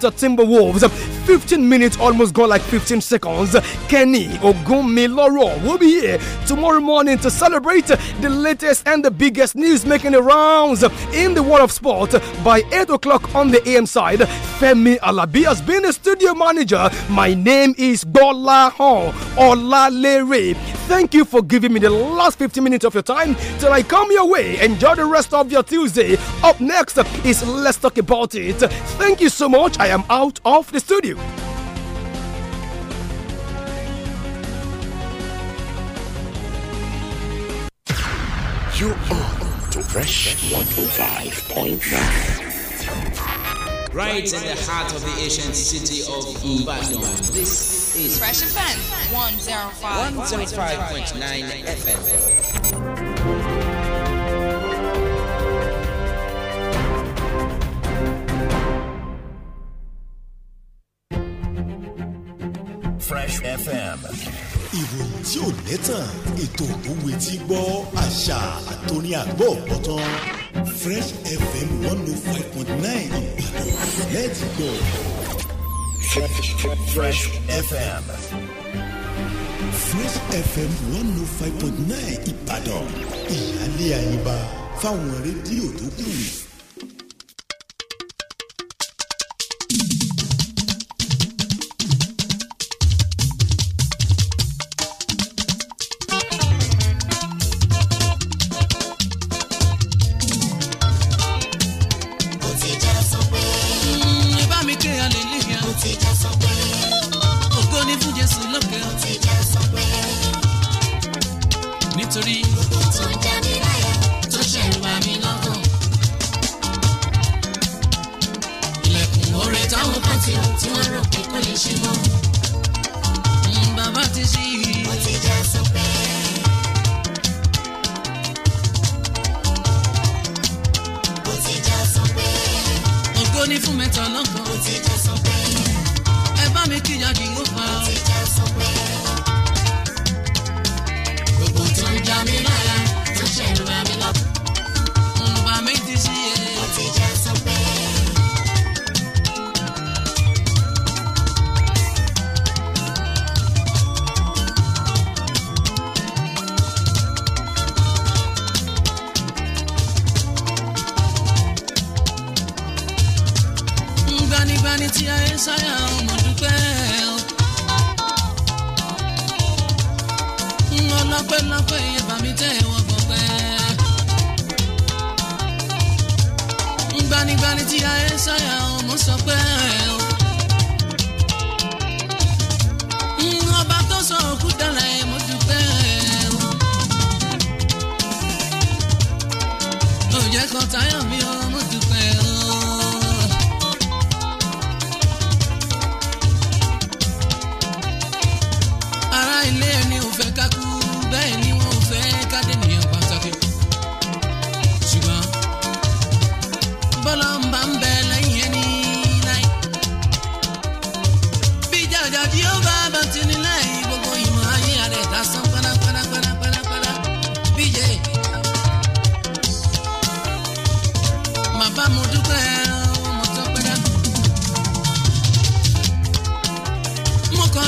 The Timberwolves 15 minutes almost gone like 15 seconds. Kenny Ogumiloro will be here tomorrow morning to celebrate the latest and the biggest news making the rounds in the world of sport. By 8 o'clock on the AM side, Femi Alabi has been the studio manager. My name is Bola Hon Olalere. Thank you for giving me the last 15 minutes of your time till I come your way. Enjoy the rest of your Tuesday. Up next is Let's Talk About It. Thank you so much. I am out of the studio. You're on to Fresh 105.9. Right in the heart of the ancient city of Ibadan, this is Fresh FM 105.9 FM. Fresh FM. ìròyìn tí ò lẹ́tàn ètò òwe tí gbọ́ àṣà àtòní àgbọ̀ ọ̀tán Fresh FM one oh five point nine Ìbàdàn let's go. Fresh FM. Fresh FM one oh five point nine Ìbàdàn ìyáálé àyíbá fáwọn rédíò tó kù. curiosity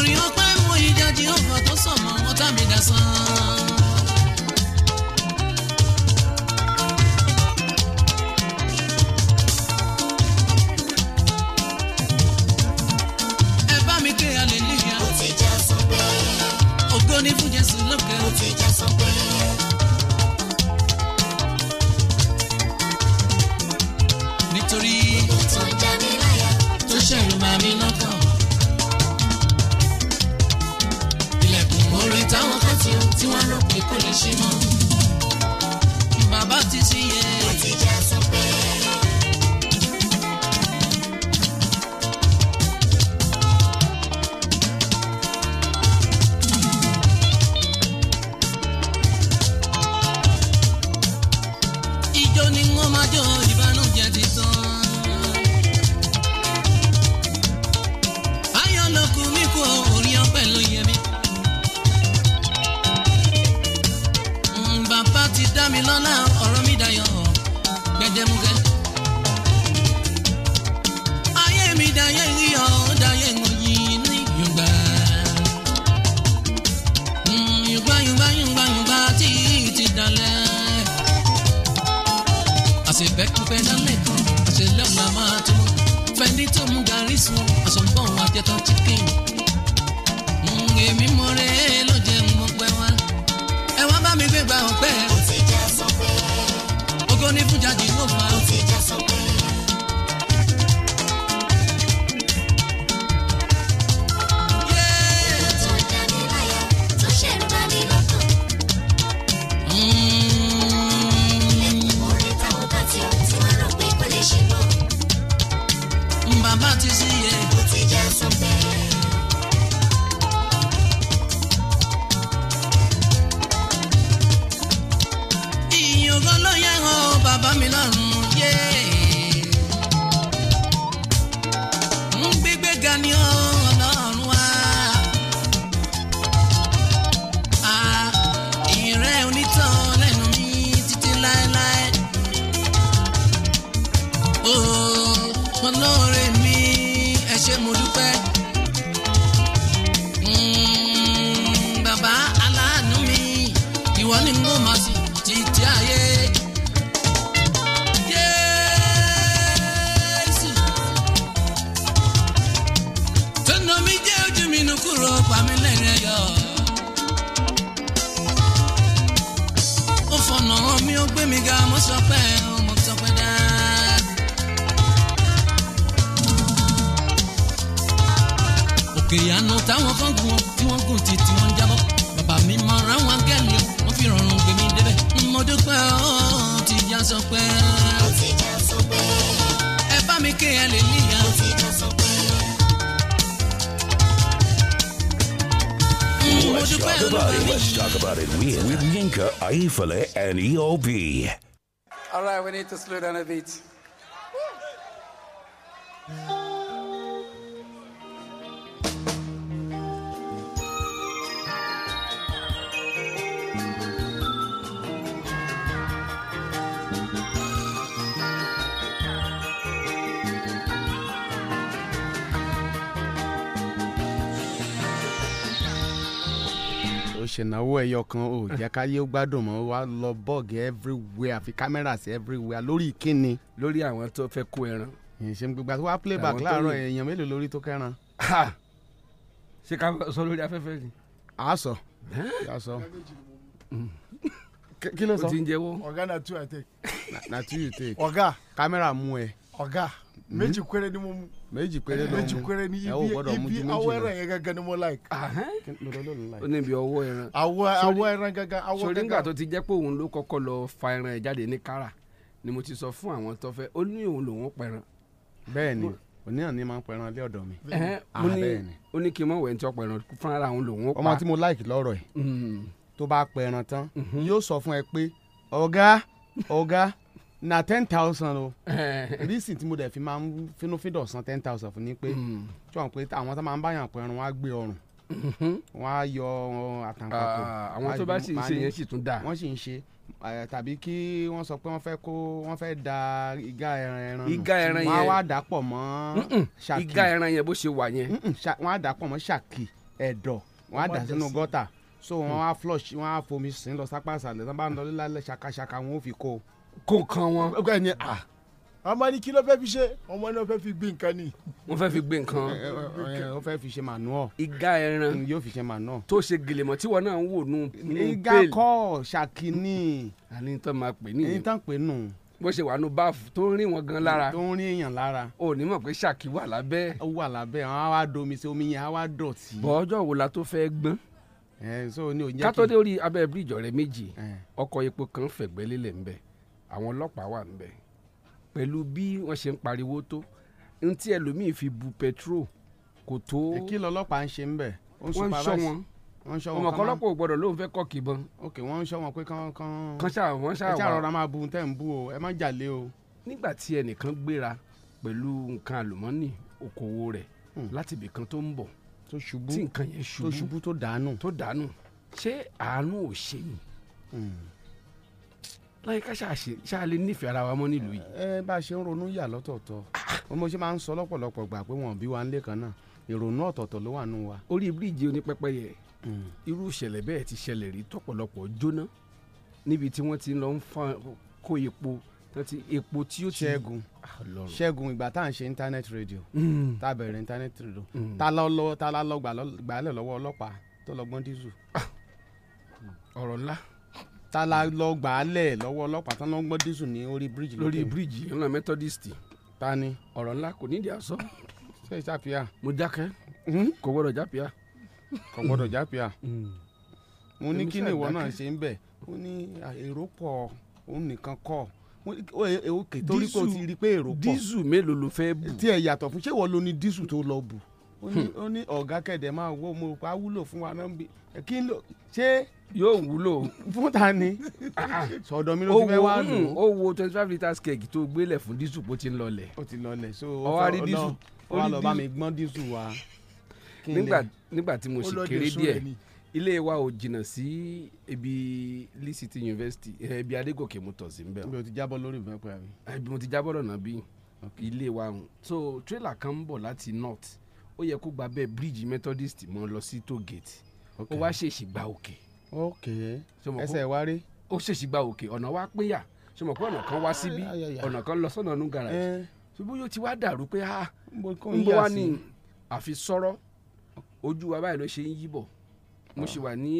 nítorí ó pẹ́ mú ìjà Jèhófà tó sọ̀mọ́ ọ̀tá mi dà sán. ṣènáwó ẹyọ kan ò jẹ́ káyé ó gbádùn mọ́ wa lọ bọ́ọ̀gì everywhere àfi kámẹ́rà sí everywhere lórí ìkíni. lórí àwọn tó fẹ́ kó ẹran. ìṣe gbogbo àti wá playback láàárọ̀ èèyàn mélòó lórí tó kẹ́ran. ṣé ká sọ lórí afẹ́fẹ́ ni. a sọ a sọ mm. kí ló sọ. o ti ń jẹ́wọ́. ọ̀gá na two i take. na two you take. ọ̀gá. kámẹ́rà mú ẹ. ọ̀gá mm. méjì péré ni mo mú méjì péré ló méjì péré ní ibi ibi awọ ẹran yẹn gangan ni mo like. Ah, ó ní ibi ọwọ́ ẹran. awọ awọ ẹran gangan awọ gangan. sori tó ti jẹ́ pé òun ló kọ́kọ́ lọ fa ẹran ẹ̀ jáde ní kára ni mo ti sọ fún àwọn tó fẹ́ ó ní òun lòun pẹran. bẹ́ẹ̀ni òní àní máa ń pẹran lé ọ̀dọ̀ mi. Ah, ó ní kí n mọ̀ wẹ̀ ń tọ́ pẹran fún ara òun lòun pa. ọmọ tí mo like lọ́rọ̀ ẹ̀ hmm. tó bá pẹran tán hmm. yóò sọ fún ẹ pé ọ̀gá ọ̀gá na ten thousand o reason tí mo dẹ̀ fi máa ń finúfíndọ̀ san ten thousand fún ni pé hmm. tí wọ́n pe àwọn tó máa ń báyàn pẹ̀rùn wọn á gbé ọrùn mhm. wọn á yọ uh, àtàǹpàkò ah, àwọn tó bá sì ń ṣe yẹn sì tún dà wọ́n sì ń ṣe eh, tàbí kí wọ́n sọ pé wọ́n fẹ́ kó wọ́n fẹ́ da ìgá ẹran ẹran nù ìgá ẹran yẹn wọ́n á wá dà pọ̀ mọ́ ṣàkì ìgá ẹran yẹn bó ṣe wà yẹn wọ́n á dà pọ̀ mọ́ ṣàkì ẹ̀dọ̀ wọ́n á dà sínú gọ́tà so wọ́n á hmm. flush wọ́n á fomi sìn lọ sápá ìsàlẹ̀ tó bá ń lọ lálẹ́ ṣàkàṣàkà wọn ò fi kó o kó kan wọn. ọkọ ẹni a. a máa ní kí ló fẹ́ fi ṣe ọmọ náà fẹ́ fi gbé nǹkan ni. wọ́n fẹ́ fi gbé nǹkan. wọ́n fẹ́ fi ṣe mànúọ̀. ìgá ẹran yóò fi ṣe mànúọ̀. tó ṣe gèlèmọ̀ tí wọn náà ń wò nù. ìgá kọ́ ṣàkíní. àní tán máa pè ní. èyí tán pè nù. bó ṣe wà nù báàfù tó ń rí wọn gan lára. tó ń rí èèyàn lára. o ní mọ̀ pé ṣàkí wà lábẹ́. wà lábẹ́ àwọn àwa domi sí omi yẹn àwa dọ̀tí. bọ́ọ̀jọ̀ wo la tó fẹ́ gbọ́n ẹ so dé orí abẹ́ bíríjì ọ̀rẹ́ méjì ọkọ̀ epo kan fẹ̀gbẹ́ lélẹ̀ ńbẹ̀ àwọn ọlọ́pàá wà níbẹ̀ pẹ̀lú bí wọ́n ṣe ń pariwo tó n tí ẹlòmíì fi bu petrol kò tó. kí lọlọ́pàá ń ṣe ń bẹ̀. wọ́n ń sọ wọn wọ́n ń sọ wọn kán máa ọmọkọlọpọ ò gbọ́dọ̀ lóun fẹ́ kọ kìbọn. ok wọ́n ń sọ wọn pé kán kán. kán ṣáà wọ́n ṣáà wà. ẹ ṣáà rọra máa bu tẹ́ ń bú o ẹ má jalè o. nígbà tí ẹnìkan gbéra pẹ̀lú nǹkan àlùmọ́nì òkòwò rẹ̀ hmm. láti ibì kan tó ń bọ̀ tó ṣubú tí nǹkan yẹn ṣubú tó ṣubú tó dànù tó dànù ṣé àánú ò ṣe yìí láyé ká ṣáà lè nífẹ̀ẹ́ ara wa mọ́ nílùú yìí. ẹ bá a ṣe ń ronú yà lọ́tọ̀ọ̀tọ̀ mo ṣe máa ń sọ lọ́pọ̀lọpọ̀ gbà pé wọ́n bí wa nílé kan náà ìrònú ọ̀tọ̀ọ̀tọ̀ ló wà nù wa. orí bíríìjì onípẹ́pẹ́yẹ hmm. irú ìṣẹ̀lẹ̀ bẹ́ẹ̀ ti ṣẹlẹ̀ rí tọ́pọ̀lọpọ̀ jóná níbi tí wọ́n ti lọ ń kó epo tọ́tí epo tí ó ti. ṣẹ́gun ah, ṣẹ́gun ìgbà tá à ń ṣe internet radio hmm. tá a bẹ̀rẹ̀ internet radio hmm. tá a lọ gbà lọ́wọ́ ọlọ́pàá tó lọ gbọ́n dísù. Ah. ọ̀rọ̀ ńlá ta la lọ gbà á lẹ̀ lọ́wọ́ ọlọ́pàá tán lọ́gbọ́n dísù ní orí bíríìjì lókè. lórí bíríìjì ńlá methodist. ta ni. ọ̀rọ̀ ńlá kò nídìí àsọ. ṣé ìjà pia. mo dákẹ́. Hmm? kò gbọ́dọ̀ já pia. kò gbọ́dọ̀ já pia. Hmm. mo ní kí ni ìwọ náà ṣe ń bẹ̀ ó ní èrò pọ̀ òun nìkan kọ́ òkè e, e, torí kò ti rí pé èrò pọ̀. dísù mélòó ló fẹ́ bù. tí ẹ yàtọ̀ fún ṣé ìwọ ló ní dísù tó lọ bù ó ní ọ̀gá kẹ̀dẹ̀ máa wó mo pa wúlò fún wa náà kí n lò ṣé yóò wúlò fún ta ni ah, ah, sọ̀dọ̀ mi ló ti fẹ́ wá lò mm, ó wo twenty five litres keg tó gbélé fún dísù bó ti ń lọlẹ̀ ó ti lọlẹ̀ so ọwọ́ àrí dísù ó wá lọ bá mi gbọ́n dísù wa. nígbà tí mo sì kéré díẹ̀ ilé wa ò jìnnà sí ibi Lee University eh, ibi Adégòkè mo tọ̀ sí nbẹ. ibi o ti jábọ́ lórí ìfẹ́ pẹ́ mi. mo ti jábọ́ lọ́nà bí ilé wa so trailer kan ń bọ̀ láti north ó yẹ kó gba bẹ́ẹ̀ bíríìjì methodist mọ́ lọ sí tó gate ó wá ṣèṣì gba òkè. ok ẹsẹ̀ wá rí. ó ṣèṣì gba òkè ọ̀nà wa péyà ṣe mọ̀ pé ọ̀nà kan wá síbí ọ̀nà kan lọ sọ́nà nù garage eh. ṣùgbọ́n yóò ti wá dàrú pé a ah, ń bọ́ wá ní àfi sọ́rọ́ ojú wa báyìí ló ṣe ń yíbọ̀ mo ah. ṣì wà ní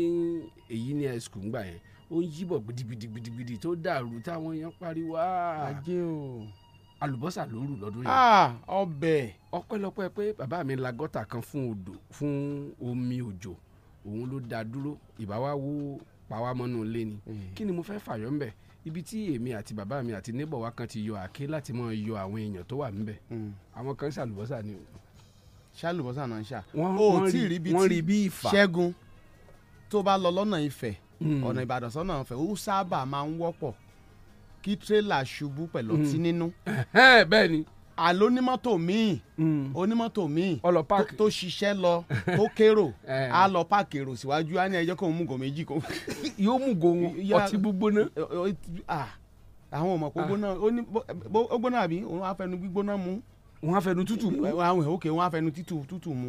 èyí ní high school ńgbà yẹn ó ń yíbọ̀ gbidigbidigbidi tó dàrú táwọn èèyàn pariwo. Ah. ajé àlùbọ́sà ló ń rù lọ́dún yìí. Ah, ọbẹ̀. ọpẹ́lọpẹ́ pé bàbá mi la gọ́tà kan fún odò fún omi òjò òun ló dá dúró ìbá wa wó pàwá mọ́nú ilé ni hmm. kí ni mo fẹ́ fàyọ́ ńbẹ̀ ibi tí èmi àti bàbá mi àti níbọ̀ wa kan ti yọ àké láti máa yọ àwọn èèyàn tó wà ńbẹ̀ hmm. àwọn kan ṣàlùbọ́sà ni o. ṣàlùbọ́sà náà ń ṣà. wọ́n rí bí ìfà ṣẹ́gun tó bá lọ lọ́nà Ifẹ̀ hmm. ọ̀nà Ìbàdàn sọ́nà Ifẹ̀ ó sábà máa ń wọ́pọ̀ kí tírélà ṣubú pẹ̀lú ọtí hmm. nínú. bẹ́ẹ̀ ni. àlọ́ onímọ́tò míì hmm. onímọ́tò míì tó ṣiṣẹ́ lọ tó kérò á lọ páàkì èrò síwájú á ní ẹjọ́ kó mú gò méjì kó. yóò mú gò ọtí gbígbóná. àwọn ọmọ kò ah. gbóná ó gbóná àbí òun á fẹnu gbígbóná mu. wọn á fẹnu tútù mu. àwọn òkè wọn á fẹnu tútù mu.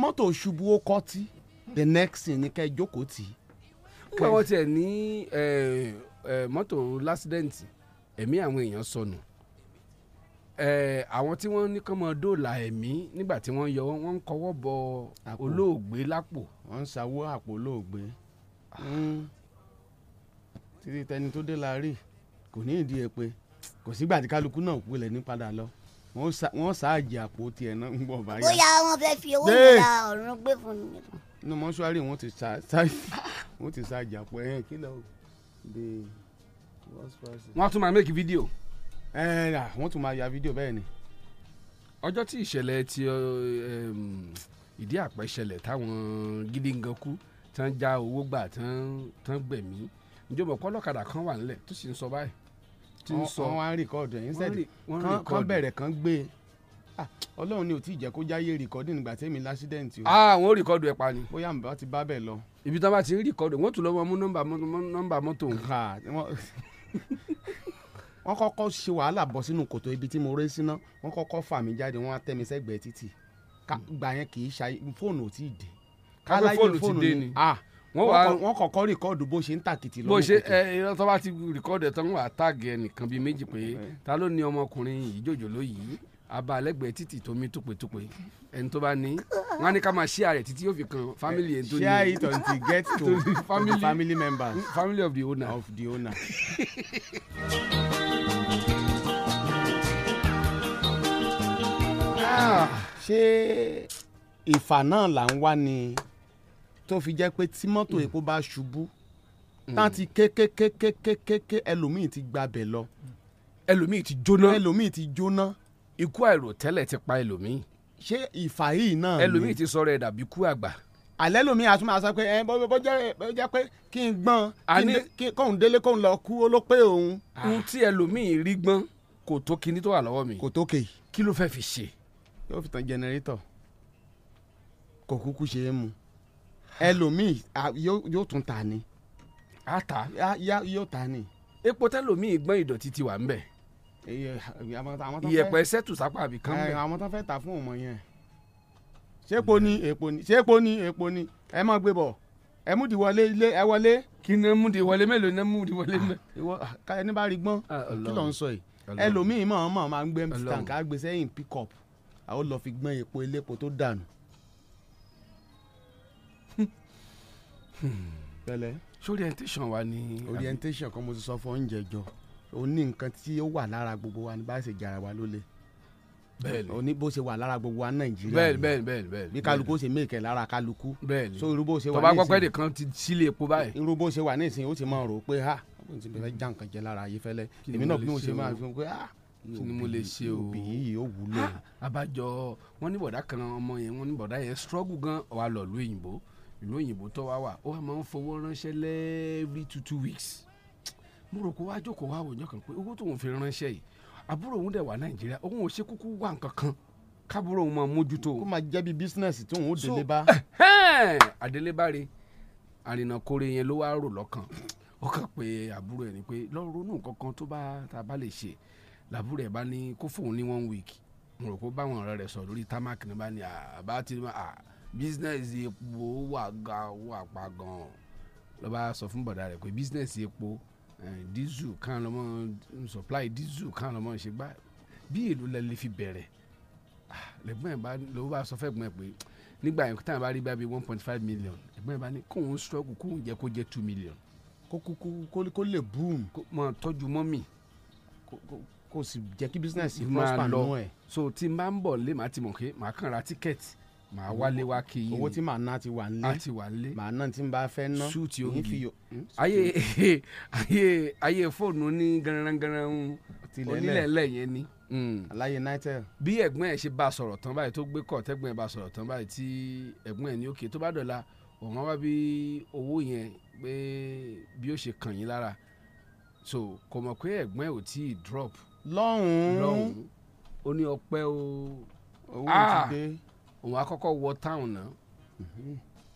mọ́tò ṣubú ó kọ́ tí the next thing ni kẹ́ ẹ jókòó tì í. nígbà wọn tiẹ̀ mọ́tò lásìdẹ́ǹtì ẹ̀mí àwọn èèyàn sọnù àwọn tí wọ́n ní kán mọ dóòlà ẹ̀mí nígbà tí wọ́n yọ wọ́n ń kọ́wọ́ bọ olóògbé lápò. wọ́n ń ṣàwó àpò olóògbé hmm. títí tẹni tó dé la rí kò ní ìdí ẹ pé kò sígbà tí kálukú náà kú lẹ̀ ní padà lọ wọ́n ṣáàjì àpò tiẹ̀ náà ń bọ̀ báyìí. bóyá wọn fẹ́ fi owó ìlà ọ̀run gbé fún mi. inú mọ́ṣúárì wọn ti ṣáàjì àpò ẹ̀yìn kí lóò wọ́n tún máa make video. ẹ ẹ wọ́n tún máa ya video bẹ́ẹ̀ ni. ọjọ́ tí ìṣẹ̀lẹ̀ ti ìdí àpẹ́ ṣẹlẹ̀ táwọn gidi nǹkan kú tán já owó gbà tán tán gbẹ̀mí ìjọba ọ̀pọ̀ ọlọ́kadà kan wà nílẹ̀ tó sì ń sọ báyìí. tí ń sọ wọn á rìkọ́ọ̀dù ẹ̀yìn kan bẹ̀rẹ̀ kan gbé e. Ah, ọlọ́run ni ò tí ì jẹ́ kó jáyé rìkọ́dì nígbà tẹ́mi lásídẹ̀ǹtì o. àwọn ò rìkọ́dù ẹ̀ pa ni. bóyá àmì ti bá bẹ̀ lọ. ibi tí wọ́n bá ti ń rìkọ́dù wọ́n tún lọ mọ nọ́mbà mọ́tò òun. wọ́n kọ́kọ́ ṣe wàhálà bọ́ sínú kòtò ibi tí mo ré síná wọ́n kọ́kọ́ fà mí jáde wọ́n á tẹ́ mi sẹ́gbẹ̀ẹ́ títì gbà yẹn kì í ṣayé fóònù ò tí ì dé. káláyé fóònù ti dé ni ah, wọ́n kọ́kọ́ rìkọ́ọ̀dù bó ṣe ń tàkìtì lọ́wọ́ kòtò. bó ṣe ẹ irọ́ tó bá ti rìkọ́ọ̀dù ẹ̀ tán wà á tààgì ẹnìkan bíi méjì pé ta ló ní ọmọkùnrin yìí jòjòló yìí abalẹgbẹ títì tó mi tupetupe ẹni tó bá ní wọn á ní ká máa ṣíà rẹ títí yóò fi kan family eh, ẹni tó ní. share it until get to family, family members. family of the owner. of the owner. Ah. ṣé ìfà náà là ń wá ni tó fi jẹ́ pé tí mọ́tò mm. epo bá ṣubú mm. tá ti kékékékékékéké ẹlòmíì ti gbabẹ̀ lọ. ẹlòmíì ti jóná. ẹlòmíì ti jóná ikú àìròtẹ́lẹ̀ ti pa ẹlòmíì. ṣé ìfà yìí náà ni ẹlòmíì ti sọ̀rọ̀ ẹ̀ dàbí ikú àgbà. alẹ́ lomi àtún máa sọ pé ẹ bọ́ bọ́ jẹ́ pé kí n gbọ́n kóun délé kóun lọ kú ó ló pé òun. ohun tí ẹlòmíì rí gbọ́n kò tó kinní tó wà lọ́wọ́ mi. kò tó kè. kí ló fẹ́ fi ṣe. yóò fi tan jẹnẹrétọ̀ kò kúkú ṣe é mu ẹlòmíì yóò tún ta ni. a ta. yóò ta ni. epo tẹlomi gbọ́n ìdọ̀tí ti wà ń bẹ̀ iyẹ̀pẹ̀ sẹ́tù sápá àbí kan bẹ̀. àwọn tó fẹ́ ta fún ọmọ yẹn ṣépo ni èpo ni ṣépo ni èpo ni ẹ má gbé bọ̀ ẹ mú di wọlé ilé ẹ wọlé. kí ni mú di wọlé mélòó ni mú di wọlé mẹ. Ah, ah, ẹni bá rí gbọ́n ah, kí ló ń sọ yìí ẹlòmíì mọ̀ ọ́n mọ̀ máa ń gbé tàǹkà gbé sẹ́yìn pick up àwọn lọ́ọ́ fi gbọ́n epo elépo tó dànù. Hmm. pẹ̀lẹ́. ṣé orientation wa ni. orientation kan mo ti sọ fún oúnjẹ jọ ó ní nǹkan tí ó wà lára gbogbo wa ní bá ṣe jara wa lólè bẹ́ẹ̀ni bó ṣe wà lára gbogbo wa nàìjíríà bẹ́ẹ̀ni bẹ́ẹ̀ni bẹ́ẹ̀ni bẹ́ẹ̀ni bí kálukú ṣe mèkè lára kálukú bẹ́ẹ̀ni so irú bó ṣe wà ní ìsìn tọba gbọgbẹ nìkan ti sílé epo báyìí irú bó ṣe wà ní ìsìn ó ti máa rò pé ha ó ti fẹ́ já nǹkan jẹ lára ayé fẹ́lẹ́ èmi náà bí mo ṣe máa fi pé ha kí mo lè ṣe o òbí yìí ó wúlò. abájọ wọn ní bọ̀dá kan ọmọ yẹn wọn ní bọ̀dá yẹn struggle gan wà lọ ìlú òyìnbó ìlú òyìnbó tó wá wà ó máa ń fowó ránṣẹ́ lẹ́ẹ̀rí two two weeks mo rò kó wá jókòó wá wòjọ́ kan pé owó tóun fi ránṣẹ́ yìí àbúrò òun dẹ̀ wà nàìjíríà òun ò ṣe kúkú wà nǹkan kan kábúrò òun máa mójútó. kó máa jẹ́ bí bísínẹ́sì tí òun ó délé bá. àdélébá re àrìnàkore yẹn ló wá rò lọ́kàn ó kàn pé àbúrò ẹ̀ ni pé lọ ronú nǹkan kan tó bá ta bá lè ṣe làbúrò ẹ̀ bá ní kó fóun ní one week mo rò kó báwọn ọ̀rẹ́ rẹ̀ sọ lórí tamak ní bá ní àbá ti ní bísínẹ́sì epo wà ga wà pa gan-an ló sọ fún bọ̀dá rẹ̀ pé bísínẹ́sì epo Eh, diesel kan lọ́mọ supply diesel kan lọ́mọ ṣe gbá bí èlò lẹ lè fi bẹ̀rẹ̀ lẹ́gbọ́n ah, ẹ̀ bá lọ́wọ́ bá sọ fẹ́gbọ́n ẹ̀ pé nígbà yẹn a bá rí bá bíi one point five million ẹ̀gbọ́n ẹ̀ bá ní kóun struggle kóun jẹ́ kó jẹ́ two million. kó kó kó kó lè boom. kó mọ tọ́jú mọ́mì. kó kó kó sì jẹ́ kí business yìí prosper nù ẹ̀. so tí n bá ń bọ̀ lé màá ti mọ̀ pé màá kàn ra tíkẹ́ẹ̀tì màá wálé wá kí yín owó tí màá ná ti wà nílé àti wà nílé màá ná tí n bá fẹ́ ná ṣúùtì ògì hmm? hmm? ayé ayé ayé fóònù ní garangaran onílẹ̀lẹ̀ yẹn ni. Hmm. aláyé nitel. bí ẹ̀gbọ́n ẹ̀ ṣe bá a sọ̀rọ̀ tán báyìí tó gbé kọ̀ tẹ́gbọ́n ẹ̀ bá a sọ̀rọ̀ tán báyìí tí ẹ̀gbọ́n ẹ̀ ní òkè tó bá dọ̀la òun wá bí owó yẹn pé bí ó ṣe kàn yín lára so kò mọ̀ pé ẹ̀gbọ́n ẹ̀ ò tí ì drop. lọ́hùn-ún lọ́hùn-ún ó ní ọpẹ́ o owó ti ah! dé òun akọ́kọ́ wọ táwọn náà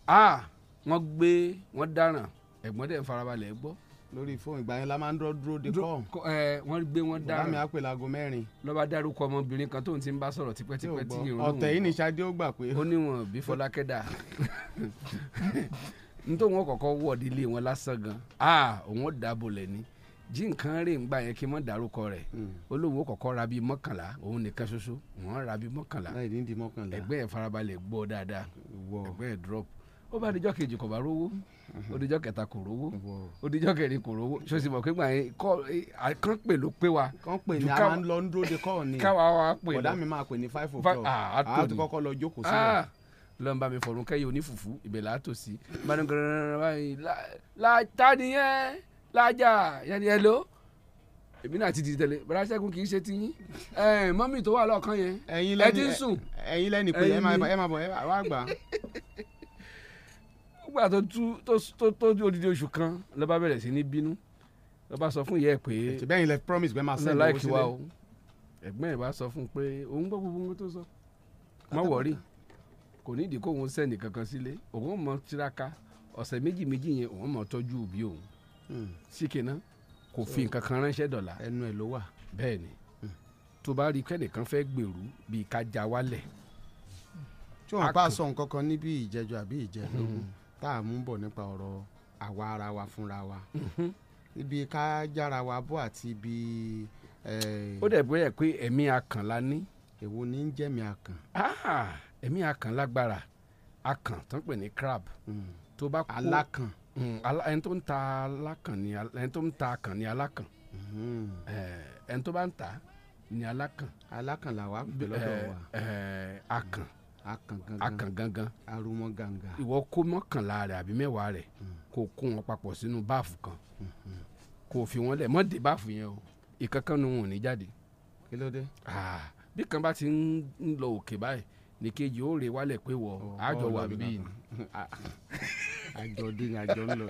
a mhm. wọ́n gbé wọ́n dáràn ẹ̀gbọ́n dẹ̀ ń farabalẹ̀ gbọ́. lórí fóònù ìgbà yẹn la máa ń dúró dúró de kọ́. ẹ wọ́n gbé wọ́n dáràn bàbá mi àpè lago mẹ́rin. lọ́ba dárúkọ ọmọbìnrin kan tóun ti ń bá sọ̀rọ̀ tipẹ́tipẹ́ tí ìrún òun ọ̀tẹ̀ yìí ni Ṣadé ó gbà pé. ó níwọ̀n bí Fọlákẹ́dà nítorí wọn kọ̀ọ̀kan wọ̀ọ́dí ilé wọn lásán gan ah òun ó dábòlẹ̀ ni jí nǹkan rè ń gbà yẹn kí n mọ̀ dárúkọ rẹ̀ hmm. olóhùn ó kọ́kọ́ ra bíi mọ́kànlá òun nìkan ṣoṣo wọ́n ra bíi mọ́kànlá ẹgbẹ́ ẹ̀ farabalẹ̀ gbọ́ dáadáa ẹgbẹ́ ẹ̀ drop ó bá dijọ́ kejì kò bá rówó uh-huh. ó dijọ́ kẹta kò rówó ó dijọ́ kẹrin kò rówó ṣòsì mọ̀ pé gbà yẹn kọ́ kán pè ló pé wa. kán pè ní àwọn lọ ń dúró de kọ́ ni káwa wa pè lọ ọ̀dà mi máa pè ní five o'clock àá ti kọ́kọ́ lọ jókòó sí wa lọ́n bá mi fọ̀rùn kẹ́yìn onífùfù ìbẹ̀lẹ̀ àtòsí bá ní gbẹ̀rẹ̀ báyìí láta nìyẹn lájà yẹn ni ẹ ló èmi náà ti di tẹ́lẹ̀ bàrà sẹkùn kì í ṣe tiyín mọ́mì tó wà lọ́ọ̀kan yẹn ẹ ti ń sùn. ẹ̀yin lẹ́nu pé ẹ máa bọ̀ ẹ wá gbà. nígbà tó tó tó odidi oṣù kan ló bá bẹ̀rẹ̀ sí ní bínú ló bá sọ fún ìyá ẹ̀ pé. ètò bẹ́ẹ̀ ni lẹ promise pé máa sẹ́ni owó sílẹ̀ ẹ̀gbọ́n ẹ̀ bá sọ fún un pé òun gbọ́ gbogbo ohun tó sọ má wọ̀rí kò nídìí kóun sẹ́ni kankan sílé òun mọ̀ tiraka ọ̀sẹ̀ méjì méjì yẹn òun mọ̀ tọ́jú òbí òun síkìnà kò fi nǹkan kan ránṣẹ́ dọ̀la ẹnu ẹ̀ ló wà bẹ́ẹ̀ ni hmm. tó bá rí kẹ́nìkan fẹ́ gbèrú bíi ká já wálẹ̀. tí wọn bá sọ nǹkan kan níbi ìjẹjọ àbí ìjẹlógún hmm. tá a mú bọ̀ nípa ọ̀rọ̀ àwa ara wa fúnra wa hmm. ibi ká jára wa bọ́ àti ibi. ó dẹ̀ bóyá pé ẹ̀mí akàn la ní. èwo ni ń jẹ́mi akàn. Ah, ẹ̀mí akàn lágbára akàn tó ń pè ní crab. tó bá kó alákàn Mm. ẹni tó ń ta alákàn ni ẹni tó ń ta akàn ni alákàn mm. ẹni tó bá ń ta ni alákàn. alákàn la wa pè lọ́dọ̀ wa. akàn akàn gangan akàn gangan arúmọ gangan. ìwọ kó mọ́kànlá rẹ̀ àbí mẹ́wàá rẹ̀ mm. kó kó wọn papọ̀ sínú báàfù kan mm-hmm. kó fi wọn lẹ̀ mọ́dé báàfù yẹn o ìkankan nu wọn ò ní jáde. kí ló dé. Ah, bí kan bá ti ń lọ òkè báyìí ní kejì ó rè wálẹ̀ pé wọ àjọ wà bíi. àjọdé ni àjọ ń lọ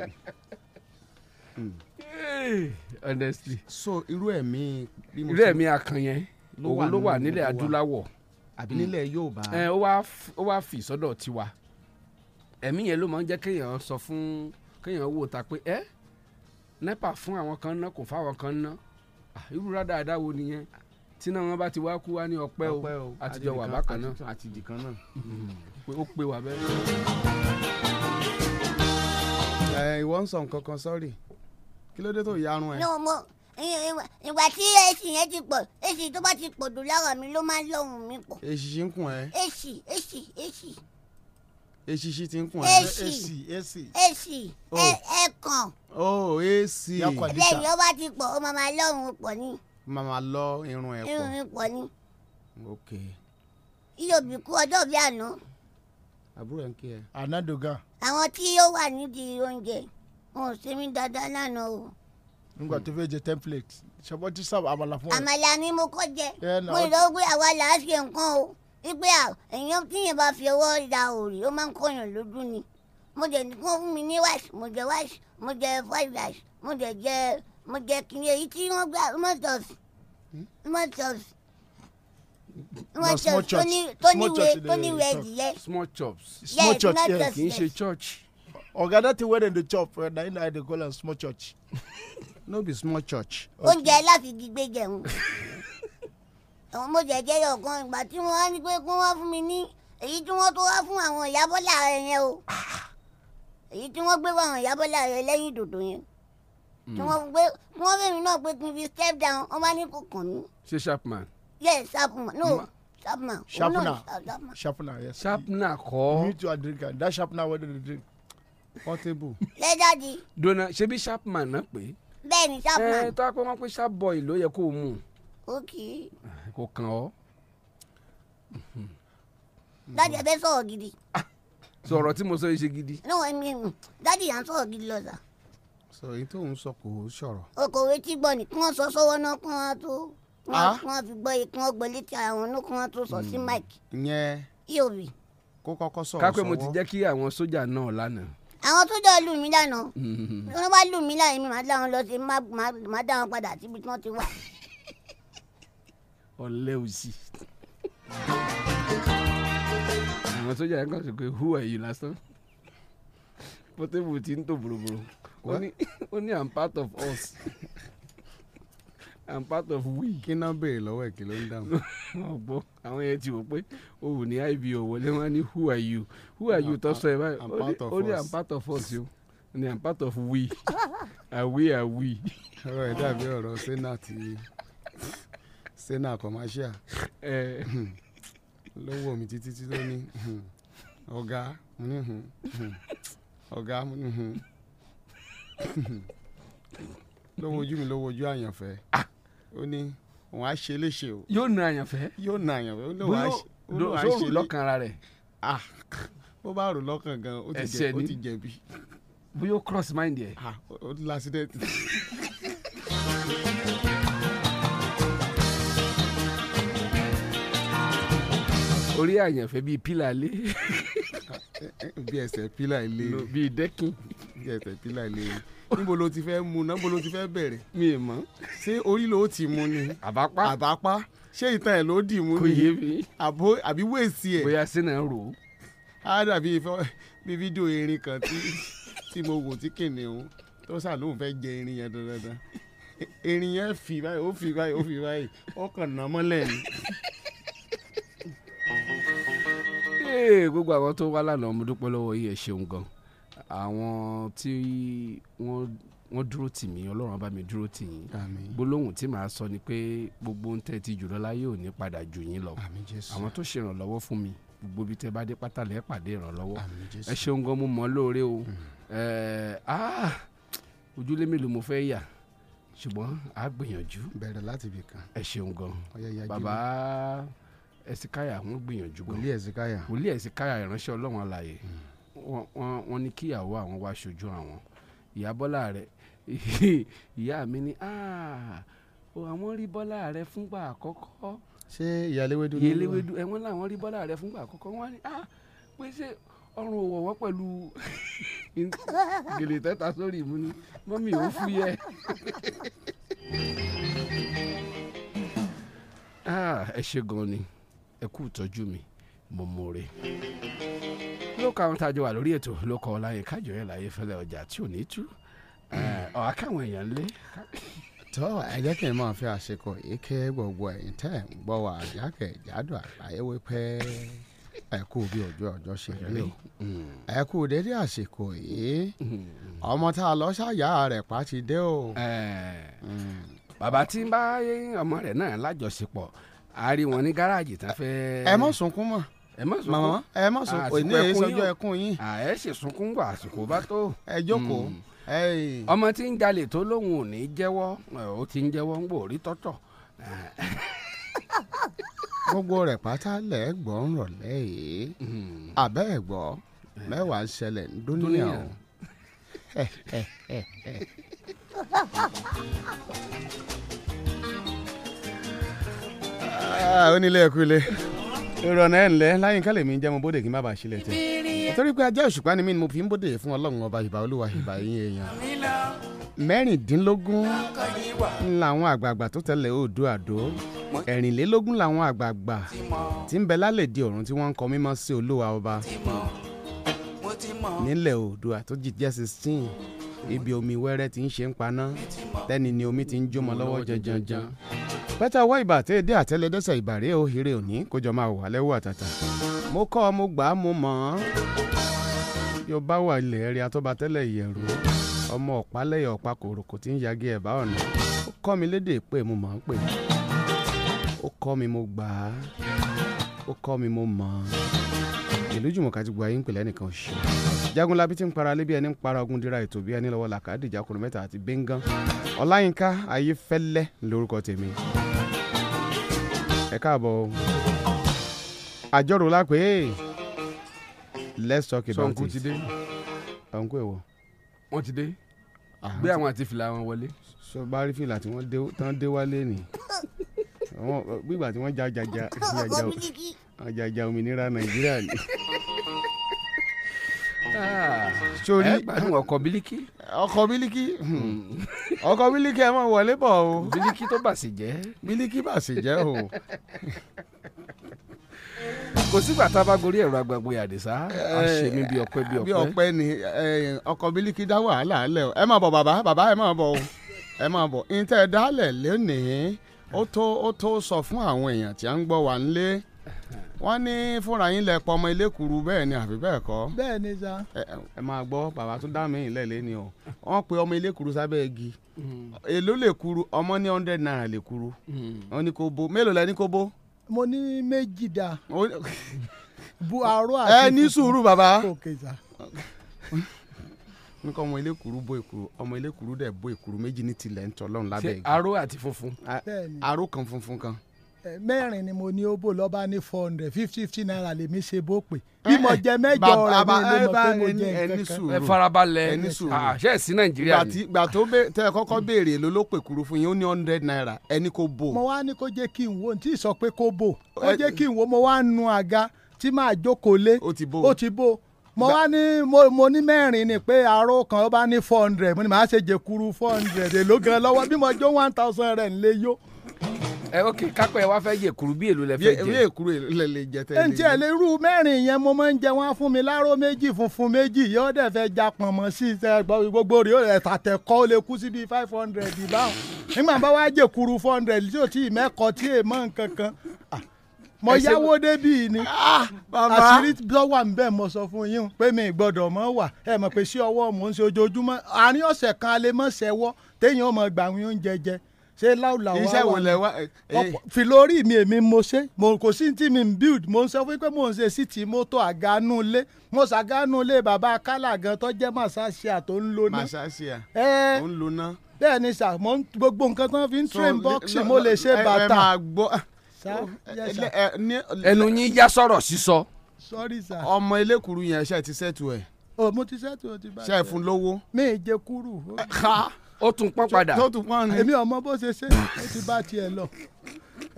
hmm. yìí. honestly. so irú ẹ̀mí. irú ẹ̀mí akàn yẹn òun ló wà nílẹ̀ adúláwọ̀. àbí hmm. nílẹ̀ Yorùbá. ẹ ó wá ó wá fi sọ́dọ̀ tiwa ẹ̀mí yẹn ló máa ń jẹ́ kéèyàn sọ fún kéèyàn wò ta pé ẹ́ nepa fún àwọn kan ná kò fáwọn kan ná irú rádáadáa wo nìyẹn tíná wọn bá ti wá kú wá ní ọpẹ́ o àtijọ́ wà bákan náà àtijọ́ kan náà hmm. ó pé wà bẹ́ẹ̀ ẹ ìwọ ń sọ nǹkan kan sọ́ọ̀rì kí ló dé tó yarun ẹ. ní ọmọ ìwà tí èsì yẹn ti pọ̀ èsì tó bá ti pọ̀ jù lára mi ló máa ń lọ́hùn mi pọ̀. èsì ṣì ń kùn ẹ. èsì èsì èsì. èsì ṣì ti ń kùn ẹ. èsì èsì èsì ẹ̀ẹ̀kan. o èsì. lẹ́yìn oh. oh, tó bá ti pọ̀ ó máa lọ́hùn pọ̀ ni. máa lọ irun ẹ̀ pọ̀. irun mi pọ̀ ni. ok. iye kú ọjọ́ bí àná àbúrò ẹ̀ ń kí ẹ. anadogan. àwọn tí ó wà nídìí oúnjẹ wọn ò ṣe mí dáadáa lánàá o. nígbà tó fẹ́ jẹ template ṣọwọ́ ti sábà àmàlà fún ẹ. àmàlà ni mo kọ́ jẹ mo lọ gbé àwa là á ṣe nǹkan o wípé èèyàn tíyẹn bá fi ọwọ́ da òòrì ó máa ń kọyàn lójú ni mo jẹ nìkan fún mi ní wash, mo jẹ wáṣì mo jẹ fried rice mo jẹ jẹ mo jẹ kìnìún èyí tí wọ́n gbà mọ́tọ̀ọ̀sì hmm? mọ́tọ̀ọ̀sì small church eh? small church small church small church yes kì í ṣe church. oga dat thing wey dem dey chop na im i dey call am small church no be small church. oúnjẹ láfìgì gbé jẹun àwọn mo jẹ jẹ ọgán ìgbà tí wọn á ní pé kí wọn fún mi ní èyí tí wọn tó wá fún àwọn ìyábọ̀lá rẹ yẹn o èyí tí wọn gbé wá àwọn ìyábọ̀lá rẹ lẹ́yìn dòdò yẹn tí hmm. wọn gbé wọn fẹmi náà pé kí n fi step down wọn bá ní kò kàn mí. ṣé sharp man yes sharpener no sharpener sharpener sharpener yes sharpener kọ́. you need to drink am that sharpener wey dey drink portable. leather di. dona ṣebí sharpman náà pé. bẹ́ẹ̀ni sharpman. ẹ tó a pé wọn pé sharp boy ló yẹ kó o mú. ok. kò kàn ọ. dájú ẹ bẹ sọ̀rọ̀ gidi. Ah, sọ̀rọ̀ tí mo sọ yìí ṣe gidi. no i mean dájú yà ń sọ̀rọ̀ gidi lọ sà. sọ èyí tó ń sọ kò sọ̀rọ̀. o kò retí gbọ́ ni kí wọ́n sọ sọ́wọ́ náà kí wọ́n á tó wọ́n ah. fi gbọ́ ikú wọn gbọ́ létí àwọn onúkú wọn tó sọ sí hmm. mike. ìyẹn eob. kó kọ́kọ́ sọ̀rọ̀ sọ́wọ́. kápẹ́ mo ti jẹ́ kí àwọn sójà náà lánàá. àwọn sójà lù mí lánàá hmm. wọ́n bá lù mí lánàá mi máa dá wọn lọ sí máa dá wọn padà síbi tí wọ́n ti wà. ọ̀lẹ́ òsì àwọn sójà yẹn kàn sí pé who are you lásán pọtẹ́bù ti ń tò bòròbòrò ó ní i'm part of us i'm part of we. kí náà béèrè lọ́wọ́ ẹ̀ kí ló ń dáhùn. ọ̀gbọ́ àwọn yẹn ti wò pé o wù ní ibo wọlé wọn ní who are you who are you tó sọ ẹ báyìí ó ní i'm part of us o ní i'm part of we are we are we. ọ̀rọ̀ ẹ̀ dàbí ọ̀rọ̀ sena ti sena commercial lọ́wọ́ eh. mi títí tí ló ní hmm, ọ̀gá hmm, hmm, ọ̀gá lọ́wọ́ ojú mi lọ́wọ́ ojú àyànfẹ́. Ah! ó ní òun á ṣe léṣe o. yóò na àyànfẹ́. yóò na àyànfẹ́ ó ní òun á ṣe léṣe. bó rò lọ́kàn ara rẹ̀. ah bó bá rò lọ́kàn gan ó ti jẹ̀bi. bó yóò cross mind yẹ. ah ó ní accident. orí àyànfẹ́ bíi pílà lé. bí ẹsẹ̀ pílà lé. bí dẹ́kin. bí ẹsẹ̀ pílà lé níbo ló ti fẹ́ mu náà níbo ló ti fẹ́ bẹ̀rẹ̀ mi ì mọ̀ ṣé orí ló ti mu ni àbápá àbápá ṣé ìtàn ẹ̀ ló dì mu ni kò yé mi àbí wéèsì ẹ̀ bóyá sínú ẹ̀ rò ó. á dàbí bí fídíò erin kan tí mo wò tí kìnìún tó sà lóun fẹ́ jẹ erin yẹn dandan erin yẹn fi báyìí ó fi báyìí ó fi báyìí ó kàn ná mọ́lẹ̀ ni gbogbo àwọn tó wá lánàá mo dúpẹ́ lọ́wọ́ yìí ẹ̀ ṣeun gan-an àwọn tí wọ́n wọ́n dúró tì mí ọlọ́run bá mi dúró tì yín gbólóhùn tí màá sọ ni pé gbogbo ń tẹ́ ti jùlọ láyé ò ní padà jù yín lọ àwọn tó ṣèrànlọ́wọ́ fún mi gbogbo bí tẹ́ bá dé pátá lẹ́ pàdé ìrànlọ́wọ́ ẹ ṣeun gan mo mọ̀ ọ́ lóore o hmm. ah, ojúlé mélòó mo fẹ́ yà ṣùgbọ́n a gbìyànjú bẹ̀rẹ̀ láti ibì kan ẹ ṣeun gan bàbá ẹsìkáyà wọ́n gbìyànjú gan wòlíì ẹsìkáyà ìránṣẹ́ ọlọ́run alààyè hmm wọ́n ní kíyàwó àwọn wá ṣojú àwọn ìyá bọ́lá rẹ̀ ìyá mi ni àwọn rí bọ́lá rẹ̀ fúngbà àkọ́kọ́ ṣé ìyáléwédú ni ìyáléwédú ẹ wọn làwọn rí bọ́lá rẹ̀ fúngbà àkọ́kọ́ wọn ni pé ṣé ọrùn òwò wọn pẹ̀lú gèlè tẹ́ta sórí ìmú ni mọ́mì ò fúyẹ́ ẹ ṣe gan ni ẹ kú ìtọ́jú mi mo mọ̀ọ́rẹ́. ló ka àwọn tájọ wà lórí ètò ló kọ ọláyé kájọ yẹn láyé fẹlẹ ọjà tí ò ní tú ọ̀hà káwọn èèyàn lé. tọ́ ẹ jẹ́ kí n máa fi àsìkò yìí kí gbogbo ẹ̀yin tẹ́ ẹ̀ ń gbọ́ wa àjákẹ́ ìjádò àgbáyé wípé ẹ kú bí ojú ọjọ́ ṣe rí ẹ kú dédé àsìkò yìí mm-hmm. ọmọ tá a lọ ṣàyà rẹ̀ pa ti dé o. Mm. bàbá tí ń bá ọmọ rẹ̀ náà lájọṣepọ̀ a rí wọn ní gáràjì tá a fẹ́. ẹ mọ̀ sunkún mọ́ ẹ má sunkún mama ẹ má sunkún òní èyí sọjọ ẹkún yín. ẹ ṣe sunkún gbà àsìkò bá tó. ẹ jókòó. Hmm. ọmọ tí ń jalè tó lóun ò ní jẹ́wọ́ ó ti ń jẹ́wọ́ ń gbò rí tọ́tọ̀. gbogbo rẹ̀ pátá lẹ̀ gbọ́n rọ̀lẹ́ yìí àbẹ́ hmm. ẹ̀ gbọ́ mẹ́wàá ń ṣẹlẹ̀ ní dúníà o. Ah, onílé ẹ̀kú ilé ìrọ̀nà ẹ̀ ńlẹ́ láyínká lèmi jẹ́ mo bóde kí n má bàa sílẹ̀ tẹ̀ torí pé ajá òṣùpá ni mí ni mo fi ń bóde fún ọlọ́run ọba ìbá olúwa ìbá yín èèyàn mẹ́rìndínlógún làwọn àgbààgbà tó tẹ̀lé odò àdó ẹ̀rìnlélógún làwọn àgbààgbà tí ń bẹ lálẹ́ di ọ̀run tí wọ́n ń kọ mímọ́ sí olúwa ọba nílẹ̀ oòdùà tó jìjẹ́ sixteen ibi omi wẹ́rẹ́ ti ń ṣe ń paná tẹ́ni ni omi ti ń jómọ lọ́wọ́ jẹjẹrẹ pẹ́tà wọ́ ìbà tẹ́ dé àtẹ́lẹdẹ́sẹ̀ ìbàrẹ́ ò hèrè òní kó jọ máa wà lẹ́wọ́ àtàtà mo kọ́ ọ mo gbà á mo mọ̀ ọ́n yóò bá wà ilẹ̀ ẹ̀rí atọ́batẹ́lẹ̀ ìyẹ̀rù ọmọ ọ̀pá lẹ́yìn ọ̀pá kòròkò tí ń yagi ẹ̀bá ọ̀nà ó kọ́ mi lédè pé mo mọ̀ ọ́n pè mí ó kọ́ mi mo gbà á ó kọ́ mi mo mọ̀ ọ́n ìlú jùmọ̀ká ti gba yín pèlẹ́ nìkan ṣe jagunlabi ti ń para lébi ẹni ń para ogun dira ètò bí ẹni lọ́wọ́ làkàdìjà kùnú mẹ́ta àti bẹ́ngàn ọláyínká ayéfẹ́lẹ́ lórúkọ tèmi káàbọ̀ àjọrò la pé let's talk about it. sọ̀nkú ti dé. ọ̀nkú èwo. wọ́n ti dé gbé àwọn àti fìlà wọn wọlé. sọ bá rí fìlà tí wọ́n tán dé wálé ni gbígbà tí wọ́n jajaja jaja òmìnira nàìjíríà ni. Ah. sori ọkọ bílíkì. ọkọ bílíkì hmm. ọkọ bílíkì ẹ máa wọlé bọ̀ o. bílíkì tó bàṣẹ jẹ́. bílíkì bàṣẹ jẹ́ o kò sígbà tá a bá gorí ẹ̀rọ agbagbe àdìsá àṣẹ eh, mi bí ọpẹ́ bí ọpẹ́. bí ọpẹ́ ni eh, ọkọ bílíkì dá wàhálà lẹ o ẹ máa bọ̀ bàbá bàbá ẹ máa bọ̀ o ẹ máa bọ̀ ntẹ dálẹ̀ lónìí ó tó ó tó sọ fún àwọn èèyàn tí a ń gbọ́ wa ńlé wọ́n ní fúnra yín lẹ pọmọ ilé kuru bẹ́ẹ̀ ni àfi bẹ́ẹ̀ kọ́. bẹ́ẹ̀ ni sa. ẹ máa gbọ́ bàbá tún dá mi ìlẹ̀ lé ni o wọ́n pe ọmọ ilé kuru sábẹ́ igi hmm. èló lè kuru ọmọ ní hundred naira lè kuru hmm. wọ́n ní kò bó mélòó lẹ ní kò bó. mo ní méjì dá bu aró àti. ẹ ní sùúrù bàbá. n kọ́ ọmọ ilé kuru bó èkuru ọmọ ilé kuru dẹ̀ bó èkuru méjì ní tilẹ̀ ń tọ́ lọ́run lábẹ́ igi. aró àti funfun. aró kan funfun kan mẹ́rin ni mo ní ó bò lọ́ba ní four hundred fifty fifty naira lèmi ṣe bó pé bí eh, mo jẹ mẹ́jọ rẹ̀ mi lè mọ̀ pé mo jẹ nǹkan kan. ẹ farabalẹ̀ ẹni sùúrù àṣẹ sí nàìjíríà ni. gbà tó tẹ ẹ kọ́kọ́ béèrè èlò ló pè kúrú fún yín ó ní hundred naira ẹni kò bò. mo wá ní kó jẹ́ kí n wo tí ì sọ pé kó bò ó eh, jẹ́ kí n wo mo wá nu àga tí màá jókòó lé ó ti bò mo wá ní mo ní mẹ́rin ni pé aró kan ó bá ní four hundred mo ní màá ṣe jẹ kúrú four hundred èlò gan lọ́wọ́ bí mo jó one thousand rẹ̀ ń lé yó ẹ ok kápẹ́ wa fẹ́ yẹ kuru bí èlò lẹ fẹ́ jẹ yẹ kuru lẹ lè jẹ tẹ́lẹ̀. ẹ̀ ń tiẹ̀ lè rú mẹ́rin yẹn mo máa ń jẹ wọn fún mi láró méjì funfun méjì yóò dẹ̀ fẹ́ ja pọ̀nmọ́ sí iṣẹ́ gbogbo rẹ̀ yóò tàtẹ̀kọ́ ó lè kú sí bíi five hundred báwọn nígbà bá wá jẹ kuru four hundred tí ò tí ì mẹ́kọ̀ọ́ tí èèmọ̀ nǹkan kan mo yáwó débì ni ah, àṣírí lọ́wọ́ mi bẹ́ẹ̀ mo sọ fún yín pé mi gbọ́dọ̀ mọ́ wà ẹ mọ̀ pé sí ọwọ́ mò ń ṣe ojoojúmọ́ àárín ọ̀sẹ̀ kan a lè mọ̀ ṣẹ́wọ́ téèyàn ọmọ gbà oúnjẹ jẹ ṣé láwùlà wa iṣẹ́ wo lẹ wá. Eh, eh. fìlórí mi èmi mo ṣe kò sí tí mi build mo ń sọ fún pé mo ń ṣe sí ti mọ́tò àgánulé mo ṣàgánulé bàbá kálà gan tó jẹ́ màsáṣíà tó ń lona. màsáṣíà ó ń lona. bẹ́ẹ̀ ni sà mo ń gbogbo nǹkan tó fi ń train boxing mo lè ṣe bàtà. ẹ máa gbọ́ ah, oh, eh, ẹnu yín yá sọ̀rọ̀ sísọ. ọmọ elékùrú yẹn ṣe ti ṣètò ẹ̀. o oh, mo ti ṣètò ti bá a. ṣe é fún lówó. mi ì jẹ kúrú. ha ó tún pọ́n padà. tó tún pọ́n ni. èmi ọmọ bó ṣe ṣe ó ti bá tiẹ̀ lọ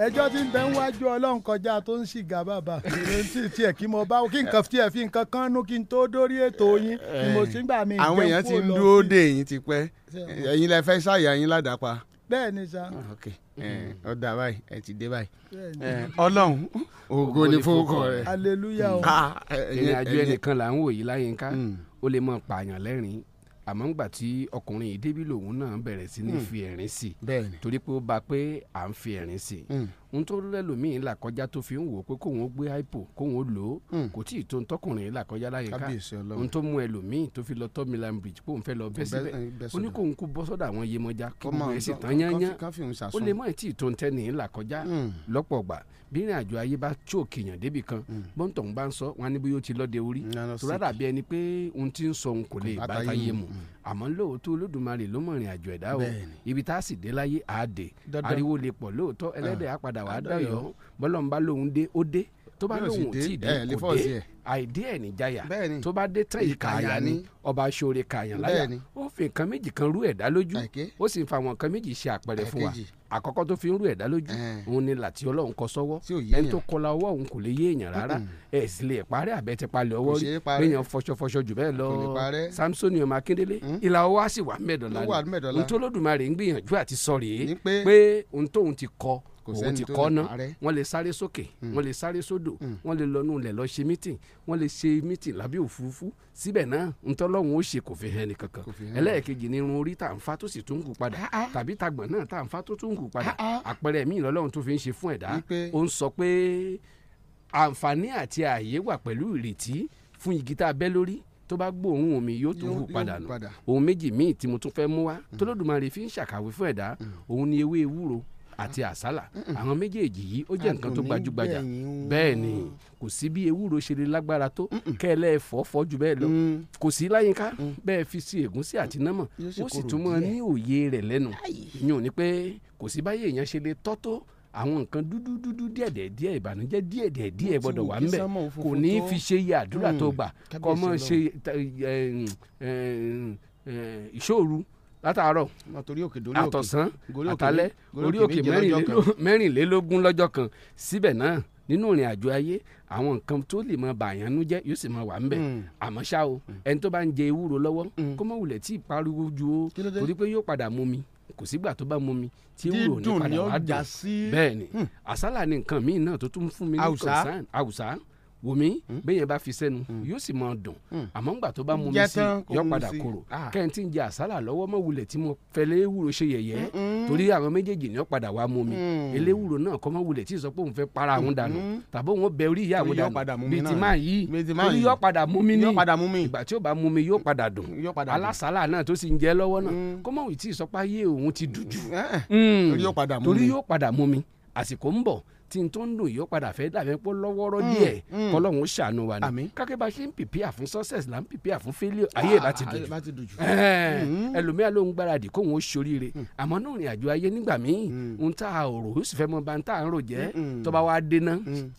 ẹjọ́ tí ń bẹ ń wájú ọlọ́run kọjá tó ń ṣì gà bàbà ìrètí tiẹ̀ kí mo bá kí nǹkan tiẹ̀ fi nǹkan kan nú kí n tó dórí ètò yín ni mo ti ń gbà mí. àwọn èèyàn ti ń dúró dè yín ti pẹ́ ẹ̀yin lẹ fẹ́ ṣàyà yín ládàápa. bẹ́ẹ̀ ni sa. Ah, ok ọ eh, dà báyìí ẹ ti dé báyìí eh, ọlọ́run ògo ni fowókọ rẹ. aleluya o. Ah, ìrìn àjò ẹnìkan là ń wò yí láyé ká hmm. ó lè mọ pààyàn lẹ́rìn-ín àmọ́ ńgbà tí ọkùnrin yìí débí lòun náà bẹ̀rẹ̀ sí ní hmm. fi ẹ̀rín sí torí pé ó bá pé à ń fi ẹ̀rín sí ohun tó lẹ́lòmíì là kọjá tó fi ń wò pé kóun ó gbé hypo kóun ó lò ó hmm. kò tí ì tó ntọ́kùnrin là kọjá láyé ká ohun tó mú ẹlòmíì tó fi lọ tọ́ Milan Bridge kóun fẹ́ lọ bẹ́ síbẹ̀ ó ní kóun kú bọ́ sọ́dọ̀ àwọn Yemọja kí gbogbo ẹ̀ sì tán yányán ó lè mọ̀ ẹ̀ tí ì tó ntẹ́ni là kọjá hmm. lọ́pọ̀ gbà bí ìrìn àjò ayé bá tí òkè yàn débì kan hmm. bọ́ǹtọ̀ ń bá ń sọ wọn á bí yóò ti lọ́ọ́ àmọ́ lóòótọ́ olódùmarè ló mọ̀ ìrìn àjò ẹ̀dá o ibi tá a sì dé láyé àádé ariwo lè pọ̀ lóòótọ́ ah. ẹlẹ́dẹ̀ á padà wàá dàyọ̀ bọ́lọ́mbà lòun dé ó dé tó bá lóun tí ì dé kò dé àìdí ẹ̀ níjàyà tó bá dé tán ìkàyà ni ọba aṣọre kàyàn láyà ó fi nǹkan méjì kan rú ẹ̀dá lójú ó sì ń fa àwọn nǹkan méjì ṣe àpẹẹrẹ fún wa àkọ́kọ́ tó fi ń rú ẹ̀dá lójú òun ni làtí ọlọ́run kọ sọ́wọ́ ẹni tó kọla ọwọ́ òun kò lè yé èèyàn rárá ẹ̀ sì lè parí àbẹ̀ palẹ̀ ọwọ́ rí èèyàn fọṣọfọṣọ jù bẹ́ẹ̀ lọ Samsoni ọmọ Akíndélé mm. ìlà ọwọ́ á sì wà mẹ́dọ̀lá ni ntọ́lódùmarè ń gbìyànjú àti sọ rèé pé ntòun ti kọ owó ti kọ́ ná wọ́n lè sáré sókè hmm. wọ́n lè sáré sódò hmm. wọ́n lè lọ nulẹ̀ lọ ṣe mítìn wọ́n lè ṣe mítìn lábẹ́ òfurufú síbẹ̀ náà ntọ́lọ́hún ó ṣe kò fi hàn nìkankan ẹlẹ́ẹ̀kejì ni irun orí tá à ń fa tó sì tún kù padà ah, ah, ah. tàbí tagbọ̀n náà tá à ń fa tó tún kù padà àpẹẹrẹ míì lọ́lọ́run tó fi ń ṣe fún ẹ̀dá ó ń sọ pé àǹfààní àti ààyè wà pẹ̀lú ìrètí fún igi tá a bẹ́ lórí tó bá gbóòórùn omi yóò tó hù padà nù ohun méjì míì tí mo tún fẹ́ mú wá hmm. tólódùmarè fi ń ṣàkàwé fún ẹ̀dá òun ni ewé ewúro àti àsálà àwọn méjèèjì yìí ó jẹ́ nǹkan tó gbajúgbajà bẹ́ẹ̀ ni kò sí bí ewúro ṣe lè lágbára tó kẹ́lẹ́ ẹ̀fọ́ fọ́ ju bẹ́ẹ̀ lọ mm. kò sí láyínká mm. bẹ́ẹ̀ fi sí ègúnsí àti námọ̀ ó sì tún mọ́ ní òye rẹ̀ lẹ́nu ìyẹn ò ní pé kò sí báyé èèyàn ṣe lè tọ́ àwọn nǹkan dúdú dúdú díẹ̀ díẹ̀ ìbànújẹ́ díẹ̀ díẹ̀ gbọ́dọ̀ wà ńbẹ̀ kò ní fi ṣe iye àdúrà tó mm. gbà kọ́ mọ́ ṣe ìṣòro látàárọ̀ torí òkè dórí òkè àtọ̀sán àtàlẹ́ orí òkè mẹ́rìnlélógún lọ́jọ́ kan síbẹ̀ náà nínú ìrìn àjò ayé àwọn nǹkan tó lè máa bàyàn nú jẹ́ yóò sì máa wà ń bẹ̀ hmm. àmọ́ ṣá o hmm. ẹni tó bá ń jẹ ewúro lọ́wọ́ hmm. kó má wulẹ̀ tí ì pariwo ju o torí pé yóò padà mú mi kò sígbà tó bá mú mi tí ewúro ní padà wá dùn bẹ́ẹ̀ ni àsálà ni nǹkan míì náà tó tún fún mi ní concern àwùsá wòmí hmm? bẹ́ẹ̀ yẹn bá fi sẹ́nu hmm. yóò sì máa dùn hmm. àmọ́ ńgbà tó bá mú mi sí yọ padà kúrò ah. kẹ́hìntì ń jẹ àsálà lọ́wọ́ mọ́ wulẹ̀ tí mo fẹ́lẹ́ ewúro ṣe yẹ̀yẹ́ torí àwọn méjèèjì ni wọ́n padà wá mú mi eléwúro náà kọ́ mọ́ wulẹ̀ tí ì sọ pé òun fẹ́ para àwọn dànù mm-hmm. tàbí òun bẹ orí ìyá àwọn dànù bíi ti máa yí torí yọ padà mú mi ní ìgbà tí ó bá mú mi yóò padà dùn alásàlà náà tó sì ń jẹ lọ́wọ́ náà mm. kọ́ mọ́ wì tí ì sọ tí n tó ń dùn yìí ó padà fẹ́ dàbẹ́ pọ́ lọ́wọ́rọ́ mm, díẹ̀ mm. kọ́lọ́hún ṣàánú wa ni kákẹ́ bá ṣe ń pìpìà fún success là ń pìpìà fún failure ayé ìbá ti ah, dojú mm-hmm. ẹlòmíà ló ń gbáradì kóhun ó ṣoríire mm. àmọ́ náà rìn àjò ayé nígbà míì ń tá a rò ó sì fẹ́ mọ bá ń tá a jẹ́ tó bá wá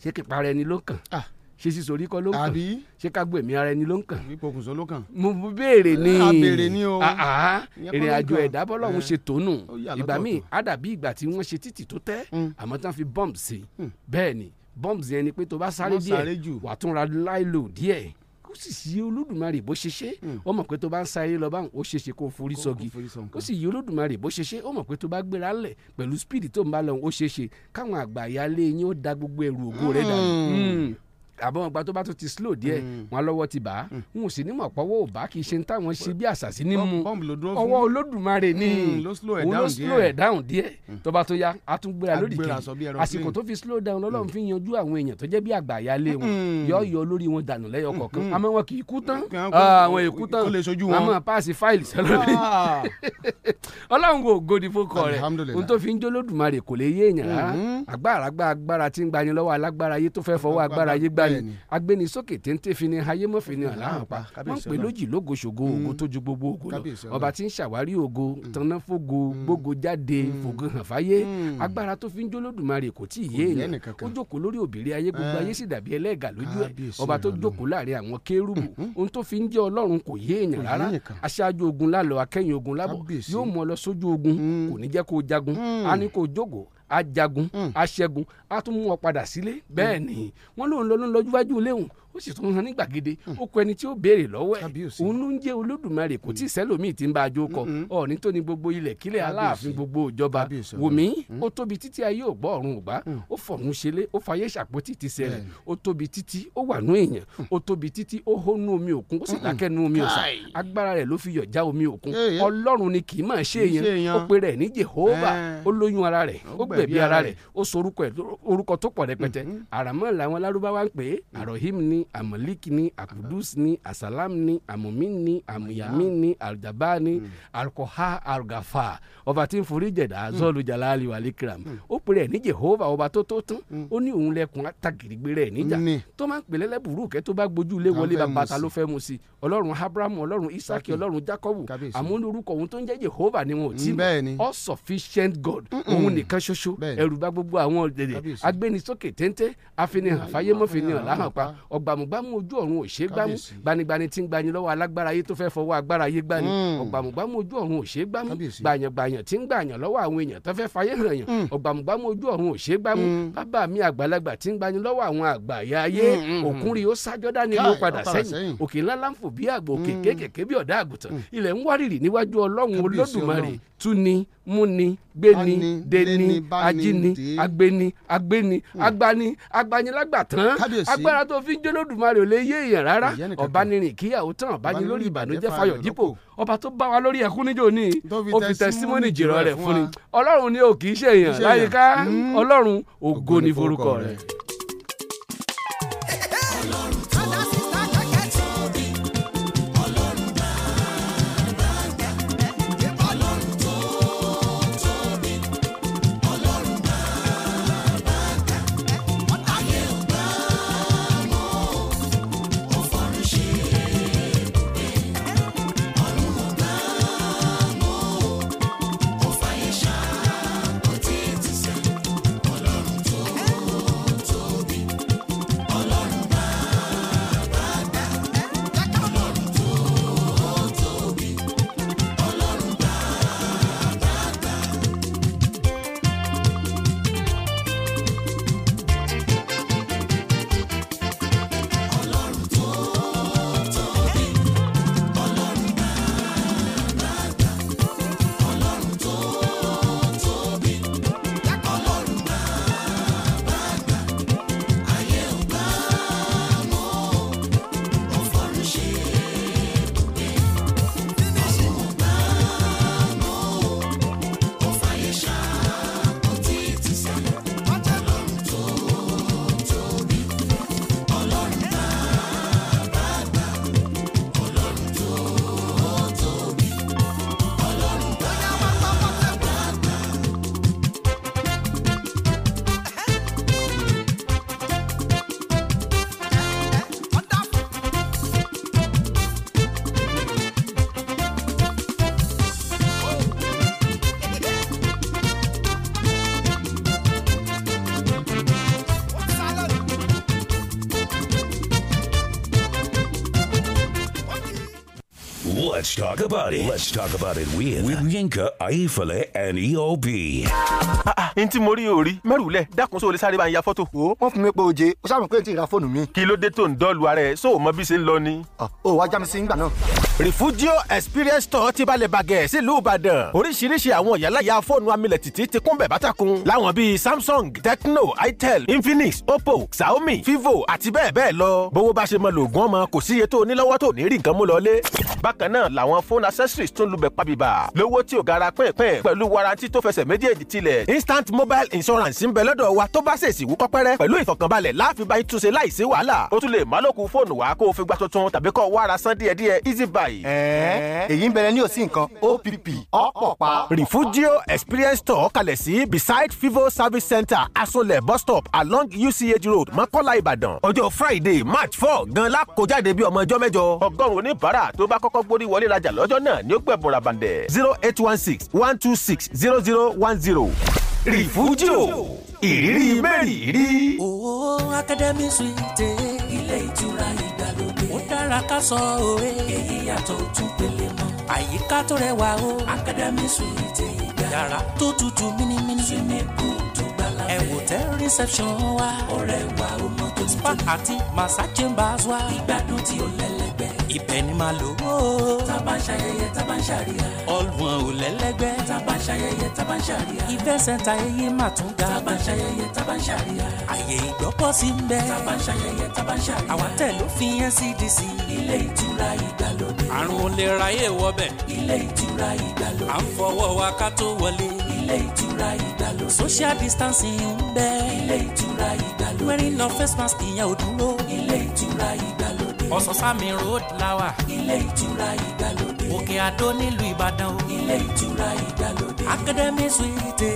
ṣé kí parẹ́ ni ló kàn ah ṣe sísorí kọ́ ló ń kàn ṣé ká gbẹ̀mí ara ẹni ló ń kàn. ìpokùnso ló kàn. mo béèrè ni àbèrè ni o. Ah, ah. ìrìn àjò ẹ̀dá bọ́lọ́hún eh, ṣe tónù ìgbà míì á dàbí ìgbà tí wọ́n ṣe títì tó tẹ́ hmm. àmọ́ tán fi bọ́ǹbù sí hmm. bẹ́ẹ̀ ni bọ́ǹbù yẹn ni pé tó bá sáré díẹ̀ wà tún ra láìlò díẹ̀ ó sì sí olódùmarè bó ṣe ṣe hmm. ó mọ̀ pé tó bá ń sáré lọ báwọn ó ṣe ṣe kó forí sọ́gi ó sì yí olódùmarè bó ṣe ṣe ó mọ̀ pé tó bá gbéra ńlẹ̀ pẹ̀lú spíìdì tó ń bá lọ́hùn ó ṣe ṣe káwọn àgbà ìyáálé yín ó da gbogbo ẹrù ògo rẹ̀ dànù àbọ̀n ìgbà tó bá tún ti slow díẹ̀ mm. wọn lọ́wọ́ ti bá mm. n ò sì ní mọ̀ pọ́wọ́ ò bá kì í ṣe ń táwọn ṣe bí àṣàṣì ní mu ọwọ́ olódùmarè ni òun mm, ló slow ẹ̀ down díẹ̀ tó bá tó ya a tún gbéra lódì kejì àsìkò tó fi slow down lọ́lọ́run fi yanjú àwọn èèyàn tó jẹ́ bí àgbà yálé wọn yọ yọ lórí wọn dànù lẹ́yọ kọ̀ọ̀kan àmọ́ wọn kì í kú tán ah, àwọn èkú tán àmọ́ páàsì fáìlì sọlọ́dẹ ah. ọlọ́run kò gòdì fókọ rẹ̀ ohun tó fi ń jó lódùmarè kò lè yé èèyàn rárá mm-hmm. agbára ni agbénisókè téńté fi ni ayé mọ́ fi ni àlàhàn pa wọ́n pè lójì lógo ṣògo mm. ògo tó ju gbogbo ògo lọ ọba tí ń ṣàwárí ògo mm. tanná fógo mm. gbógo jáde fògo hàn fáyé agbára tó fi ń jólódùmarè kò tí ì yé èèyàn ó jókòó lórí òbírí ayé gbogbo ayé eh. sì dàbí ẹlẹ́gà lójú ẹ̀ ọba tó jókòó láàrin àwọn kérúbù mm-hmm. ohun tó fi ń jẹ́ ọlọ́run kò yé èèyàn rárá aṣáájú ogun lálọ akẹ́yìn ogun lábọ̀ yóò mú lọ sójú ogun kò ní jẹ́ kó jagun á ní kó jókòó ajagun hmm. aṣẹ́gun a tún mú wọn padà sílé bẹ́ẹ̀ ni wọ́n lòun lọ́dún lọ́júwájú léhùn ó sì tún hàn ní gbàgede hmm. ó kọ ẹni tí ó béèrè lọ́wọ́ ẹ̀ òun ló ń jẹ́ olódùmarè kò tí ì sẹ́lòmíì ti ń bá a jó kọ hmm. ọ̀ọ́ni tó ní gbogbo ilẹ̀ kílẹ̀ aláàfin gbogbo ìjọba wùmí hmm. ó tóbi títí ayé ò gbọ́ ọ̀run ò gbà ó fọ̀run ṣẹlẹ̀ ó fayé ṣàpótì ti sẹ́rẹ̀ ó tóbi títí ó wà nú èèyàn ó tóbi títí ó hó nú omi òkun ó sì dákẹ́ nú omi ọ̀sà agbára rẹ̀ ló fi yọ̀ omi òkun ọlọ́run ni kì í máa ṣe èèyàn ó pe rẹ̀ ní Jèhófà ó lóyún ara rẹ̀ ó gbẹ̀bí ara rẹ̀ ó sorúkọ tó pọ̀ rẹpẹtẹ àràmọ́ làwọn lárúbáwá ń pè é àròhìm ni ní amaliki ní akudus ní asalam ní amumin ní amuyamin ní aljaba ní mm. alkoha algafa ọba tí ń forí jẹ̀dá mm. zọ́ọ̀lù jalali walikiram mm. ó pèrè ní jehova ọba tó tó tán ó ní òun lẹ́kùn atagirigbe rẹ̀ níjà tó máa ń pèlè lẹ́bùrú kẹ́ tó bá gbójú lé wọlé bàbá ta ló fẹ́ mu sí ọlọ́run abrahamu ọlọ́run isaki ọlọ́run jacobu àmúlórúkọ òun tó ń jẹ́ jehova ni wọn ò tí all sufficient god òun nìkan ṣoṣo ẹrù bá gbogbo àwọn ọ̀dẹ̀dẹ̀ agbénisókè téńté afinihàn fáyémọ́finihàn láhàn pa ọgbà ọ̀gbàmùgbàmù ojú ọ̀run ò ṣe é gbámú gbanigbani tí ń gbani lọ́wọ́ alágbára ayé tó fẹ́ fọwọ́ agbára ayé gbani hmm. ọ̀gbàmùgbàmù ojú ọ̀run ò ṣe é gbámú gbàyàngbàyàn tí ń gbàyàn lọ́wọ́ àwọn èèyàn tó fẹ́ fayé hàn yàn hmm. ọ̀gbàmùgbàmù ojú ọ̀run ò ṣe é gbámú hmm. bàbá mi àgbàlagbà tí ń gbani lọ́wọ́ àwọn àgbà ayé òkúnrin ó sájọ́ dání ló padà sẹ́yìn òkè ńlá múni gbéni deni ajíni agbéni agbéni hmm. agbani agbanilágbàtán agbára tó fi ń jólódùmarè ò lè yé èèyàn rárá ọ̀bánirin ìkíyàwó tán ọ̀bánirin lórí ìbànújẹ́ fayọ̀ dípò ọba tó bá wa lórí ẹkún níjó ní ó fi tẹsímọ́nì jìrọ̀ rẹ̀ fún ni ọlọ́run ni o kì í ṣe èèyàn láyìíká hmm. ọlọ́run ògo ni forúkọ rẹ̀. talk about it. Let's talk about it with, with Yinka Ayefele and EOB. Ah, ah, n tí mo rí o rí mẹ́rùlẹ̀ dákun sóò sáré bá ń ya fọ́tò. o wọ́n fún mi pé oje o sábà pé n ti ra fóònù mi. kí ló dé tó ń dọ́ọ̀lù ara ẹ̀ sóò mọ bí ṣe ń lọ ni. ọ ah, ò wá já mi sí ń gbà náà. Refugio Experience Store ti balẹ̀ bàgẹ́ sílùú Ìbàdàn oríṣiríṣi àwọn ìyálàyà fóònù amílẹ̀ tìtì ti kún bẹ̀ bátakùn láwọn bíi Samsung Tecno Itel Infinix Oppo Xiaomi Vivo àti bẹ́ẹ̀ bẹ́ẹ̀ lọ bówó bá ṣe mọ lògùn ọmọ kò síye tó ní lọ́wọ́ tó ní rí nǹkan mú lọlé bákan náà làwọn fóònù accessories tún lubẹ̀ pabìbà lówó tí ò gara pínpín pẹ̀lú warranty tó fẹsẹ̀ méjèèjì tilẹ̀ instant mobile insurance ń bẹ lọ́dọ̀ wa tó bá ṣèṣì wú kọ́pẹ́rẹ́ pẹ̀lú ìfọ̀kànbalẹ̀ láàfin bá yín túnṣe láìsí wàhálà ó tún lè má lókun fóònù wa kó o fi gba tuntun tàbí kó o ara san díẹ̀díẹ̀ easy buy báyìí. èyí ń bẹ̀rẹ̀ ní òsì nǹkan opp ọ̀pọ̀ refugio experience Tour, kalẹ̀ sí beside vivo service center asolẹ̀ bus stop along uch road mọ́kọ́lá ìbàdàn. ọjọ́ friday march four gan la kó jáde bí ọmọ ẹjọ́ mẹ́jọ. ọgọ́rùn-ún oníbàárà tó bá kọ́kọ́ gbórí wọlé rajà lọ́jọ́ náà ni ó gbẹ̀bùn rabandẹ̀. zero eight one six one two six zero zero one zero. refugio ìrírí mẹ́rin rí. owó academy suite kára ká sọ òwe. èyí yàtọ̀ ojú pele mọ́. àyíká tó rẹwà o. Academy Suite ìgbà. yàrá tó tutù mímímí. swimming pool tó gbàlà fẹ́. ẹ wò tẹ reception wa. ọ̀rẹ́ wa o mọ tó ti tó. spa àti massage chambers wa. ìgbádùn tí ó lẹ́lẹ́ ibẹ̀ ni màá lò ó. tábà ń ṣayẹyẹ tábà ń ṣàríyá. ọlùwọ̀n ò lẹ́lẹ́gbẹ́. tábà ń ṣayẹyẹ tábà ń ṣàríyá. ìfẹ́ sẹ́ńtà eyé tún ga. tábà ń ṣayẹyẹ tábà ń ṣàríyá. àyè ìgbọ́pọ̀ sí ń bẹ. tábà ń ṣayẹyẹ tábà ń ṣàríyá. àwa tẹ̀ ló fi NCDC. ilé ìtura ìgbàlódé. àrùn olè ra yé wọbẹ̀. ilé ìtura ìgbàlódé. à ń fọwọ́ wa ká tó wọlé. ilé ìtura ìgbàlódé. social distancing ń bẹ. ilé ìtura ìgbàlódé. wearing no face mask ìyẹn ò dúró. ilé ìtura ìgbàlódé ọ̀sánsámi road lawa. ilé ìtura ìgbàlódé. òkè àdó nílùú ìbàdàn o. ilé ìtura ìgbàlódé. academy suite.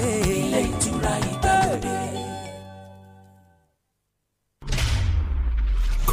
ilé ìtura ìgbàlódé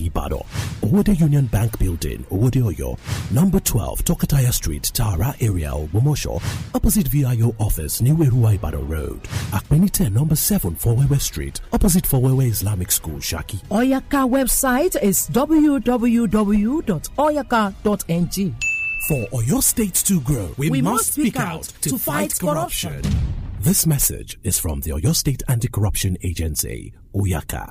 Ibadan. Owode Union Bank Building, Owode Oyo, number 12, Tokataya Street, Tara area, Ogumosho, opposite VIO office, New Erua, Ibadan Road. Akpenite, number 7, Fowewe Street, opposite Fowewe Islamic School, Shaki. Oyaka website is www.oyaka.ng. For Oyo State to grow, we, we must speak out to, to fight, fight corruption. corruption. This message is from the Oyo State Anti Corruption Agency, Oyaka.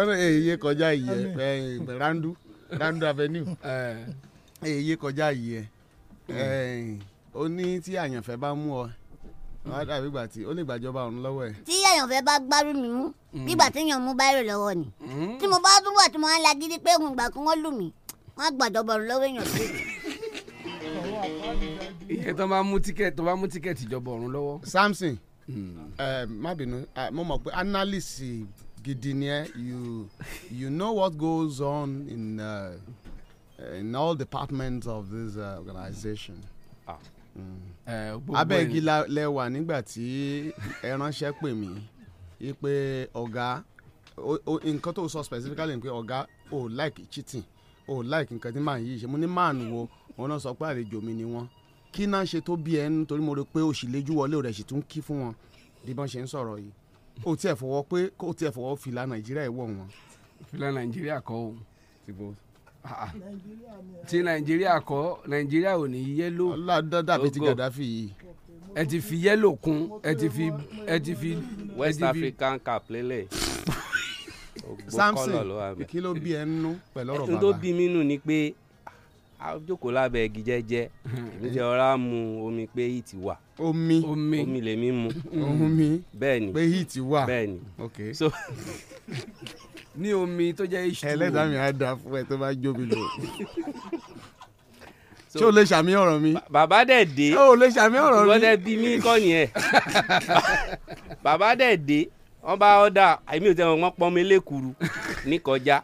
ọ̀nà èyí kọjá yìí ẹ randu randu avenue èyí kọjá yìí mm. ẹ ó ní tí àyànfẹ́ bá mú ọ wọn á dàbí ìgbà tí ó ní ìgbàjọba ọ̀run lọ́wọ́ ẹ̀. tí àyànfẹ́ bá gbárù mi mú mm. bígbà tí èèyàn mú báyìí lọ́wọ́ ni mm. tí mo bá túbọ̀ tí mo á la gidi pé òun ìgbà kan wọ́n lù mí wọ́n á gbàjọba ọ̀run lọ́wọ́ èèyàn sí i ìyẹn tó bá mú tíkẹ́ẹ̀tì tó bá mú tíkẹ́ẹ̀tì ìjọba ọ̀run lọ́wọ́. Samson má mo mọ̀ pé analyst gidi you you know what goes on in uh, in all departments of this uh, organization. Ah. Mm. Eh, abẹ́gi lẹ́wà nígbà tí ẹ ránṣẹ́ pè mí yí pé ọ̀gá nǹkan tó sọ specifically pé ọ̀gá ò like cheating ò like nǹkan tí màá yí ṣe mo ní màá nù wo òun náà sọ pé àlejò mi ni wọ́n kí náà ṣe tó bí ẹnu torí mo rò pé òṣìlẹ́jú wọlé rẹ̀ sì tún kí fún wọn bí wọ́n ṣe ń sọ̀rọ̀ yìí O tiẹ̀ fọwọ́ pé O tiẹ̀ fọwọ́ fìlà nàìjíríà ìwọ̀ wọn. fìlà nàìjíríà kọ́ o ah, ah. ti nàìjíríà kọ́ nàìjíríà ò ní yẹ́lò. ọlọ́dọ̀ dàbí ti oh, gàdáfì yìí. ẹ ti fi yẹ́lò kún ẹ ti fi ẹ ti fi. west african cap lélẹ̀ samson kí ló bí ẹ nínú pẹ̀lú ọ̀rọ̀ bàbá. n tó bí mi nù ni pé a jókòó lábẹ́ igi jẹ́jẹ́ èmi jẹ́ ọ̀rá mu omi pé yìí ti wà omi omi omi lèmi mu omi bẹ́ẹ̀ ni pé heat wà bẹ́ẹ̀ ni ok so ní omi tó jẹ́ h2o ẹlẹ́dàá mi á da fún ẹ tó bá jómi lò ṣé o lè ṣàmì ọ̀rọ̀ mi. bàbá dẹ̀ dé o lè ṣàmì ọ̀rọ̀ mi. ìwọ́n dẹ̀ bí mí kọ́ yẹn bàbá dẹ̀ dé wọ́n bá ọ̀dà àìmí ò tẹ́ wọn pọ́n mi lékuru ní kọjá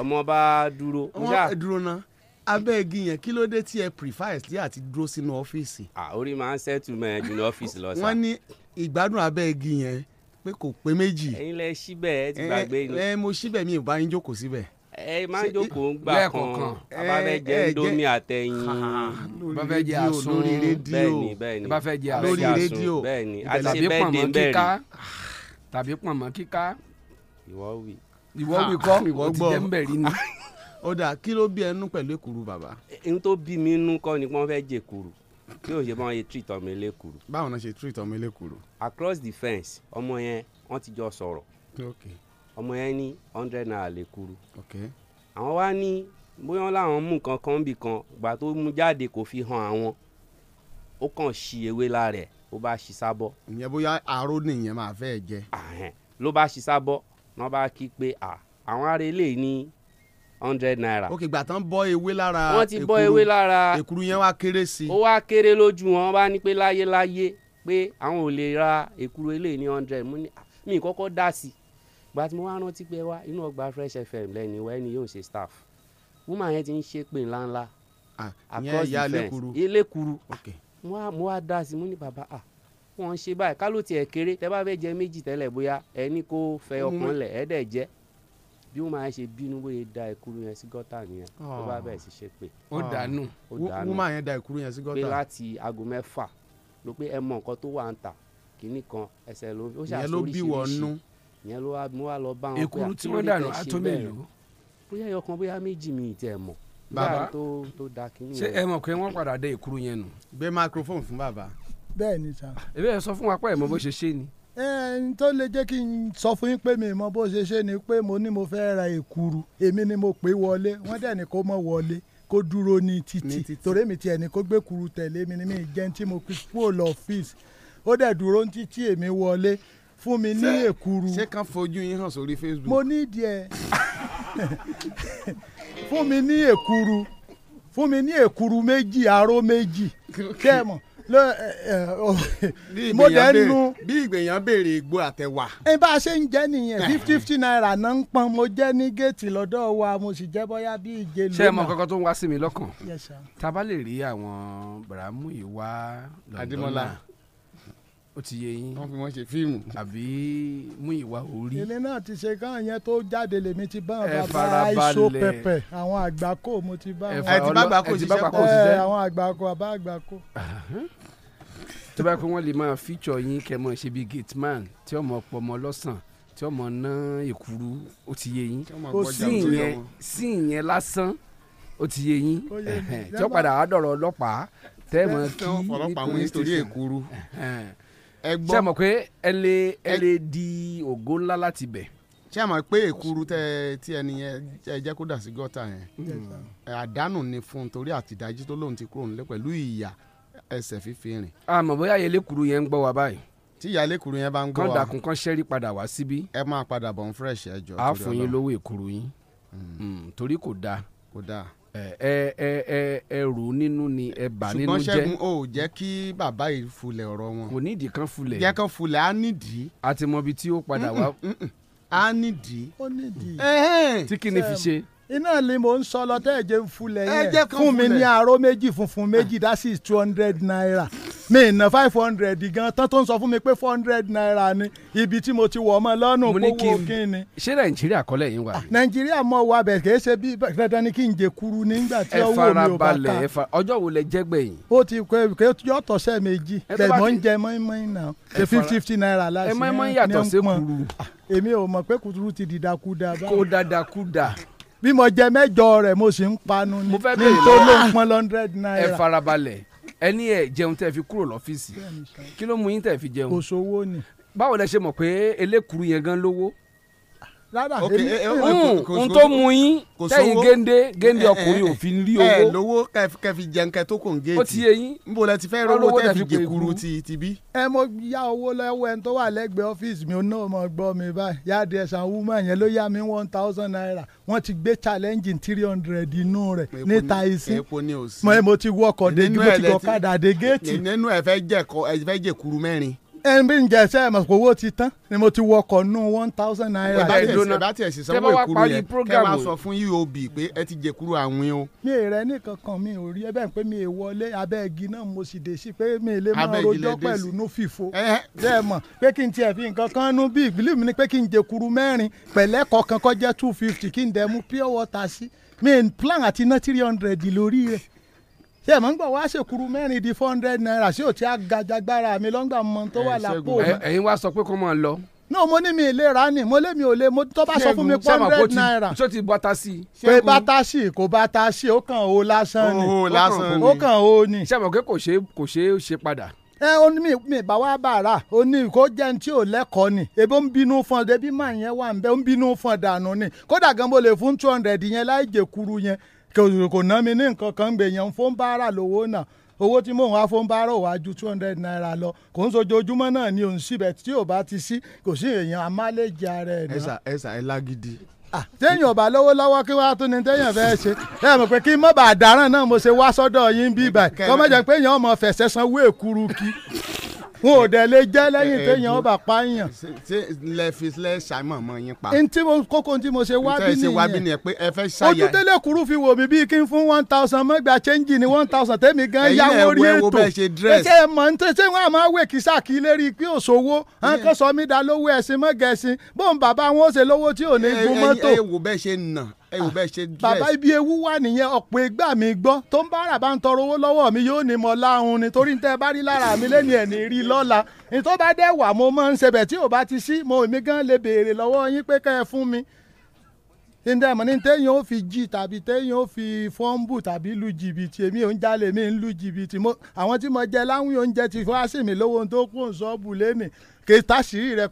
ọmọ bá dúró. wọ́n dúró náà abẹ́ igi yẹn kí ló dé tí ẹ prefer sí àti dúró sínú ọ́fíìsì. orí máa ń ṣẹ́tù mẹ́ẹ̀ jù ní ọ́fíìsì lọ sá. wọ́n ní ìgbádùn abẹ́ igi yẹn pé kò pé méjì. ẹ̀yin lẹ síbẹ̀ ẹ ti gbàgbé ni. ẹ mo síbẹ̀ mi ò bá yín jókòó síbẹ̀ ẹ máa ń jókòó ń gbà kan abáfẹ́ jẹ ndomi àtẹ̀yìn báfẹ́ jẹ àsun lórí rédíò bẹ́ẹ̀ni báfẹ́ jẹ àsun lórí rédíò bẹ́ẹ̀ni àti ṣe bẹ́ẹ̀ dé bẹ́ẹ̀ rí tàbí pọ̀nmọ́ kíká ìwọ wí ìwọ wí kọ́ ìwọ gbọ́ ìwọ ti jẹ́ ń bẹ̀ rí ni. ọ̀dà kí ló bí ẹnu pẹ̀lú èkuru bàbá. Eh, n tó bí mi nú kọ́ ni wọ́n fẹ́ jẹ kuru kí òye bá wọn ṣe treat ọmọ ilé kuru. báwo ni wọ́n ṣe treat ọmọ ilé kuru. across the fence ọmọ yẹn wọ́n ti jọ sọ̀rọ̀ ọmọ yẹn ní hundred naira lè kuru. àwọn wá ní bóyá láwọn mú nǹkan kan bì kan ìgbà tó mú jáde kò fi hàn àwọn ó kàn ṣi ewé lára ẹ̀ ó bá ṣi sábọ́. ìyẹn bóyá aró nìyẹn máa fẹ́ jẹ. ló bá ṣi sábọ́ wọ́n bá kí pé àwọn ará eléyìí ní hundred naira. ok ìgbà tán bọ́ ewé lára ekuru wọ́n ti bọ́ ewé lára ekuru yẹn wá kéré sí. ó wá kéré lójú wọn bá ní pé láyéláyé pé àwọn ò lè ra ekuru eléyìí ní hundred mú ní ah, mi kọ́kọ́ dá sí i ìgbà tí mo wá rántí pé wá inú ọgbà Fresh FM lẹ́ni ìwà ẹni yóò ṣe staff woman yẹn ti ń ṣe pé ńláńlá. Ah, ìyẹn ìyá elékuru elékuru mo wá dá sí i mo ní baba ah wọ́n ń ṣe báyìí ká ló tiẹ̀ kéré tẹ́ bá fẹ́ jẹ méjì tẹ́lẹ̀ bóyá ẹni kó fẹ́ ọkàn lẹ̀ ẹ́ dẹ̀ jẹ́ bí woman yẹn ṣe bínú bóyá da ìkúrú yẹn sí gọ́tà nìyẹn ló ah. bá bẹ̀rẹ̀ sí ṣe pé. ó ah. dànù woman yẹn da ìkúrú yẹn sí gọ́tà. pé láti aago mẹ́fà ló pé ẹ mọ nǹkan tó wà ń tà kínní kan ẹsẹ̀ ló ó ṣàṣọ oríṣiríṣi ìyẹn ló wá wọn pé ìkúrú ah, tí wọ́n dànù atọ́mẹ́lú. bóyá ẹyọ kan bóyá méjì mi ìtẹ̀ mọ̀. bàbá ṣé ẹ mọ̀ pé wọ́n padà dé ìkúrú yẹn nù. gbé microphone fún bàbá. bẹ́ẹ̀ ni sà. ẹ bẹ́ẹ̀ sọ fún wa pé ẹ̀ mọ bó ṣe ṣe ni. ẹn tó lè jẹ́ kí n sọ fún yín pé mi mọ bó ṣe ṣe ni pé mo ní mo fẹ́ ra èkuru èmi ni mo pè wọlé wọ́n dẹ̀ ní kó mọ̀ wọlé kó dúró ní títì torí mi tiẹ̀ ní kó gbé kuru tẹ̀lé mi ni mi jẹ́ tí mo fi kúrò lọ ó dẹ̀ dúró ní títì èmi wọlé fún mi ní èkuru. ṣé kàn fojú yín hàn sórí Facebook. mo ní ẹ fún mi ní èkuru fún mi ní èkuru méjì aró méjì kẹ́ ẹ̀ mọ̀ Eh, eh, oh. mo dẹ́ nu. bí ìgbèyàn béèrè ìgbó àtẹwà. ẹ bá a ṣe ń jẹ́ nìyẹn fifty fifty naira náà ń pọn mo jẹ́ ní géètì lọ́dọ̀ wa mo sì jẹ́ bọ́yá bí ìje lónà. ṣé ẹ mọ kankan tó ń wá sí mi lọ́kàn. tá a bá lè rí àwọn bàrámù yìí wá lọ́dọ̀ náà ó ti yé yín. wọ́n fi wọ́n ṣe fíìmù. àbí mú ìwà orí. ilé náà ti ṣe káwọn yẹn tó jáde lèmi ti bá bàbá àìsó pẹpẹ àwọn àgbákò mo ti bá. ẹ ti bá àgbákò ṣiṣẹ́ pọ̀ ẹ àwọn àgbákò àbá àgbákò. tó bá pẹ́ wọ́n lè máa fíjọ yín kẹ́ mọ̀ ṣe bíi gate man tí ọmọ pọ̀ mọ́ lọ́sàn tí ọmọ ná èkúrú ó ti yé yín. kò sí ìyẹn sí ìyẹn lásán ó ti yé yín tí ó padà wá dọ̀rọ̀ ọlọ́pàá tẹ́ kí nítorí ẹ gbọ́ ṣé mọ̀ pé ẹ lè ẹ lè di ògo ńlá láti bẹ̀. ṣé mọ̀ pé èkuru tẹ tí ẹni ẹ jẹ́ kó dà sí gọ́tà yẹn hmm. àdánù ni fún un torí àtìdájí tó lóun ti kúrò nílé pẹ̀lú ìyà ẹsẹ̀ fífi rìn. àmọ́ bóyá ayélékuru yẹn ń gbọ́ wa báyìí tí ìyá lẹ́kùrú yẹn bá ń gbọ́ wa. kọ́ńdàkùn kan ṣẹ́rí padà wá síbí. ẹ máa padà bọ̀ ń fresh ẹ jọ. a fún yín lówó èkuru yín hmm. Hmm, torí kò dáa. kò dáa ẹ ẹ ẹ ẹ nínú ni ẹ bà nínú jẹ́. ṣùgbọ́n Ṣẹ́gun ò jẹ́ kí bàbá yìí fulẹ̀ ọ̀rọ̀ wọn. kò nídìí kan fulẹ̀. jẹ́ kan fulẹ̀ á nídìí. a ti mọ ibi tí ó padà wá. á nídìí. ó nídìí. tí kí fi ṣe iná ni mò ń sọ lọ tẹ́ ẹ jẹ́ fúlẹ̀ yẹn fún mi ní aró méjì funfun méjì that is two hundred naira mi ná five hundred gan tán tó ń sọ fún mi pé four hundred naira ni ibi tí mo ti wọ̀ ọmọ lọ́nà kówó kí ni. ṣé nàìjíríà kọ́lẹ̀ yín wà. Ah, nàìjíríà mọ̀ wá bẹ̀ kì í ṣe bí dandan ni kí n jẹ kuru nígbà tí ọwọ́ mi ò bá ta. ẹ fara balẹ̀ ọjọ́ wo lẹ jẹ́ gbẹ̀yìn. ó ti pé pé yọ tọ̀sẹ̀ méjì tẹ̀mọ́ ń jẹ mọ́ínmọ́ín náà ṣe fifty fifty naira láti ní ọ̀pọ̀ ah, èmi ò mọ̀ pé kùtùrù ti dìdakúdà báyìí. kó dàdàkúdà bí mo jẹ mẹ́jọ rẹ̀ mo sì ń panu ní tó ló ń pọn hundred naira. ẹ farabalẹ̀ ẹ ẹ jẹun tẹ́ fi kúrò lọ́fíìsì kí ló mú yín tẹ́ fi jẹun. kò sówó ni. báwo lẹ ṣe mọ̀ pé elékuru yẹn gan lówó rárá eh, eh, mm, oh, oh, ohun tó mú yín tẹ̀yìn géńdé géńdé eh, ọkùnrin òfin rí owó. ẹ lówó kẹfì jẹun kẹ tó kùn géètì ó ti yé yín nbó lẹ ti fẹ́ rówó tẹ̀fì jẹkuru ti ti bí. ẹ mo ya owó lọ́wọ́ ẹni tó wà lẹ́gbẹ̀ẹ́ ọ́fíìsì mi náà mo gbọ́ mi báyìí yáàdì ẹ̀sán wúmọ̀ yẹn ló yá mi one thousand naira wọ́n ti gbé challenge three hundred inú rẹ̀ níta isin mo ti wọkọ̀ dé mo ti gọ̀kadà dé géètì. nínú ẹ fẹ́ jẹ̀kuru mẹ́rin ẹni bí n jẹ ẹsẹ ẹmọ̀sọ̀kò owó ti tán ni mo ti wọkọ̀ nù one thousand naira. ọ̀dà ìdóná bá tiẹ̀ sísan owó ìkúrú yẹn kẹ́ máa sọ fún UOB pé ẹ ti jẹ kúrú àwìn o. mi ì rẹ nìkan kan mi ò rí ẹ bẹ́ẹ̀ pé mi ì wọlé abẹ́ igi náà mo sì dé sí pé mi ì lè máa rojọ́ pẹ̀lú nú fìfo. bẹ́ẹ̀ mọ̀ pé kí n tiẹ̀ fi nǹkan kan nú bí ìbílẹ̀ mi ni pé kí n jẹ kúrú mẹ́rin pẹ̀lẹ́ kọ̀ọ̀kan kọjá two fifty kí n dẹ̀ mú pure water sí mi ì plan àti ná three hundred lórí rẹ̀ ṣé ẹ̀ mọ̀ ń gbọ́ wá ṣèkúrú mẹ́rin di four hundred naira ṣé ò ti àgàjàgbára mi lọ́ngbà mọ́ tó wà lápò. ẹ̀yin wá sọ pé kó máa lọ. náà mo ní mi ìlera ni mo lé mi ò lé mo tó bá sọ fún mi four hundred naira. ṣé o ti bá tasi. pé bá tasi kò bá tasi ó kàn ó lásán ni ó kàn ó ni. ṣé àmọ̀ pé kò ṣeé kò ṣeé ṣe padà ẹ ó ní mi mi bá wá bàrà ó ní kó jẹ́ ní tí ò lẹ́kọ̀ọ́ ni ebi ó ń bínú fún ọ débi máa yẹn wà ń bẹ́ ń bínú fún ọ dànù ni kódà gan mo lè fún two hundred yẹn láì jẹ kuru yẹn kò ná mi ní nǹkan kan gbèyàn fún báárà lówó náà owó tí mò ń wá fún báárà wá ju two hundred naira lọ kò ń sojoojúmọ́ náà ni òun síbẹ̀ tí ò bá ti sí kò sí èèyàn amálẹ́jẹ ara ẹ̀ náà. ẹ̀sà ẹ̀sà ẹ̀ lágídí. ṣe ẹ mọ̀ pé kí dáràn náà mo ṣe wá sọ́dọ̀ yín bíbà pé èèyàn ọmọ fẹ̀sẹ̀ sanwó wọn ò dẹ̀ lè jẹ́ eh, lẹ́yìn eh, téèyàn ọba eh, pààyàn. ṣe lẹ fi lẹ ṣàmọ̀ mọ yín pa. n tí mo kókó tí mo ṣe wá bí nìyẹn. n tẹ́ ṣe wá bí nìyẹn pé ẹ fẹ́ ṣàyà. ojú tẹ́lẹ̀ kúrú fi wò mí bíi kí n fún one thousand mẹ́gbàá chẹ́ńjì ní one thousand tẹ́mi gan yáwó rí ètò. ẹ̀ṣẹ̀ mọ̀ n tẹ́ ṣé wọ́n á máa wé kìsà kí lérí pé òṣòwò àǹkọ́sọ mi dá lówó ẹ̀sìn mọ́gẹ̀ẹ́sìn bóun bàbá wọn ó ṣe lówó tí ò ní gun mọ́tò. ẹ ẹ wo bẹ́ẹ̀ ṣe nà ẹ wò ah. bẹ́ẹ̀ ṣe dress. bàbá ibi ewu wà nìyẹn ọ̀pọ̀ ìgbà mi gbọ́ tó ń bá rà bá ń tọrọ owó lọ́wọ́ mi yóò ní mọ láhùn ni torí tẹ́ bá rí lára mi lẹ́nu ẹ̀ ní rí lọ́la ní tó bá dẹ̀ wà mo máa ń ṣẹbẹ̀ tí ò bá ti sí mo mi gan lè béèrè lọ́wọ́ yín pé kẹ́ ẹ fún mi ǹdẹ́ mọ̀ ní téèyàn ó fi jí tàbí téèyàn ó fi fọ́ńbù tàbí lu jìbìtì èmi ò ń jalè mi ń lu jìbìtì mo àwọn tí mo jẹ láwìn oúnjẹ ti fọ́ àṣìmí lówó tó kún ṣọ́ọ̀bù lémi kì í táṣìírí rẹ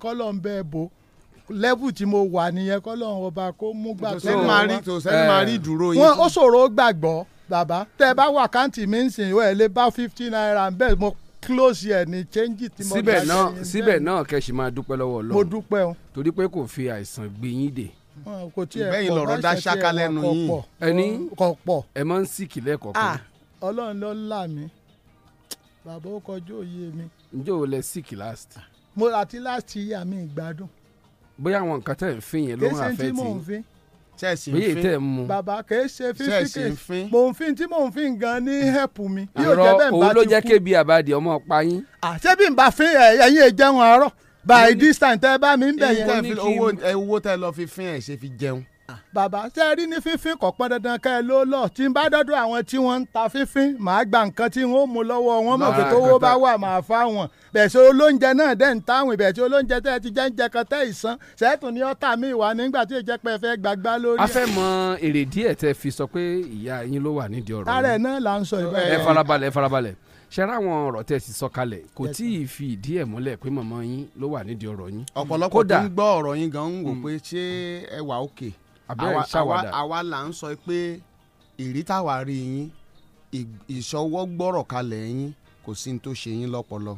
lẹ́bù tí mo wà nìyẹn kọ́lọ́run ọba kó mú gbà tó sẹ́ni máa rí dúró yìí. wọn ó ṣòro gbàgbọ́ bàbá tẹ bá wà káǹtì mi ń sìn ó ẹ lè bá fifty naira ń bẹ́ẹ̀ mo close yẹ ni change ti mo bá ṣe yẹn. síbẹ̀ náà kẹ̀sì máa dúpẹ́ lọ́wọ́ Ọlọ́run mo dúpẹ́ o. torí pé kò fi àìsàn gbé dè. kò tiẹ̀ pọ̀ báyìí lọ́rọ̀ dá ṣáká yìí. ẹni ẹ máa ń sìkì lẹ́kọ̀ọ́kan. Ah, Ọlọ́run ló là mí bàbá ó kọjú òye mi. ǹjẹ́ o lẹ sìkì last. mo àti last year mi ìgbádùn bóyá àwọn nǹkan tẹ̀ ń fin yẹn ló ń àfẹ́ tì í ṣẹ́ẹ̀sì ń fin tẹ̀ mu. bàbá kìí ṣe fífíkì mò ń fin tí mò ń fin gan ni help mi. àrọ òun ló jẹ́ kébi àbàdì ọmọ pa yín. àṣé bí n bá fin ẹ̀yin ìjẹun àárọ̀ by this time tẹ́ bá mi ń bẹ̀ yẹn. owó tẹ lọ fi fin ẹ̀ ṣe fi jẹun bàbá ṣe rí ní fífín kò pọn dandan ká ẹ ló lọ tí n bá dọdọ àwọn tí wọ́n ń ta fífín màá gba nǹkan tí wọ́n ó mú lọ́wọ́ wọn mọ̀ pé tówó bá wà màá fá wọn bẹ̀sẹ̀ olóúnjẹ náà dẹ̀ ń táwọn ìbẹ̀sẹ̀ olóúnjẹ tẹ́ ẹ ti jẹ́ ń jẹ kan tẹ́ ìsan sẹ́ẹ̀tù ni ọ́tà mi wà nígbà tí ìjẹ́ pé fẹ́ gbàgbá lórí. a fẹ́ mọ èrè díẹ̀ tẹ́ fi sọ pé ìyá yín ló wà nídìí ọ̀rọ̀ yìí. ara farabalẹ̀ ẹ farabalẹ̀ ṣẹ́ra àwọn ọ̀rọ̀ tẹ́ ti sọ kalẹ̀ kò tí ì fi ìdí ẹ̀ múlẹ̀ pé màmá yín ló wà nídìí ọ̀rọ̀ yín. ọ̀pọ̀lọpọ̀ tó ń gbọ́ ọ̀rọ̀ yín gan-an ń wò pé ṣé ẹ wà òkè abẹ́rẹ́ ṣàwádà. àwa là ń sọ pé ìrítàwá rí yín ìṣọwọ́ gbọ́rọ̀ kalẹ̀ yín kò sí ní tó ṣe yín lọ́pọlọ.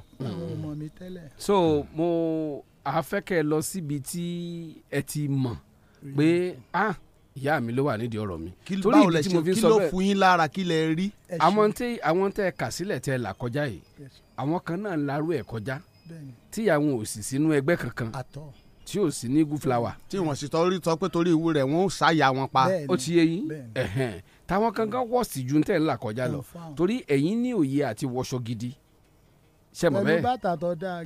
so mo àfẹ́kẹ́ lọ síbi tí ẹ ti mọ̀ pé ah ìyá mi ló wà nídìí ọ̀rọ̀ mi. torí ìdí tí mo fi ń sọ bẹ́ẹ̀ kí ló fún yín lára kí lẹ rí. àwọn tẹ àwọn tẹ kà sílẹ̀ tẹ là kọjá yìí àwọn kan náà larú ẹ̀ kọjá tíyàwó ò sì sínú ẹgbẹ́ kankan tí ò sí ní gúfúláwà. tí wọ́n sì torí tọ́ pé torí ìwú rẹ̀ wọ́n ó ṣàyà wọn pa. ó ti yé yín táwọn kankan wọ̀ sí ju tẹ̀ ńlá kọjá lọ torí ẹ̀yin ní òye àti wọṣọ gidi ṣe mọ̀ bẹ́ẹ̀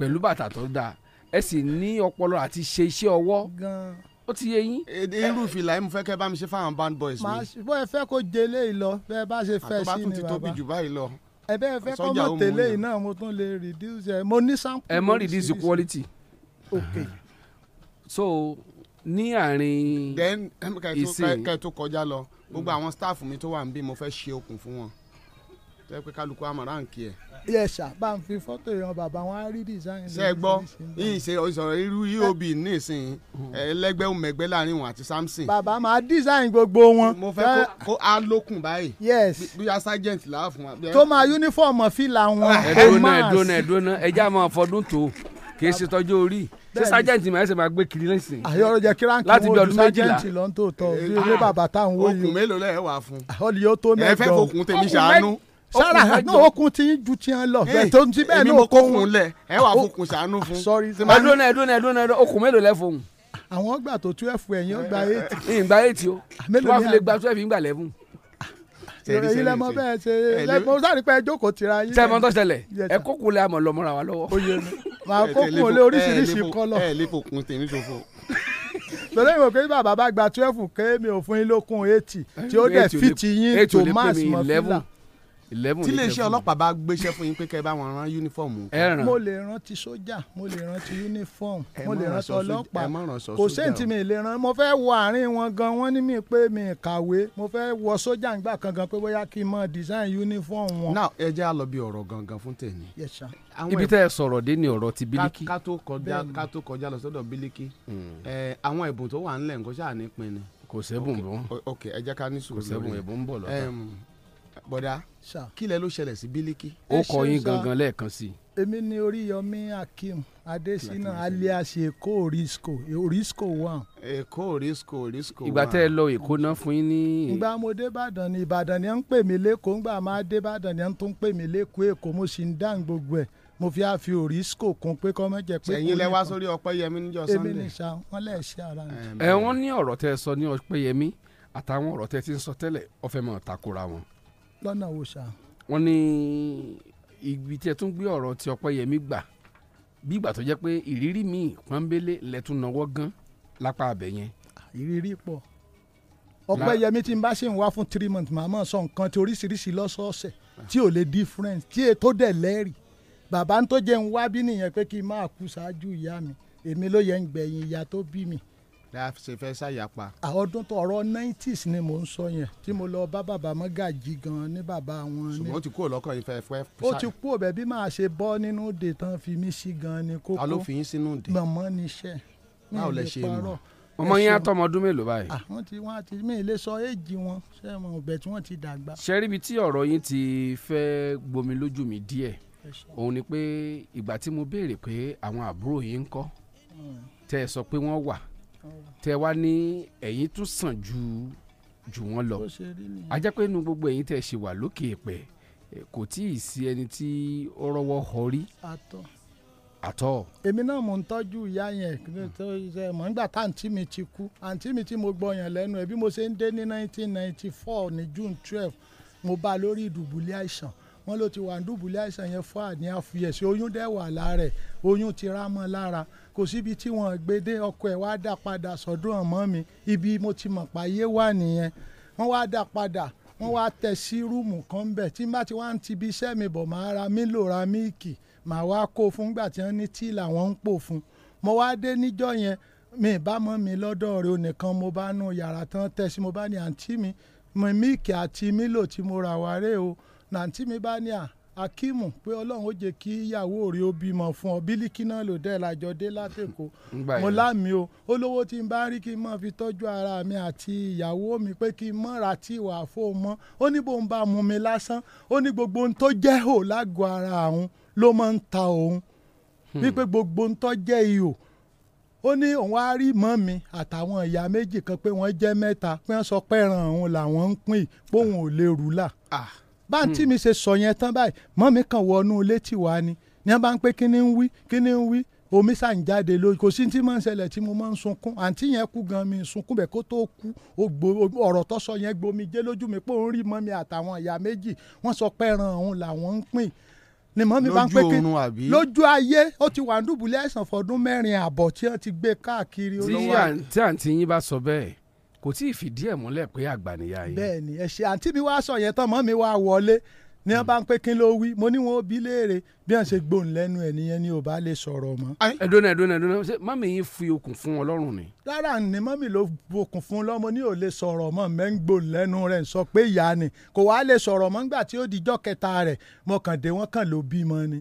pẹ̀lú bàtà tó dáa ẹ sì ní ọpọlọ àti ṣe iṣẹ́ ọwọ́ ó ti yé yín. irú fìlà ẹ̀ mo fẹ́ kẹ́ bá mi ṣe fáwọn band boys mi. bó ẹ fẹ́ kó jele ìlọ bẹ́ẹ̀ bá ṣe fẹ́ sí ni bàbá àtúntì tóbi jù báyìí lọ. ẹ bẹ́ẹ̀ fẹ́ kọ́ mọ̀ tẹ́lẹ̀ yìí náà mo tún lè reduce ẹ mo ní sample. ẹ mọ reduce quality. okay. so ní àárín then ìsìn kẹ tó kọjá lọ gbogbo àwọn staff mi tó wà ń bí mo fẹ́ ṣe okùn fún wọn tó yẹ pé kálukú àmọ́ ráǹkì ẹ̀. yẹ ṣá bá ń fi fọ́tò yan bàbá wọn á rí design. ṣe é gbọ́ yìí ṣe ìṣòro irú eob nísìnyí mm-hmm. ẹlẹ́gbẹ́ òmẹ̀gbẹ́ láàrin wọn àti samson. bàbá máa design gbogbo wọn. mo fẹ́ kó a lókun báyìí. yes bí a sergeant là wa. tó máa uniform fìlà wọn. ẹ̀dọ́nà ẹ̀dọ́nà ẹ̀dọ́nà ẹ̀já máa fọdún tó kì í ṣe tọ́jú orí ṣé sájẹ́ǹtì máa ń ṣe máa gbé kiri lẹ́sìn. àyọ̀rọ̀ jẹ́ kíráǹkì wo ju sájẹ́ǹtì lọ tó tọ́ bí ilé ah. bàbá táwọn wó yìí. okùn mélòó lẹ́ẹ̀ wá fún. ọ̀lì ah, yóò tó mẹ́jọ. ẹ fẹ́ fokùn tèmi ṣàánú. sára náà okùn ti ń ju tiẹ̀ lọ. Eh, èmi mo kókun lẹ ẹ wà ah, fokùn ṣàánú fún. ẹdún ẹdún ẹdún ẹdún okùn mélòó lẹ fohùn. àwọn gbà tó twelve ẹ̀yìn ó gba eight. ìgbà eight o twelve lè gba twelve ìgbà eleven tẹ̀rí sẹ́yìn lẹ́mọ bẹ́ẹ̀ ṣe lẹ́mọ sáré pé jókòó tira yín. sẹ́mọ tó ṣẹlẹ̀ ẹ kókò lé àmọ̀ lọ́mọ́ra wa lọ́wọ́. oye mi màá kókò lé oríṣiríṣi kọ́lọ̀. ẹ lè fò tèmi ṣòfò. lọ́dọ̀ ìwọ̀n pé bàbá bá gba twelve kéèmí òfin lókun eighty tí ó dẹ̀ fìtì yín tó máàsì eleven ní kẹfún. tí iléeṣẹ́ ọlọ́pàá bá gbéṣẹ́ fún yín pé kẹ́ ẹ bá wọn rán yúnífọ̀mù. ẹ ràn mo lè rántí sójà mo lè rántí yúnífọ̀mù mo lè rántí ọlọ́pàá kò sẹ́ǹtì mi lè ràn mo fẹ́ wọ àárín wọn gan wọ́n ní mi pé mi kàwé mo fẹ́ wọ sójà nígbà kankan pé bóyá kí n mọ design yúnífọ̀mù wọn. náà ẹ jẹ́ àlọ́ ọ̀rọ̀ gangan fún tèmi. ibi tẹ́ ẹ sọ̀rọ̀ dé ni ọ̀rọ̀ ti bílíkì. ká tó kọjá lọ sọ́dọ̀ bílíkì hmm. àwọn ẹ̀bùn tó wà ńlẹ̀ nǹkan ṣáà ní pinni. kò sẹ́bùn bọ́ bọ̀dá kílẹ̀ ló ṣẹlẹ̀ sí bílíkì. ó kọ yín gangan lẹ́ẹ̀kan sí i. èmi ni oríyọmí akeem adesina alias èkó orisco orisco one. Eko orisco orisco one. ìgbà tẹ́ ẹ lọ èkó náà fún yín ní. ìgbà mo dé ìbàdàn ni ìbàdàn ni à ń pè mí lẹ́kọ̀ọ́ ńgbà máa dé ìbàdàn ni à ń tún pè mí lẹ́kọ̀ọ́ èkó mo sì ń dáhùn gbogbo ẹ̀ mo fi àfi orisco kún pé kọ́ mọ́ pé. ẹ̀yin lẹ wá sórí ọpẹ́yẹmí níjọ́ sunday. èmi nìṣà wọn lẹ ṣe ara mi. ẹ wọn ní ọ̀rọ̀ tẹ́ sọ ní ọpẹ́yẹmí àtàwọn ọ̀rọ̀ tẹ́ ti sọ tẹ́lẹ̀ ọfẹ mọ takora wọn lọ́nà wo ṣá. wọ́n ní ibi tí ẹ tún gbé ọ̀rọ̀ ti Ọpẹ́yẹmí gbà bí tó jẹ́ pé ìrírí mi pọ́nbélé lẹ́tún náwó gan lápá abẹ yẹn. ìrírí pọ̀ Ọpẹ́yẹmí tí n bá ṣe ń wá fún three months màmá sọ nǹkan tí oríṣiríṣi lọ́sọ̀ọ̀sẹ̀ tí ò lè difference tí ètò dẹ̀ lẹ́rìí bàbá ń tó jẹ́ ń wá bí nìyẹn pé kí n máa kú ṣáájú ìyá mi èmi ló yẹ ń gbẹ̀yìn ìyá tó bí mi la ṣe fẹ́ ṣàyàpá. ọdún tó ọ̀rọ̀ nineties ni mò ń sọ yẹn tí mo lọ bá bàbá mọ́gàjì gan ní bàbá wọn. ṣùgbọ́n ó ti kú ọlọ́kàn ìfẹ́ fẹ́. ó ti kú ọbẹ̀ bí màá ṣe bọ́ nínú òde tán fi mí sí gan ni kókó. ta ló fi yín sínú òde. gbọ̀nmọ́ níṣẹ́. báwo lẹ ṣe mọ̀ ọmọ yín àtọmọ ọdún mélòó báyìí. àwọn tí wọn ti mí lè sọ èjì wọn sẹmọ ọbẹ tí wọn ti dàgbà. ṣẹ́ríbi tí ọ̀rọ̀ yín ti fẹ́ gbomi lójú mi díẹ̀ òun ni pé ìgbà tí mo béèrè pé àwọn àbúrò yín ń kọ́ hmm. tẹ́ ẹ sọ pé wọ́n wà tẹ wá ní ẹ̀yin tún sàn ju jù wọ́n lọ ajá pé inú gbogbo ẹ̀yin tẹ̀ ṣe wà lókè ẹ̀pẹ̀ kò tí ì sí ẹni tí ó rọ́wọ́ họrí àtọ. èmi náà mò ń tọ́jú ìyá yẹn mọ̀ nígbà tá àǹtí mi ti kú àǹtí mi tí mo gbọ́ lẹ́nu ẹ̀ bí mo ṣe ń dé ní 1994 ní June 12 mo bá a lórí ìdùbúlẹ̀ àìsàn wọn ló ti wà ní ìdùbúlẹ̀ àìsàn yẹn fún àní àfuyẹ̀sí oyún dẹ̀ lára ẹ̀ oyún ti rá lára kò síbi tí wọ́n gbé dé ọkọ ẹ̀ wá dá padà sọ́dún ọmọ mi ibi mo ti mọ̀ páyé wà nìyẹn wọ́n wá dá padà wọ́n wá tẹ̀ sí rúùmù kan bẹ̀ tí n bá ti wá ń tibi iṣẹ́ mi bọ̀ máa ra mílò ra míìkì màá wá kó fún gbà tí wọ́n ní tí làwọn ń pò fún mo wá dé níjọ́ yẹn mi bá mọ́ mi lọ́dọ̀ rẹ̀ onìkan mo bá nu yàrá tán tẹ̀ sí mo bá ní àǹtí mi míìkì àti mílò tí mo rà wá rè o nàǹtí mi bá ní à akímù pé ọlọ́run ó jẹ́ kí ìyàwó rẹ̀ ó bímọ fún ọ bílíkì náà ló dẹ́ lajọ dé látẹ̀kọ́ mo lámì o olówó tí n bá rí kí n máa fi tọ́jú ara mi àti ìyàwó mi pé kí n mọ́ra tí ìwà àfọ́ mọ́ ó ní bó ń bá mu mi lásán ó ní gbogbo ohun tó jẹ́ hò lágọ̀ọ́ ara òun ló máa ń ta òun hmm. wípé gbogbo ohun tó jẹ́ ihò ó ní òun á rí mọ́ mi àtàwọn ìyá méjì kan pé wọ́n jẹ́ mẹ́ta pé wọ́n sọ pẹ́ràn òun làwọn ń pín pé òun ò lè rú là. Ah bá ń tí hmm. mi ṣe sọ yẹn tán báyìí mọ́ mi kàn wọnú ilé tì wá ni ní wọ́n bá ń pé kíní ń wí kíní ń wí omi sá ń jáde lójú kò sí tí máa ń ṣẹlẹ̀ tí mo máa ń sunkún àǹtí yẹn kú gan mi sunkún bẹ́ẹ̀ kó tó kú ọ̀rọ̀ tó sọ yẹn gbomi jẹ́ lójú mi pé òun rí mọ́ mi àtàwọn ìyá méjì wọ́n sọ pé ẹran òun làwọn ń pín ni mọ́ mi bá ń pé kí lójú ayé ó ti wà ń dùbúlẹ̀ àìsàn fọdún mẹ́rin àbọ̀ tí wọ́n ti gbé káàkiri. tí àǹtí yín bá sọ bẹ́ẹ̀ kò tí ì fìdí ẹ̀ múlẹ̀ pé àgbà nìyá yín. bẹ́ẹ̀ni ẹ ṣe àǹtí mi wá sọ yẹn tán mọ́ mi wá wọlé ní wọn bá ń pé kí ló wí mo ní wọn ó bí léèrè bí wọn ṣe gbóhùn lẹ́nu ẹ̀ nìyẹn ni ò bá lè sọ̀rọ̀ mọ́. ẹdùnà ẹdùnà ẹdùnà ṣé mọ́mì yín fi okùn fún ọlọ́run ni. rárá ni mọ́mì ló bokùn fún lọ́mọ ní ò lè sọ̀rọ̀ mọ́ mẹ́ ń gbóhùn lẹ́nu rẹ̀ ń sọ pé ìyá ni kò wá lè sọ̀rọ̀ mọ́ nígbà tí ó dijọ́ kẹta rẹ̀ mọ̀kàndé wọn ló bímọ ni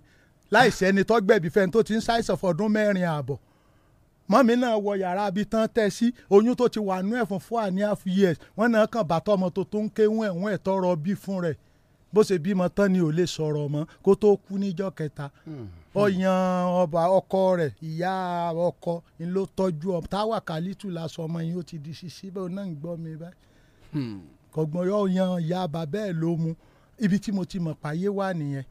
láìsẹ́ni tọ́gbẹ̀bí fẹ́ni tó ti ń ṣàìsàn fọdún mẹ́rin ààbọ̀ mọ́mí náà wọ yàrá bí tán tẹ́ sí oyún tó ti wà nú ẹ̀ fún four and a half years wọ́n náà kàn bàtọ́ ọmọ tó tó ń kéwọ́n ẹ̀wọ́n ẹ̀ tọrọ bí fún rẹ̀ bó ṣe bímọ tán ni ò lè sọ̀rọ̀ mọ́ kó tó kú níjọ́ kẹta ọyàn hmm. ọba ọkọ rẹ̀ ìyá ọkọ ni ló tọ́jú ọ táwa kàlítù lásán ọmọ yìí ó ti di ṣíṣí bẹ́ẹ̀ náà ń gbọ́ mi báyìí hmm. kọ̀gbọ́n ọyàn ìyá bàbá ẹ̀ ló mu ibi tí mo ti mọ̀ páyé wà nìyẹn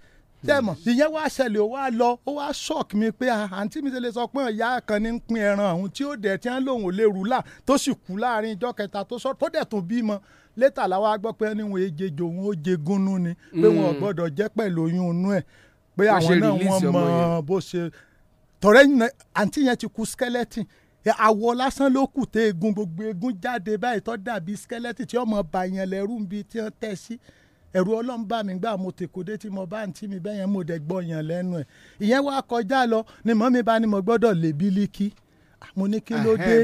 dẹ́mọ̀ ìyẹn wá ṣẹlẹ̀ ó wá lọ ó wá shock mi pé ah, àǹtí mi ṣe sọ pé ìyá kan ní pin ẹran ọ̀hún tí ó dẹ̀ tí wọ́n lòun ò lè rù là tó sì kú láàrin ìjọ kẹta tó sọ tó dẹ̀ tó bímọ létà làwa gbọ́ pé níwọ̀n ejejò òun ó jegúnú ni pé wọn ò mm. gbọ́dọ̀ jẹ́ pẹ̀lú oyún inú ẹ̀ pé àwọn náà wọ́n mọ bó ṣe tọ̀rẹ́ àǹtí yẹn ti kú skeleton àwọ̀ lásán ló kù tẹ egun gbogbo egun jáde báyìí tó dàbí skeleton tí ọmọ bàyàn lẹ́rù ń tí wọ́n tẹ̀ sí. Si ẹ̀rù ọlọ́run bá mi gbà mo tèkódé tí mo bá ń tí mi bẹ́yẹn mo dẹ̀ gbọ́ yàn lẹ́nu ẹ̀ ìyẹn wá kọjá lọ ni mọ́ mi bá ní mo gbọ́dọ̀ lé ah, bílíkì mo ní kí ló dé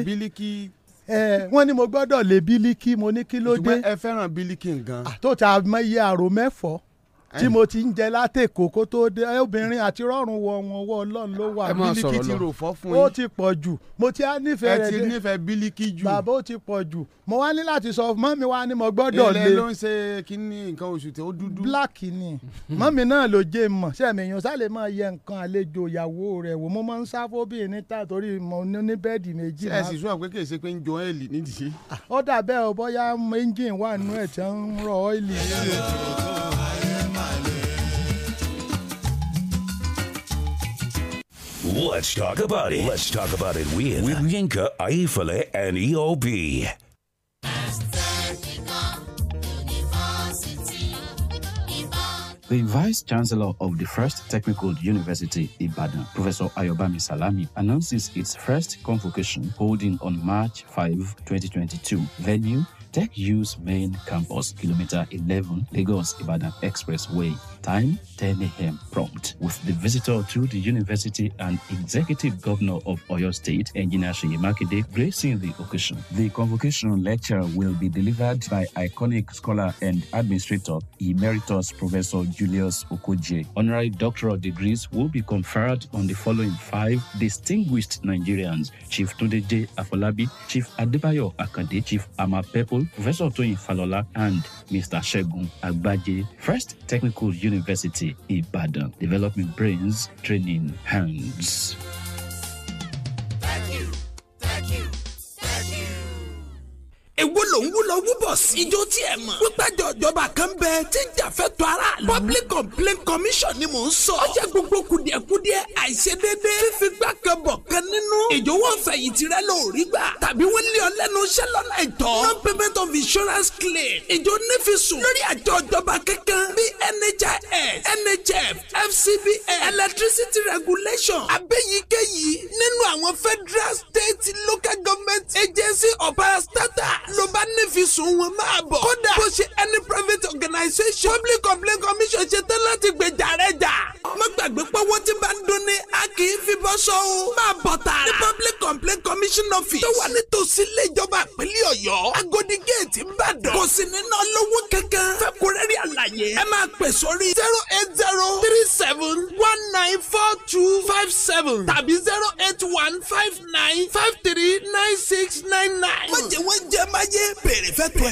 wọ́n ní mo gbọ́dọ̀ lé bílíkì mo ní kí ló dé. ẹ fẹ́ràn bílíkì gan. àtòtà ah, àmọ́ iye àrò mẹ́fọ̀ọ́ tí mo ti ń jẹ látẹ̀kọ́ kó tó dé obìnrin àti rọrùn wọ wọn ọwọ́ ọlọ́run ló wà bílíkì ti rò fọ́ fún yín ó ti pọ̀ jù mo ti á nífẹ̀ẹ́ rẹ̀ ẹ ti nífẹ̀ẹ́ bílíkì jù bàbá ó ti pọ̀ jù mo wá ní láti sọ mọ́ wá ní mo gbọ́dọ̀ lé ilé ló ń ṣe kíní nǹkan oṣù tó dúdú black ni mọ́ náà ló jẹ́ mọ̀ sẹ́mi èèyàn sálẹ̀ máa yẹ nǹkan àlejò ìyàwó rẹ̀ wò mo máa ń sáfó bíi níta torí mo ní bẹ́ẹ̀dì méjì náà. ẹ sì sún àpé ṣe pé ń jọ ẹ́ẹ̀lì nídìí. Ah, ó dà ọ bóyá engine wà nínú ẹ̀ tí ń rọ ọ́ìlì. Let's talk about it. Let's talk about it with, with Yinka, Aifale, and EOB. The Vice Chancellor of the First Technical University, Ibadan, Professor Ayobami Salami, announces its first convocation holding on March 5, 2022. Venue Tech U's main campus, kilometer 11, Lagos Ibadan Expressway. Time 10 a.m. prompt with the visitor to the university and executive governor of Oyo State, Engineer Shimakide, gracing the occasion. The convocation lecture will be delivered by iconic scholar and administrator, Emeritus Professor Julius Okoje. Honorary doctoral degrees will be conferred on the following five distinguished Nigerians Chief Tunde J. Afolabi, Chief Adebayo Akande, Chief Amapepo Professor Toyin Falola, and Mr. Shegun Agbaje, First Technical University, Ibadan, developing brains, training hands. pọ́s ijó tí ẹ mọ̀. wípéjọ ìjọba kan bẹ tí ń jàfẹ́tọ̀ aráàlú. public complaint commission ni mò ń sọ. ó jẹ́ gbogbo kùdìẹ̀kudiẹ àìṣedéédéé fífi gbá kan bọ̀ kan nínú. ìjọwọ́ fẹ̀yìntì rẹ ló rí gbà. tàbí wọ́n lé ọ lẹ́nu iṣẹ́ lọ́nà ìtọ́. non payment of insurance claim. ìjọ nífisùn lórí àjọ ìjọba kankan bíi nhis nhf FCBA, electricity regulation abéyíkéyìí nínú àwọn federal state local government agency of parastatal ló bá nífisùn w wọn máa bọ̀. kódà bó ṣe any private organisation, public complaint commission ṣe tán láti gbèjà rẹ jà. má gbàgbé pé owó tí bá ń dún a kì í fi bọ́ sọ o. máa bọ̀ tààrà ní public complaint commission office. tó wà nítòsí ilé ìjọba ìpínlẹ̀ ọ̀yọ́. agodi gate ìbàdàn. kò sí nínú olówó kankan. fẹ́kúrẹ́rì àlàyé. ẹ máa pè sórí zero eight zero three seven one nine four two five seven tàbí zero eight one five nine five three nine six nine nine. wọ́n jẹ́ wọ́n jẹ́ máa yé bèrè fẹ́ tó ẹ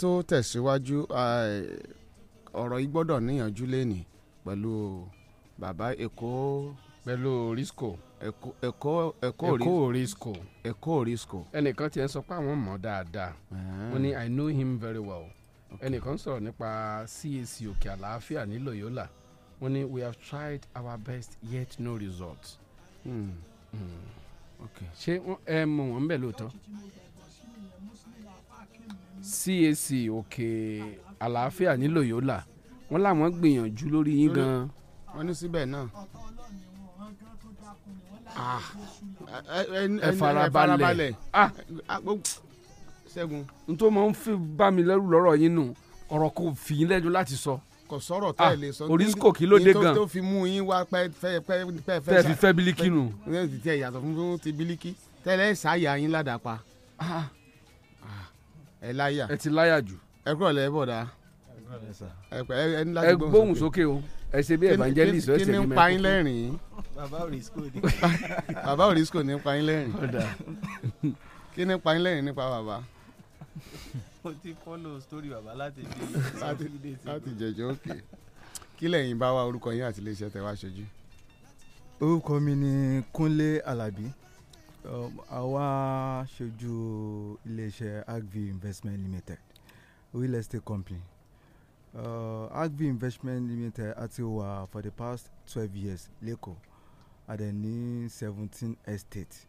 tó tẹ̀síwájú ọ̀rọ̀ yìí gbọ́dọ̀ níyànjú lẹ́nìí pẹ̀lú bàbá èkó. pẹ̀lú risco. èkó èkó èkó risco. èkó risco. ẹnìkan tiẹ̀ sọ pé àwọn mọ̀ dáadáa wọ́n ní i know him very well ẹnìkan sọ̀rọ̀ nípa CAC òkè àlàáfíà ní Loyola wọ́n ní we have tried our best yet no result. Hmm. Hmm. ṣé ẹ mọ̀ wọ́n bẹ̀ lóòótọ́. CAC òkè àlàáfíà ní Loyola wọ́n làwọn gbìyànjú lórí yín gan. wọ́n ní síbẹ̀ náà ah, ẹ farabalẹ̀ ah! ṣẹ́gun. n tó máa ń fi bá mi lẹ́rù lọ́rọ̀ yín nù ọ̀rọ̀ kò fi yín lẹ́jọ́ láti sọ. kò sọ̀rọ̀ tẹ́ ẹ ah, lè sọ. orísìkò kí ló dé gan. tó fi mú yín wá pẹ́ fẹ́ fẹ́ fẹ́ fẹ́ fi fẹ́ bílíkì nù. tẹ́ yàtọ̀ fún ti bílíkì tẹ́lẹ̀ ṣáàyà yín ládàá pa ẹ láyà ẹ ti láyà jù. ẹ kúrò lẹ bọ̀dá ẹ gbóhùn sókè o ẹ ṣe bí evangelist ẹ ṣe bí mẹ́kọ́. kí ni ń pa bàbá òrìṣkò ni. bàbá òrìṣkò ni ń pa yín lẹ́rìn-ín. kí ni ń pa yín lẹ́rìn-ín nípa bàbá. mo ti fọ́lọ̀ sórí bàbá láti bí láti jẹjọ́ òkè kí lẹ́yìn bá wa orúkọ yín àti iléeṣẹ́ tẹ wá ṣojú. orúkọ mi ni Kúnlé Alábí Um, àwa ṣojú iléeṣẹ́ agvi investment limited real estate company uh, agvi investment limited a ti wà for the past twelve years lẹ́kọ̀ọ́ a dẹ̀ ní seventeen estate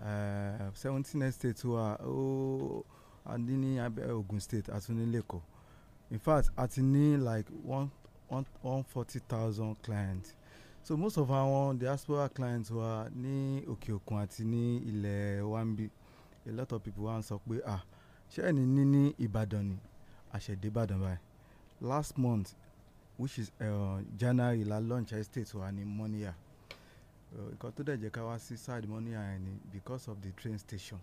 uh, seventeen estate wa ó a ní ní abẹ́ Ogun state a tún ní lẹ́kọ̀ọ́ in fact a ti ní like one one one forty thousand clients so most of our diaspora clients wa ní òkè òkun àti ní ilẹ̀ wambi a lot of people wa ń sọ pé ah ṣé ni ní ní Ìbàdàn ni àṣẹdé Ìbàdàn báyìí last month which is uh, January la launch estate wa ní Mọ́níyà eh, nǹkan tó dẹ̀ jẹ́ ká wá sí side Mọ́níyà yẹn ni because of the train station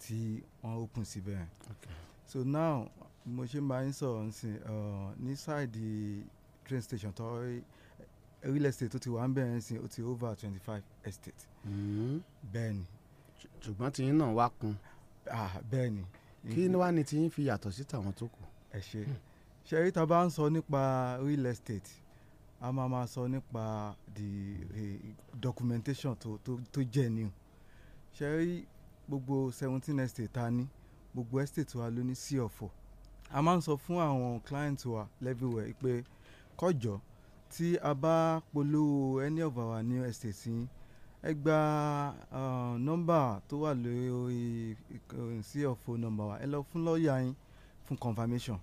tí wọ́n open síbẹ̀ yẹn so now mo ṣe máa ń sọ̀rọ̀ nsìn eh, ní side train station tó rí real estate tó ti wà ń bẹ̀rẹ̀ ń sin ó ti over twenty five estate. Mm-hmm. bẹ́ẹ̀ ni. ṣùgbọ́n tiyín náà wá kún. bẹ́ẹ̀ ni. kí wàá ní tiyín fi yàtọ̀ sí tàwọn tó kù. ẹ ṣe ṣe ta bá ń sọ nípa real estate a máa ma sọ nípa the documentation tó tó tó jẹ́ ni o ṣe gbogbo seventeen estate ta ní gbogbo estate wa ló ní sí ọ̀fọ̀ a máa ń sọ fún àwọn client wa everywhere pé kọjọ tí a bá polówó any of our new estate yín ẹ gba nọ́mbà tó wà lórí CF phone number wa ẹ lọ fún lọ́ọ̀yà yín fún confirmation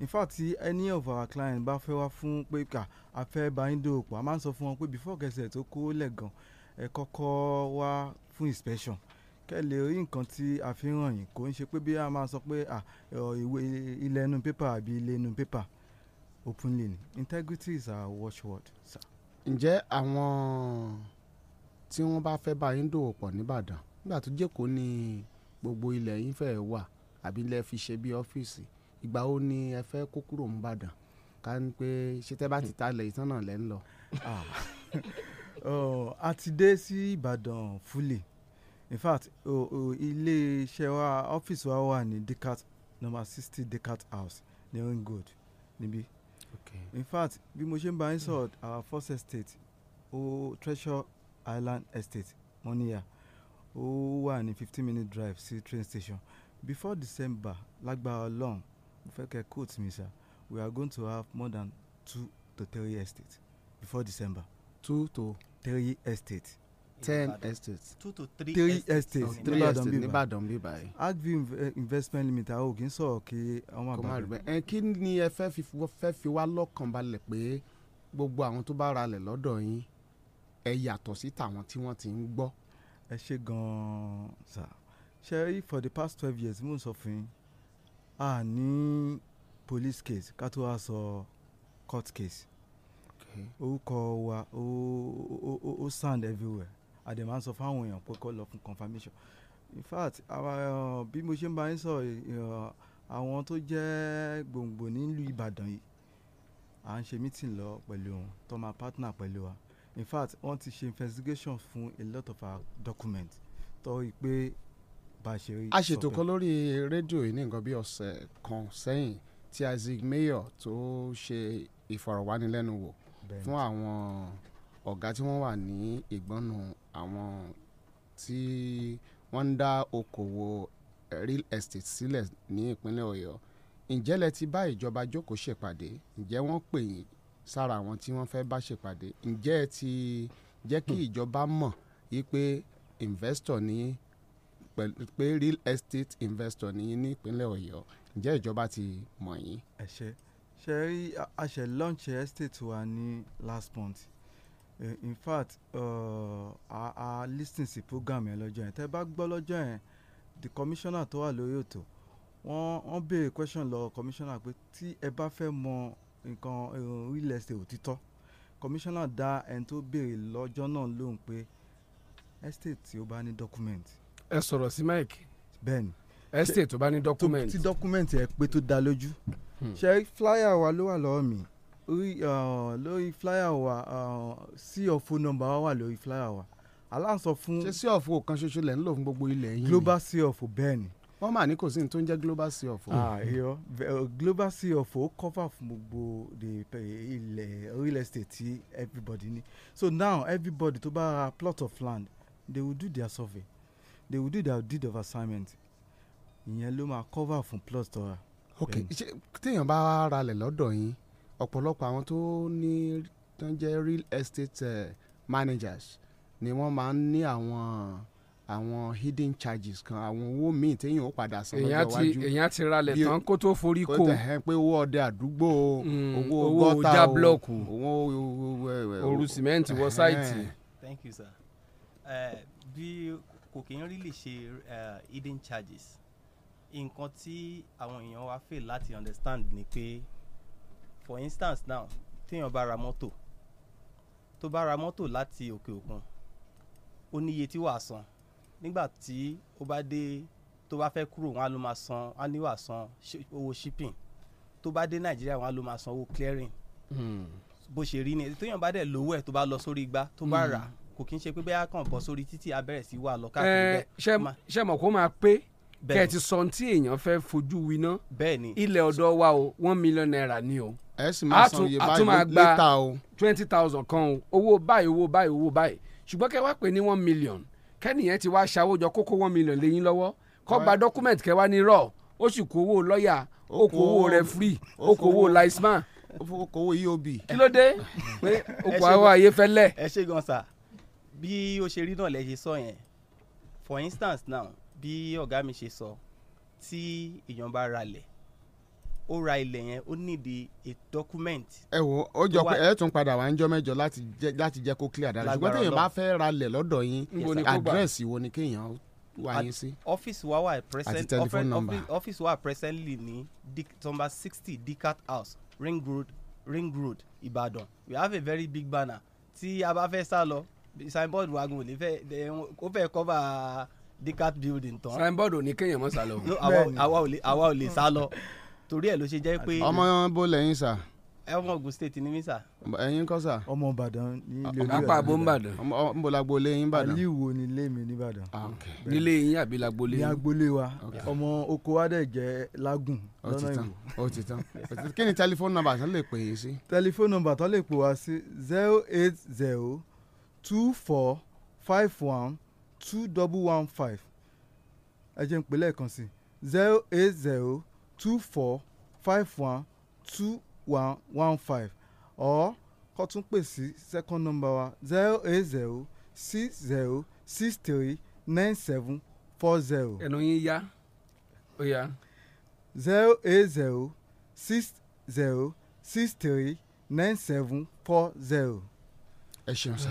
in fact any of our clients bá fẹ́ wá fún pé kà á fẹ́ bá yín dòwò pọ̀ a máa ń sọ fún wọn pé before kẹsẹ̀ tó kó lẹ́gàn ẹ kọ́kọ́ wá fún inspection kẹ́lẹ̀ orí nǹkan tí a fi ń ràn yín kò ń ṣe pé bí a máa sọ pé ìwé ilẹ̀ inú pépà àbí ilé inú pépà openly ni integrity is our watchword sir. ǹjẹ́ àwọn tí wọ́n bá fẹ́ bá yín dòwò pọ̀ nìbàdàn nígbà tó jẹ́kọ̀ọ́ ni gbogbo ilẹ̀ yín fẹ́ wà àbí lẹ́ fi ṣe bí ọ́fíìsì ìgbà wo ni ẹ fẹ́ kó kúrò nìbàdàn ká ní pé ṣé tẹ́ bá ti ta ilẹ̀ ìtàn náà lẹ́ ń lọ. Ah. Oh, a ti dé sí ìbàdàn fully in fact ilé iṣẹ́ wa ọ́fíìsì wa wà ní decat number sixty decat house ní ringold níbí in fact bí mo ṣe ń bá yín sọ̀rọ̀ our first estate O Treasure Island Estate Monia, O wà ní fifteen minute drive sí train station before December lágbára Ọlọ́run mo fẹ́ kẹ́ quote mi sir we are going to have more than two to three estates before December. two to three estates ten estates two to three, three estates three estates nìbàdàn bí báyìí. agvie eh, investment limited àwọn òkè ń sọ̀rọ̀ kí ọmọ àbá. ẹ kí ni ẹ fẹ́ fi wá lọ́kàn balẹ̀ pé gbogbo àwọn tó bá ralẹ̀ lọ́dọ̀ yín ẹ yàtọ̀ sí tàwọn tí wọ́n ti ń gbọ́. ẹ ṣe gan-an sir ṣe for the past twelve years mo ń sọ fún yín a ní police case ká tó wá sọ court case orúkọ wa ó ó ó sound everywhere àdè máa ń sọ fáwọn èèyàn pé kó lọ fún confirmation in fact bí mo ṣe ń bá yín sọ àwọn tó jẹ́ gbòǹgbò nílùú Ìbàdàn yìí à ń ṣe meeting lọ pẹ̀lú wọn tó máa partner pẹ̀lú wa in fact wọ́n ti ṣe investigation fún a lot of our documents tó yí pé bá a ṣe rí. a ṣètò kan lórí rédíò yìí ní nǹkan bí ọ̀sẹ̀ kan sẹ́yìn tí Isaac Mayor tó ṣe ìfọ̀rọ̀wánilẹ́nuwò fún àwọn ọ̀gá tí wọ́n wà ní ìgbọ́nù àwọn tí wọ́n ń dá okòwò real estate sílẹ̀ ní ìpínlẹ̀ Ọ̀yọ́ ǹjẹ́ lẹ ti bá ìjọba jókòó ṣèpàdé ǹjẹ́ wọ́n pè yín sára àwọn tí wọ́n fẹ́ bá ṣèpàdé ǹjẹ́ ẹ ti jẹ́ kí hmm. ìjọba mọ̀ wípé investor ní pé real estate investor ní ní ìpínlẹ̀ Ọ̀yọ́ ǹjẹ́ ìjọba ti mọ̀ yín. ẹ ṣe ṣe rí a ṣe launch estate wa ní last month Eh, in fact uh, a, a listen sí program yẹn lọ́jọ́ yẹn tẹ́ bá gbọ́ lọ́jọ́ yẹn the commissioner tó wà lórí ètò wọ́n wọ́n béèrè question lọ commissioner pé tí ẹ bá fẹ́ mọ nǹkan eh, real estate òtítọ́ commissioner dá ẹni tó béèrè lọ́jọ́ náà lóhùn pé estate tí ó bá ní document. ẹ sọ̀rọ̀ sí mike. bẹ́ẹ̀ni estate tó bá ní document. tí document yẹn pé tó dá lójú. Hmm. ṣé flyer wa ló wà lọ́wọ́ mi lórí flyer wa sí ọ̀fọ̀ nọ́mbà wa wà lórí flyer wa aláǹsọ fún. ṣé sí ọ̀fọ̀ kan ṣoṣo lẹ̀ ń lò fún gbogbo ilẹ̀ yìí. global sí ọ̀fọ̀ bẹ́ẹ̀ ni. wọ́n mà ní kò sí ní tó ń jẹ́ global sí ọ̀fọ̀. àyọ global sí ọ̀fọ̀ ó cover fún gbogbo ilẹ̀ real estate tí everybody ní so now everybody tó bá ra plot of land they will do their survey they will do their deed of assignment ìyẹn ló máa cover fún plot tó ra. ok ṣé téèyàn bá ra lẹ̀ lọ́dọ̀ yín ọ̀pọ̀lọpọ̀ àwọn tó ní tó ń jẹ́ real estate uh, managers ni wọ́n máa ń ní àwọn àwọn hidden charges kan àwọn owó míì téèyàn ó padà san lọ́jọ́ iwájú èèyàn ti ralẹ̀ tán kó tó forí kó pé owó ọdẹ àdúgbò mm, owó gọ́tà owó blọọkù owó òru sìmẹ́ǹtì wọ sáìtì. thank you sir eh, bí kò kí n rí lè ṣe eh, hidden charges nǹkan tí àwọn èèyàn wá fẹ́ láti understand ni pé. Pe for instance now téèyàn bá ra mọ́tò tó bá ra mọ́tò láti òkè òkun ó níye tí wàá san nígbà tí ó bá dé tó bá fẹ́ kúrò wọn á ló máa san á ní wàá san owó shipping tó bá dé nàìjíríà wọn á ló máa san owó clearing hmm. bó ṣe rí ni téèyàn bá dẹ̀ lówó ẹ̀ tó bá lọ sórí igbá tó bá hmm. rà kò kí n ṣe pé bẹ́ẹ̀ á kàn bọ́ sórí títì á bẹ̀rẹ̀ sí wà lọ eh, káàkiri bẹ́ẹ̀. ṣé mọ̀ kó máa pé kẹ́ẹ̀tì sọ tí èèyàn fẹ́ fojú winá ilẹ̀ ọ̀dọ́ wa o one million naira ni o ẹ sì máa san iye báyìí létà o. twenty thousand kan o owó báyìí owó báyìí owó báyìí ṣùgbọ́n kẹ́ wá pè ní one million kẹ́nìyẹn ti wá ṣàwójọ kókó one million lẹ́yìn lọ́wọ́ kọ́ gba document kẹ́ wá ní rọ̀ ó sì kó owó lọ́ọ̀yà ó kó owó referee ó kó owó linesman. ó fowó kó owó eob. kí ló dé pé okùn àwọn àyè fẹ́lẹ̀. ẹ ṣe gan sa bí ó ṣe rí náà lẹ ṣe sọ yẹn for instance now bí ọ̀gá mi ṣe sọ tí èèyàn bá ralẹ̀ ó ra ilẹ̀ yẹn ó nídìí a document. ẹ wo ó jọ pé ẹ tún padà wá ń jọ mẹ́jọ láti jẹ kó clear dára ṣùgbọ́n téèyàn bá fẹ́ ra lẹ̀ lọ́dọ̀ yín àdírẹ́sì wo ni kéèyàn wá yín sí. ọ́fíìsì wa wà present ọ́fíìsì wa presently ní number sixty Dicat house ring road ring road Ìbàdàn we have a very big banner tí a bá fẹ́ sá lọ signboard wagon ò ní fẹ́ eh, ó fẹ́ cover Dicat building tán. signboard ò ní kéèyàn mọ́ sá lọ. àwa ò lè sá torí ẹ̀ ló ṣe jẹ́ pé. ọmọ bó lẹ́yìn sà. ọmọ Ògùn state ni mí sà. ẹ̀yin kọ́ sà. ọmọ Ìbàdàn ní ilé olúwa apá àbó ńbàdàn. ọmọ làgbo lé yín Ìbàdàn. àlìwò ni ilé mi ní Ìbàdàn. Ah, nílé yín àbí làgbo lé yín. ní agboolé wa ọmọ oko wa dẹ̀ jẹ́ lágùn lọ́nà ìwò. ó ti tán ó ti tán kí ni tẹlifóònù nọ́mbà tó lè pè é sí. tẹlifóònù nọ́mbà tó lè pè wá sí zero eight zero two four five one two double one five ẹ jẹ́ n pè lẹ́ẹ̀kan sí zero eight zero two four five one two one one five or kọ́ tún pè sí second number wa zero eight zero six zero six three nine seven four zero. ẹnu yín yá ó yá. zero eight zero six zero six three nine seven four zero. ẹ ṣeun sá.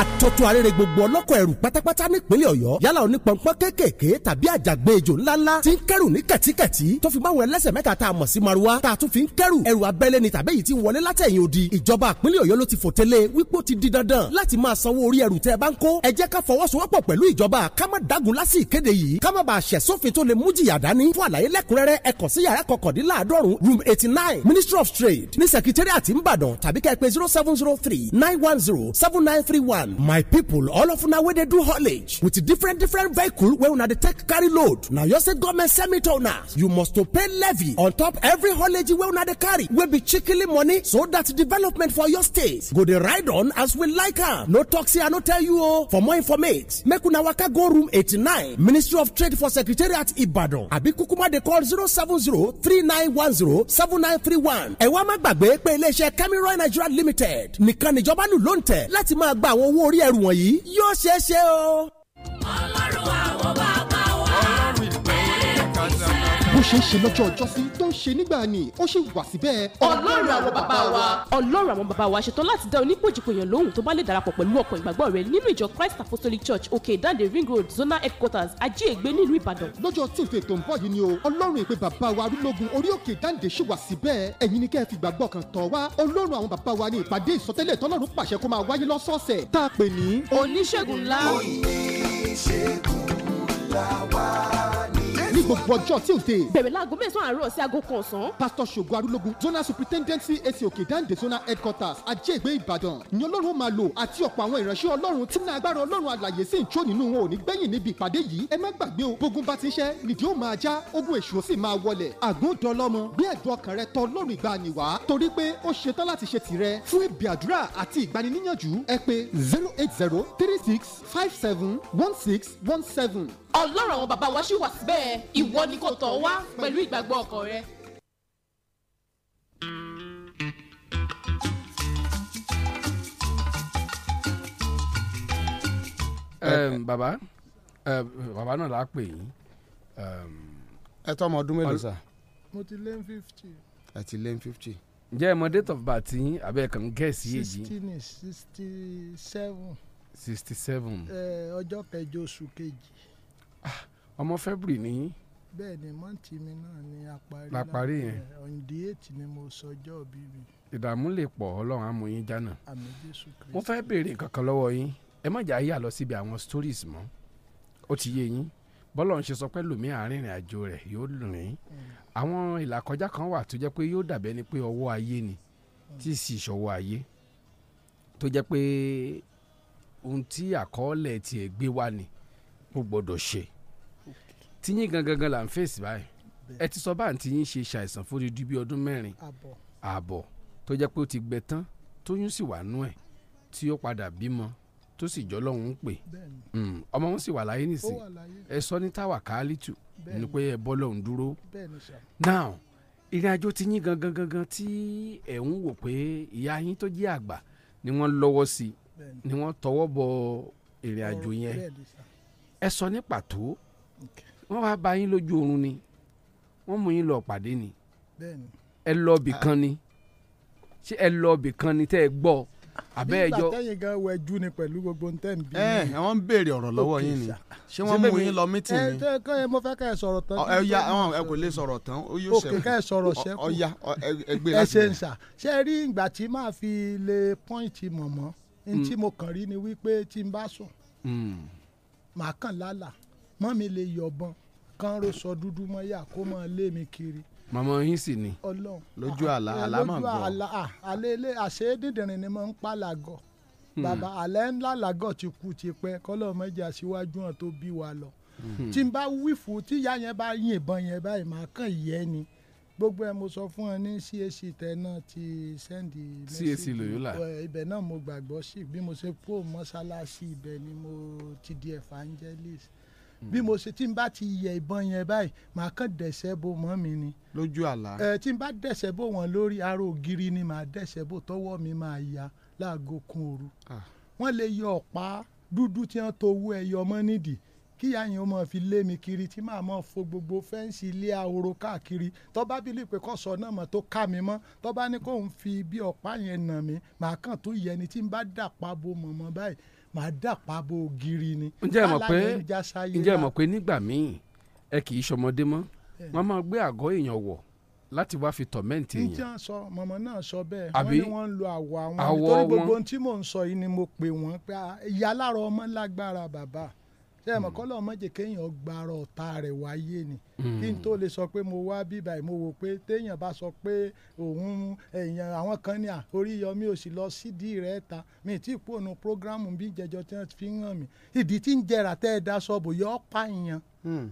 àtọ́tún arére gbogbo ọlọ́kọ̀ ẹrù pátápátá nípínlẹ̀ ọ̀yọ́ yálà onípọ̀npọ̀ kéékèèké tàbí àjàgbé ejò ńláńlá tí ń kẹ́rù ní kẹ̀tíkẹ̀tí tó fi máwọn ẹlẹ́sẹ̀ mẹ́ta tá a mọ̀ sí maruwa tá a tún fi ń kẹ́rù ẹrù abẹ́lé ni tàbí èyí tí ń wọlé látẹ̀yìn odi ìjọba ìpínlẹ̀ ọ̀yọ́ ló ti fòtẹ́lẹ̀ wípé ó ti di dandan láti máa sanwó orí ẹrù tẹ́ ẹ bá ń kó ẹ jẹ́ ká fọwọ́sowọ́pọ̀ pẹ̀lú ìjọba ká má dágun lásì ìkéde yìí ká má bàa ṣẹ̀ tó lè mú jìyà dání fún àlàyé lẹ́kùnrẹ́rẹ́ ẹ kàn sí yàrá kọkàndínláàdọ́rùn room eighty nine ministry of trade ní secretariat ìbàdàn tàbí ká zero seven zero three nine one zero seven nine three one plan my people all of una wey dey do haulage with different different vehicle wey una dey take carry load na your state government send me to una you must to pay levy on top every haulage wey una dey carry wey be chikili money so that development for your state go dey ride on as we like am no talk say i no tell you o for more information, make una waka go room eighty-nine ministry of trade for secretariat ibadan Abi kúkúmá dey call zero seven zero three nine one zero seven nine three one ẹ wá pé iléeṣẹ́ cameroon nigeria limited nìkan níjọba lù ló ń tẹ̀ láti máa gba àwọn owó owó orí ẹrù wọ̀nyí yóò ṣeé ṣe o. ọlọ́run àwọn bàbá ṣe ń ṣe lọ́jọ́ ọjọ́sí tó ń ṣe nígbà ni ó sì wà síbẹ̀. ọlọ́run àwọn bàbá wa. ọlọ́run àwọn bàbá wa ṣetán láti dá onípòjìpòyàn lóhùn tó bá lè darapọ̀ pẹ̀lú ọkọ̀ ìgbàgbọ́ rẹ nínú ìjọ christ apostolic church òkè ìdáǹdè ring road zonal headquarters ajíègbé nílùú ìbàdàn. lọ́jọ́ tuesday tó ń bọ̀ yìí ni o ọlọ́run ìpè bàbá wa arúgbógun orí òkè ìdáǹdè ṣì wà síbẹ̀ ẹ̀yin ni kẹ́ ẹ fi gbàgbọ́ kan tọ̀ wá ọlọ́run àwọn bàbá wa ní ìpàdé ìsọtẹ́lẹ̀ tọ́lọ́run pàṣẹ kó máa wáyé lọ́sọ̀ọ̀sẹ̀ tá a pè ní. oníṣègùn ńlá. oníṣègùn ńlá wá ní gbogbo ọjọ́ tuesday. bẹ̀rẹ̀ láago mẹ́sàn-án àárọ̀ sí aago kan ọ̀sán. pastor ṣògo arúlógún zonal superintendent cac òkè dande zonal headquarters ajégbé ìbàdàn ni ọlọ́run máa lò àti ọ̀pọ̀ àwọn ìránṣẹ́ ọlọ́run tí náà agbára ọlọ́run àlàyé sì ń jó nínú wọn ò ní gbẹ̀yìn níbi ìpàdé yìí ẹ má gbàgbé o bógun bá ti ń ṣẹ́ nìdí ó máa já ogun èṣù ó sì máa wọlẹ̀ àgùntọ́lọ́mọ gbé ẹ̀dùn ọkàn rẹ tọ lọ́rùn ìgbàanì wá torí pé ó ṣetán láti ṣe tirẹ̀ fún ìbí àdúrà àti ìgbaniníyànjú ẹ pé zero eight zero three six ọlọ́run àwọn bàbá wa ṣì wà síbẹ̀ ìwọ ni kò tọ̀ wá pẹ̀lú ìgbàgbọ́ ọkàn rẹ. bàbá bàbá náà la pè yín. ẹ tọ́ ọmọ ọdún mélòó sà. mo ti lé ní fifty. ẹ ti lé ní fifty. ǹjẹ́ ẹ date of birth yín abẹ́ kan gẹ̀ẹ́sì yìí. sixteen sixty seven. sixty seven. ọjọ́ kẹjọ oṣù kejì ọmọ february ni yín. bẹ́ẹ̀ ni mọ́ǹtì mi náà ni àparí náà láparí yẹn ọ̀ǹdí eh, ètì ni mo sọjọ́ bí mi. ìdààmú lè pọ̀ ọlọ́run á mú yín jánà. àmì jésù kristu. mo fẹ́ béèrè nǹkan kan lọ́wọ́ yín ẹ má jà yà lọ síbi àwọn stories mọ́ ó ti yé yín bọ́lọ̀ ń ṣe sọ pé lùmí àárín ìrìn àjò rẹ̀ yóò rìn hmm. àwọn ìlàkọjá kan wà tó jẹ́ pé yóò dàbẹ́ ni pé ọwọ́ ayé ni hmm. tí sì ṣọwọ́ ayé tó jẹ́ pé ohun tí àkọọ́lẹ̀ tiẹ̀ gbé wá ni mo gbọ́dọ̀ ṣe tíyín gangan là ń fèsì báyìí ẹ ti sọ bá àǹtí yín ṣe ṣàìsàn fórí ju bí ọdún mẹ́rin ààbọ̀ tó jẹ́ pé ó ti gbẹ tán tóyún sì wà nú ẹ̀ tí ó padà bímọ tó sì jọ́ lọ́hùn ún hmm, ọmọ wọn sì wà láyé nìsín ẹ sọ ní táwà káálítù ni pé ẹ bọ́ lọ́hùn dúró now ìrìn àjò ti yín gangan gangan tí ẹ̀ ń wò pé ìyá yín tó jẹ́ àgbà ni wọ́n lọ́wọ́ sí ni wọ́n tọwọ́ bọ ìrìn àjò yẹn ẹ sọ ní pàtó. Okay wọ́n wá bá yín lójú oorun ni wọ́n mú yín lọ pàdé ni ẹ lọ bì kan ni ṣé ẹ lọ bì kan ni tẹ́ ẹ gbọ́ àbẹ́ ẹjọ́. nígbà tẹ́yìn gan wẹjú ni pẹ̀lú gbogbo ntẹ́ni bí. ẹ ẹ wọ́n ń béèrè ọ̀rọ̀ lọ́wọ́ yín ni ṣé wọ́n mú yín lọ mítìn ni. ẹ ẹ mo fẹ́ ká ẹ sọ̀rọ̀ tán. ẹ ya àwọn ẹ kò lè sọ̀rọ̀ tán ó yóò ṣẹ́kù. òkè ká ẹ sọ̀rọ̀ ṣẹ́kù. ọya ẹ gbé láti bẹ̀rẹ̀. ẹ ṣe ń sà ṣe rí ìgbà tí màá fi lè pọ́ìntì mọ̀mọ́ ntí mm. mo kàn rí ni wípé tí n bá sùn mm. màá kàn lálàá mọ́ mi lè yọ̀bọ̀n kan ro sọ dúdú mọ́ yà kó mọ́ lé mi kiri. mọ̀mọ́ yín sì ni lójú àlá àlá mọ̀ gbọ́. lójú àlá àlélé àṣé dídìrín ni mo ń pa làgọ̀ hmm. bàbá àlẹ́ ńlá làgọ̀ ti kú ti pẹ́ kọ́lọ́ mẹ́jẹ aṣíwájú hàn tó bí wa lọ. Hmm. tí n bá wí fún tí ìyá yẹn bá yìnbọn yẹn báyìí màá kàn yẹ ni gbogbo ẹ mo sọ fún ẹ ní CAC tẹ náà ti sẹ́ndì CAC Loyola ibẹ̀ náà mo gbàgbọ́ sí bí mo ṣe kó mọ́ṣáláṣí ibẹ̀ ni mo ti di evangelist Hmm. bí mo ṣe tí n bá ti yẹ ìbọn yẹn báyìí màá kàn dẹ̀sẹ̀ bo mọ́ mi ni. lójú àlá. ẹ tí n bá dẹ̀sẹ̀ bò wọ́n lórí ara ògiri ni màá dẹ̀sẹ̀ bò tọwọ́ mi máa ya láago kun òru. Ah. wọ́n lè yọ ọ̀pá dúdú tí wọ́n tó owó ẹyọ mọ́ nídìí kí àyìn ó mọ̀ fi lé mi kiri tí màá mọ̀ fo gbogbo fẹ́ǹsì ilé ahoro káàkiri tó bá bí lípe kọ́ sọ náà mọ̀ tó ká mi mọ́ tó bá ní kóun fi bí ọ̀pá yẹn nà mí màá kàn tó yẹni tí n bá dàpá bo mọ̀mọ́ báyìí màá dàpá bo giri ni. ǹjẹ́ ẹ mọ̀ pé ǹjẹ́ ẹ mọ̀ pé nígbà míì ẹ kì í ṣọmọdé mọ́ wọ́n máa gbé àgọ́ èèyàn wọ̀ láti wá fi tọ̀mẹ́ǹtì yẹn. níjà sọ mọ̀mọ́ náà sọ bẹ́ẹ̀ wọ́n ní wọ́n ń lo àwọ̀ àwọn nítorí gbogbo tí mò ń sọ yìí ni mo pè wọ́n pé ah, ìyá lára ọmọ lágbára bàbá ṣé ẹ mọ̀ hmm. kọ́ lọ́ọ́ mọ̀jẹ̀ kéèyàn gbàrọ̀ ọ̀tá rẹ̀ wáyé ni hmm. kí n tó lè sọ pé mo wá bíbà mo wò pé téèyàn bá sọ pé òun èèyàn àwọn kan ní Oríyọmí ò sì lọ sídìí rẹ̀ ta mi tí ì pònú prógrámù bí jẹjọ tí wọ́n fi hàn mí ìdí tí ń jẹrà tẹ́ ẹ dá sọ́ọ̀bù yọ ọ́ pààyàn hmm.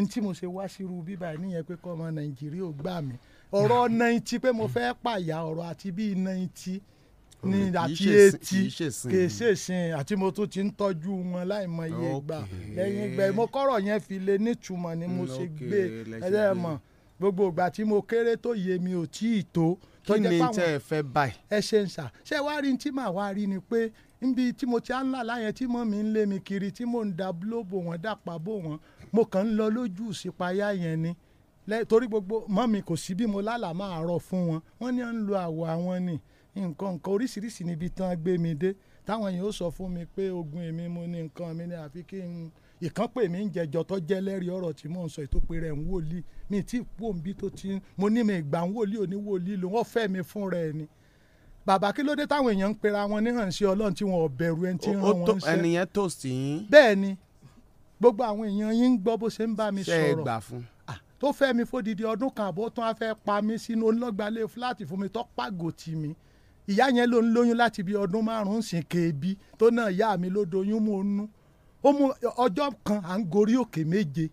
n tí mo ṣe wá sírú bíbà níyẹn pé kọ́ ọmọ Nàìjíríà ò gbà mí ọ̀rọ̀ náìtì pé mo fẹ́ pààyà ọ̀rọ̀ àti bíi náìtì Ni àti etí kì í ṣèṣin àti mo tún ti ń tọ́jú wọn láìmọ iye ìgbà lẹ́yìn ìgbà mo kọ́rọ̀ yẹn fi lè nítumọ̀ ni mo ṣe gbé ẹlẹ́mọ̀ gbogbo ìgbà tí mo kéré tó yé mi ò tí ì tó kí ni tẹ́ ẹ fẹ́ báyìí. ẹ ṣe ń sà ṣé wàá rí tí màá wàá rí ni pé níbi tí mo ti á ń là láyẹn tí mọ́ mi ń lé mi kiri tí mò ń da búlóbò wọn dàpá bò wọn mo kàn ń lọ lójú ìsìpayá yẹn ni torí gbogbo mọ́ mi kò sí bí mo lálàá máa rọ fún wọn wọ́n ní à ń lo àwọ̀ àwọn ni. Lala, nǹkan nǹkan oríṣiríṣi níbi tán gbé mi dé táwọn yìí ó sọ fún mi pé ogun èmi mo ní nǹkan mi ní àfi kí n ìkan pè ń jẹjọ tó jẹ́ lẹ́rìí ọ̀rọ̀ tí mò ń sọ ètò rẹ̀ ń wòlíì mi tí ìpò tó ti mo ní mi ìgbà ń wòlíì òní wòlíì ló wọ́n fẹ́ mi fún rẹ̀ ni bàbá kí ló dé táwọn èèyàn ń pera wọn níhànṣẹ́ ọlọ́run tí wọn bẹ̀rù ẹni tí ń ṣe ẹnìyẹn tó sí yín. bẹ́ẹ̀ ni gbogbo àwọn èèyàn yín ń gbọ́ bó ṣe ń bá mi sọ̀rọ̀ tó fẹ́ mi fódìdí ìyá yẹn ló ń lóyún láti bí ọdún márùn-ún sìn kéèbí tó náà ìyá mi ló doyún mú un nú ó mú ọjọ́ kan à ń gorí òkè méje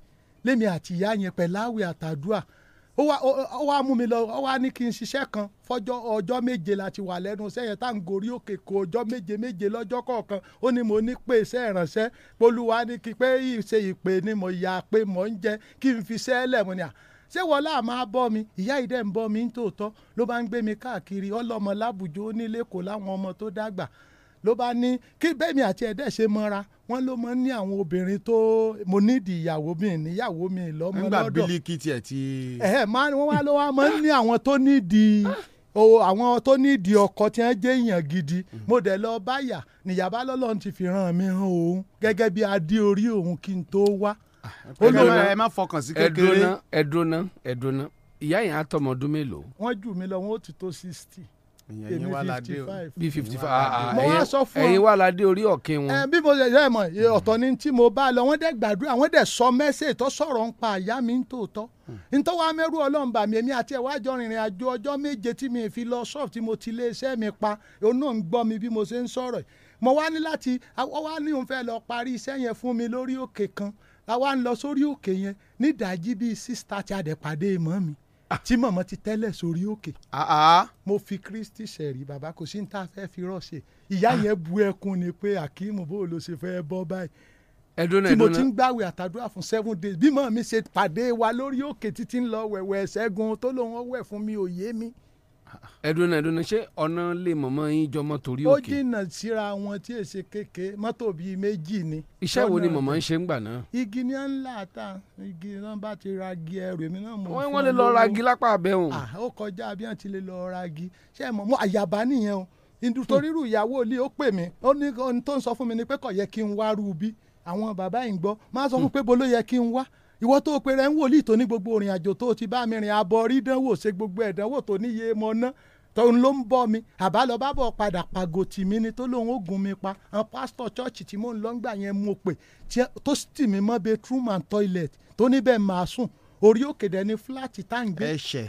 lémi àti ìyá yẹn pẹ̀láwẹ̀ àtàdúà ó wá mú mi lọ ó wá ní kí n ṣiṣẹ́ kan fọjọ́ ọjọ́ méje láti wà lẹ́nu iṣẹ́ yẹn tá à ń gorí òkè kó ọjọ́ méje méje lọ́jọ́ kọ̀ọ̀kan ó ní mo ní pé iṣẹ́ ìrànṣẹ́ polúwa ní kí pé ìṣe ìpè ni mo ya pé mò ń jẹ kí n fi ṣẹ́ẹ́lẹ̀ mo ní à ṣé wọlá máa bọ́ mi ìyá ìdẹ́ ń bọ́ mi ń tòótọ́ ló bá ń gbé mi káàkiri ọlọ́mọ lábùjọ onílé kò láwọn ọmọ tó dàgbà ló bá ní kí bẹ́ẹ̀mi àti ẹ̀dẹ́ ṣe mọ́ra wọ́n ló mọ́ ní àwọn obìnrin tó mo nídìí ìyàwó mi níyàwó mi lọ́mọ lọ́dọ̀. nígbà bílíkì tiẹ̀ ti. ẹ̀ẹ́ máa wọ́n wá ló wá mọ́ ní àwọn tó nídìí o àwọn tó nídìí ọkọ tí wọn jẹ èèyàn gidi mm-hmm. mo dẹ̀ lọ báyà níyàbá lọ́lọ́run ti fi ràn mí hàn òun gẹ́gẹ́ bí adé orí òun kí n tó wá ó ló ẹ má fọkàn sí kékeré. ẹdúná ẹdúná ẹdúná ìyá yẹn á tọmọ ọdún mélòó. wọ́n jù mí lọ wọ́n ó ti tó sixty èmi fifty five bí fifty five ah, mo wá sọ fún ọ ẹ̀yin wà ládé orí ọ̀kẹ́ wọn. bí mo ṣe ṣe mọ̀ ọ̀tọ̀ ni tí mo bá lọ wọ́n dẹ̀ gbàdúrà wọ́n dẹ̀ sọ mẹ́sẹ̀ tó sọ̀rọ̀ ń pa àyà mi ń tòótọ́ hmm. ntọ́ wa mẹ́rù ọlọ́mùbà mi èmi àti ẹ̀wá jọ rìnrìn àjò ọjọ́ méje tí mi fi lọ sọ́ọ̀f tí mo ti lé iṣẹ́ mi pa òun náà ń gbọ́ mi bí mo ṣe ń sọ̀rọ̀ mo wá ní láti wá ní òun fẹ́ lọ parí iṣẹ́ yẹn fún mi lórí òkè kan a wá ń lọ sórí òkè yẹn nídàájí bíi six thirty àdẹ̀pàdé mọ́ mi ah. tí mọ̀mọ́ ti tẹ́lẹ̀ sórí òkè. Ah, ah. mo fi kristi sẹ̀rí bàbá kò sí ní tá a fẹ́ fi rọ̀ ṣe ìyá yẹn bu ẹkún ni pé akíìmù bó ló ṣe fẹ́ bọ́ báyìí ẹdúnà ẹdúnà tí mo ti ń gbàwé àtàdúrà fún seven days bí mọ̀ mi ṣe pàdé wa lórí òkè títí ń lọ wẹ̀wẹ̀ ṣẹ́gun tó lòun ọwẹ́ fún mi ò mi ẹdùnà ẹdùnà ṣé ọ̀nà lè mọ̀mọ́ yín jọmọ́ torí òkè. ó jìnnà síra wọn tí èsì kéke mọ́tò bíi méjì ni. iṣẹ́ wo ni mọ̀mọ́ ń ṣe ń gbà náà. igi ni wọ́n ń là ta igi náà bá ti ra igi ẹrù èmi náà mọ̀ fún wọn. wọ́n lè lọ ra igi lápá abẹ́ òun. ó kọjá bí wọ́n ti lè lọ ra igi ṣé mọ̀ mọ́ àyàbá nìyẹn o nítorí irú ìyàwó ilé ó pè mí ó ní ohun tó ń sọ fún mi ni pé kò yẹ kí n wá rú àwọn bàbá yìí máa sọ fún hmm. pé bolo kí n wá ìwọ tó pe rẹ ń wòlíì tó ní gbogbo òrìn àjò tó ti bá mi rìn abọ rí dánwò ṣe gbogbo ẹ̀dánwò tó níye mọ ná tóun ló ń bọ́ mi àbálọ bá bọ̀ padà pàgò tì mí ni tó lóun ó gun mi pa àwọn pásítọ̀ chọ́ọ̀chì tí mò ń lọ ń gbà yẹn mo pè tó tì mí mọ́ bedroom and toilet tó níbẹ̀ máa sùn orí òkè dẹ̀ ni fúláàtì tá à ń gbé. ẹ ṣe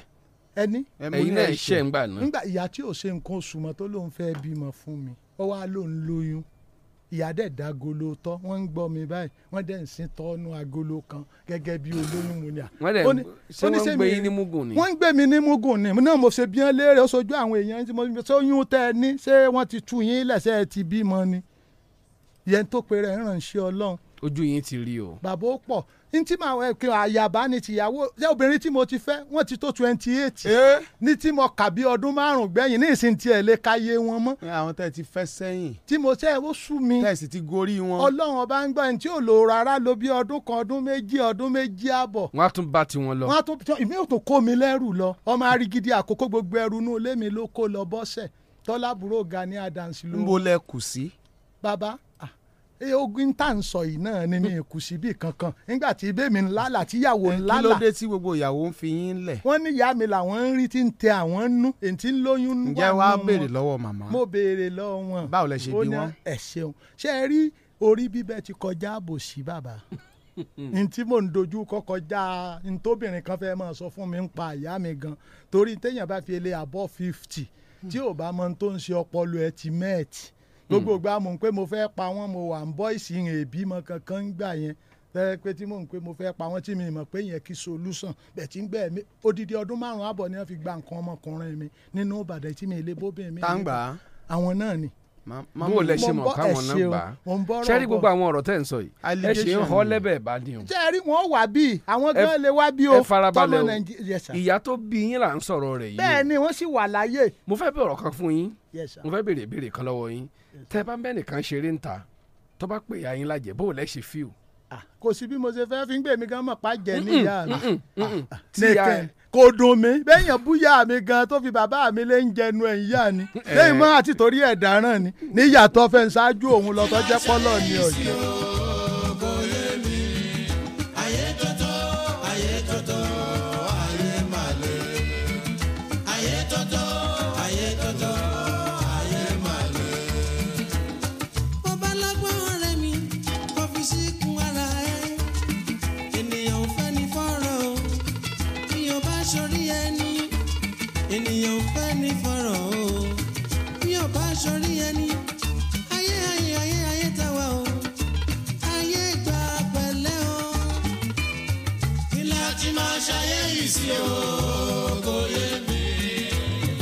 ẹni. ẹyin náà ṣe ń gbà náà. nígbà ìyá tí ò ṣe nǹkan oṣù mọ́ tó lóun fẹ́ bímọ fún mi ó wá lóun lóyún ìyá dẹ̀ da agolo tọ́ wọ́n ń gbọ́ mi báyìí wọ́n dẹ̀ ń sin tọ́nu agolo kan gẹ́gẹ́ bí olóyún mu ni à. wọ́n dẹ̀ ṣé wọ́n ń gbé yín ní mugun ni. wọ́n ń gbé mi ní mugun ni náà mo ṣe bíán léèrè ó sojú àwọn èèyàn tí mo ṣe oyún tẹ́ ẹ ní ṣé wọ́n ti tú yín lẹ́sẹ̀ ẹ ti bímọ ni yẹn tó pe rẹ̀ ń ràn ọlọ́run. ojú yín ti rí o. bàbá ó pọ̀ ntí màá kí àyàbá ni tìyàwó ṣé obìnrin tí mo ti fẹ́ wọ́n ti tó twenty eight ní tí mo kà bí ọdún márùn-ún gbẹ̀yìn ní ìsìn tiẹ̀ lè káyé wọn mọ́. àwọn tẹ́ ti fẹ́ sẹ́yìn. tí mo ṣe ó sú mi. tẹ̀sí ti gorí wọn. ọlọ́run ọba ń gbọ́ ẹni tí ò lò rárá lo bí ọdún kan ọdún méjì ọdún méjì àbọ̀. wọ́n á tún bá tiwọn lọ. wọ́n á tún ìmí ò tó kó mi lẹ́rù lọ ọmọ arigidi àkókò gbogbo ẹrù inú ilé mi ló kó lọ bọ́sẹ̀ tọ́lá búrò Gani Adams ló ogun tá à ń sọ yìí náà ni mi kù síbi kankan nígbà tí bẹ́ẹ̀mi ńlá là ìyàwó ńlá là. kí ló dé tí gbogbo ìyàwó ń fi yín lẹ̀. wọ́n ní ìyá mi làwọn ń rí tí ń tẹ àwọn nú èyí ń lóyún nú. ǹjẹ́ wàá béèrè lọ́wọ́ màmá. mo béèrè lọ́wọ́ wọn. báwo lẹ ṣe bí wọn. ẹ ṣeun ṣe é rí orí bíbẹ́ ti kọjá àbòsí bàbá n tí mò ń dojú kọkọ já n tóbìnrin kan fẹ́ máa sọ fún mi ń pa ìyá mi gan torí téèyàn bá fi lé abọ́ fifty hmm. tí ò bá mọ tó ń ṣe ọpọlọ ẹ ti mẹ́ẹ̀tì gbogbo hmm. ìgbà mò ń pé mo fẹ́ pa wọ́n mo wà ń bọ́ ìsìn èbímọ kankan ń gbà yẹn tẹ́lẹ̀ pé tí mò ń pé mo fẹ́ pa wọ́n tí mi mọ̀ pé yẹn kí solution bẹ̀ tí ń gbẹ̀ mí odidi ọdún márùn-ún àbọ̀ ni wọ́n fi gba nǹkan ọmọkùnrin mi nínú ìbàdàn tí mi lè bóbìn mi. tàǹgbà àwọn náà ni. bó lẹ ṣe mọ̀ káwọn náà gbà á ṣẹ́rí gbogbo àwọn ọ̀rọ̀ tẹ́ ń sọ yìí ẹ ṣe ń họ́ lẹ́bẹ̀ bá ní o. ṣẹ́rí wọn wà bí àwọn gan lè wá bí o tọ́mọ nàìjíríà. ìyá tó bí yín là ń sọ̀rọ̀ rẹ̀ yìí. bẹ́ẹ̀ ni wọ́n sì wà láyé. mo fẹ́ bẹ̀rẹ̀ ọ̀kan fún yín mo fẹ́ bèrè ìbéèrè kan lọ́wọ́ yín tẹ bá ń bẹ́ nìkan ṣeré ń ta tó bá pè ya yín lájẹ bó o lẹ́ ṣe fíìl. Ah, kò sí bí mo ṣe fẹ́ fi ń gbèmí gan mọ̀ pàjẹ́ níyà mi ah, ah, nìkẹ́ kò dùn mí bẹ́yàn búyà mi gan tó fi bàbá mi lé ń jẹnu ẹ̀yìn yá ni lẹ́yìn eh. mọ́ àti torí ẹ̀ dáràn ni níyàtọ̀ fẹ́ ṣáájú òun lọ́tọ́ jẹ́ pọ́lọ́ ní ọ̀yọ́.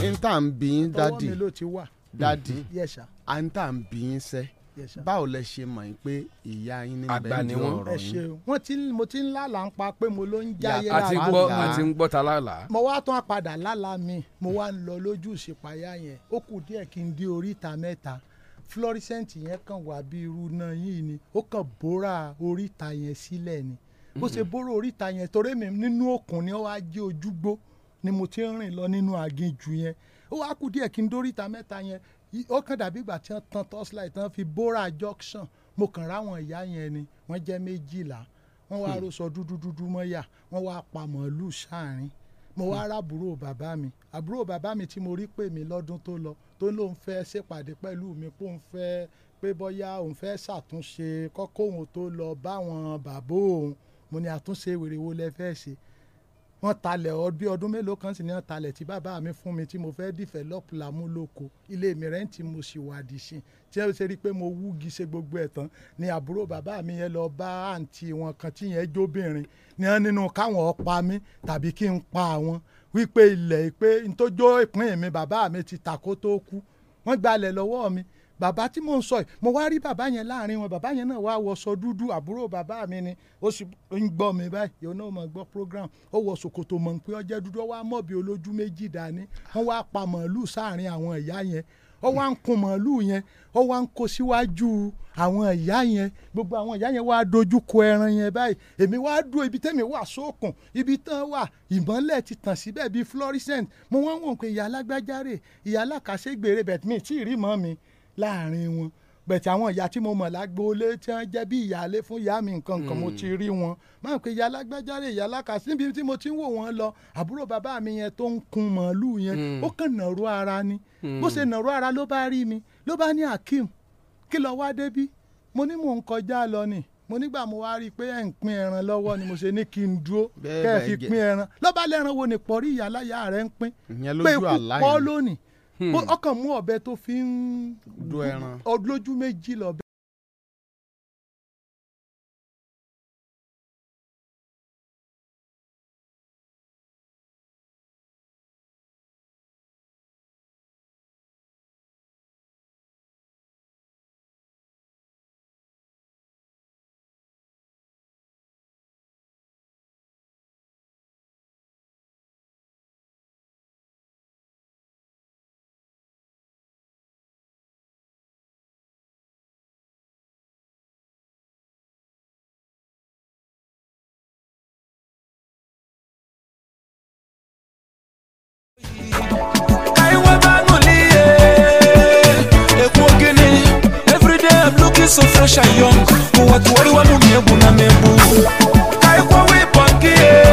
n tà ń bí yín dádì dádì à ń tà ń bí yín sẹ́ báwo lẹ ṣe mọ̀ yín pé ìyá yín ní bẹ́ẹ̀ ní ọ̀rọ̀ yín. wọ́n ti mo ti ń lálà ń pa pé mo ló ń jáyé lára. àti gbọ́ àti ń ta lálà. mo wá tán padà lálà mi mo wá ń lọ lójú ìṣèpáyà yẹn ó kù díẹ̀ kí n dé oríta mẹ́ta fluorescent yẹn kàn wá bí irú náà yìí ni ó kàn bóra oríta yẹn sílẹ̀ ni bó ṣe mm-hmm. bóró oríta yẹn torí mi nínú òkun ni ó wá jẹ́ ojúgbó ni mo ti ń rìn lọ nínú aginjù yẹn ó wá kú díẹ̀ kí n dóríta mẹ́ta yẹn ó kàn dàbí ìgbà tí wọ́n tan torchlight tán fi bóra junction mo kàn ráwọn ìyá yẹn ni wọ́n jẹ́ méjìlá wọ́n wá hmm. rọṣọ dúdú dúdú mọ́yà wọ́n wá pa màálù sáàrin mo wá hmm. rábùrò bàbá mi àbúrò bàbá mi tí mo rí pè mí lọ́dún tó lọ tó lóun fẹ́ ṣèpàdé pẹ̀lú mi kó ń fẹ́ pé bóyá òun fẹ́ ṣàtúnṣe kọ́kọ́ òun tó lọ báwọn bàbá òun mo ní àtúnṣe wèrè wo lẹ fẹ́ ṣe wọ́n talẹ̀ ọdún ọdún mélòó kan sì ní wọ́n talẹ̀ tí bàbá mi fún mi tí mo fẹ́ develop làmúlòkọ ilé mi rẹ́ǹtì mo sì wà dìṣin tí ẹ ṣe rí i pé mo wúgi ṣe gbogbo ẹ̀ tán ni àbúrò bàbá mi yẹn lọ bá àǹtí wọn kan tí yẹn jóbìnrin ní wọn nínú káwọn ọpa mi tàbí kí n pa àwọn wípé ilẹ̀ pé ntójó ìpín mi bàbá mi ti tàkó tó kú wọ́n gbalẹ̀ lọ́wọ́ mi bàbá tí mò ń sọ yìí mo wá rí bàbá yẹn láàrin wọn bàbá yẹn náà wá wọṣọ dúdú àbúrò bàbá mi ni ó sì ń gbọ́ mi báyìí yóò náà mọ̀ gbọ́ program ó wọ ṣòkòtò mọ̀ pé ọjẹ́ dúdú ó wá mọ̀ bí olójú méjì dání wọ́n wá pa màálù sáàrin àwọn ìyá yẹn ó wá ń kun màálù yẹn ó wá ń kó síwájú àwọn ìyá yẹn gbogbo àwọn ìyá yẹn wá dojú kọ ẹran yẹn báyìí èmi wá dúró ibi tẹ́mi wà sókun ibi tán wà ìmọ́lẹ̀ ti tàn síbẹ̀ bíi fluorescent mo wá ń wọ̀n pé ìyá alágbájá rè ìyá alákàṣègbè rè bẹ̀tẹ̀ tí ì rí mọ́ mi láàrin wọn bẹ̀tẹ̀ àwọn ìyá tí mo mọ̀ lágbóolé tí wọ́n jẹ́ bí ìyáálé fún ìyá mi nǹkan nǹkan mo hmm. ti rí wọn máa ń pe ìyá alágbájáre ìyá alákàsí níbi tí mo ti ń wò wọ́n lọ àbúrò bàbá mi yẹn tó ń kun màálù yẹn hmm. ó kàn nàró ara ni bó ṣe hmm. nàró ara ló bá rí mi ló bá ní akeem kí lọ wá débí mo ní mò ń kọjá lọ ni mo nígbà mo wá rí i pé ẹ̀ ń pín ẹran lọ́wọ́ ni mo ṣe ní kí n dúró kẹ́ fi pín ẹran lọ́ba lẹ́ran wo ni pọ̀rí ìyá aláya rẹ̀ ń pín pé kú pọ́ lónìí ọkàn hmm. mú ọbẹ̀ tó fi ń du ẹran ọlójú méjì lọ́bẹ̀. You yongo watu wali kaikwa wipangie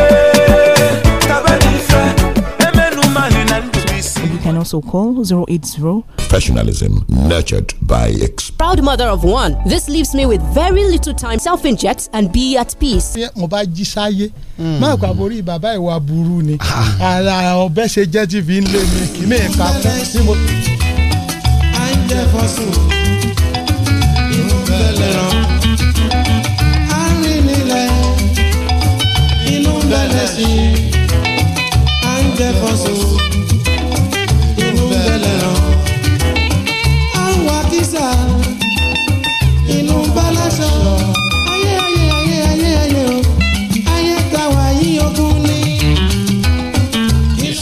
can also call 080. Professionalism nurtured by ex. Proud mother of one. This leaves me with very little time. Self inject and be at peace. lẹ́lẹ́ran. arìn nílẹ̀ inú bẹ̀lẹ̀ sí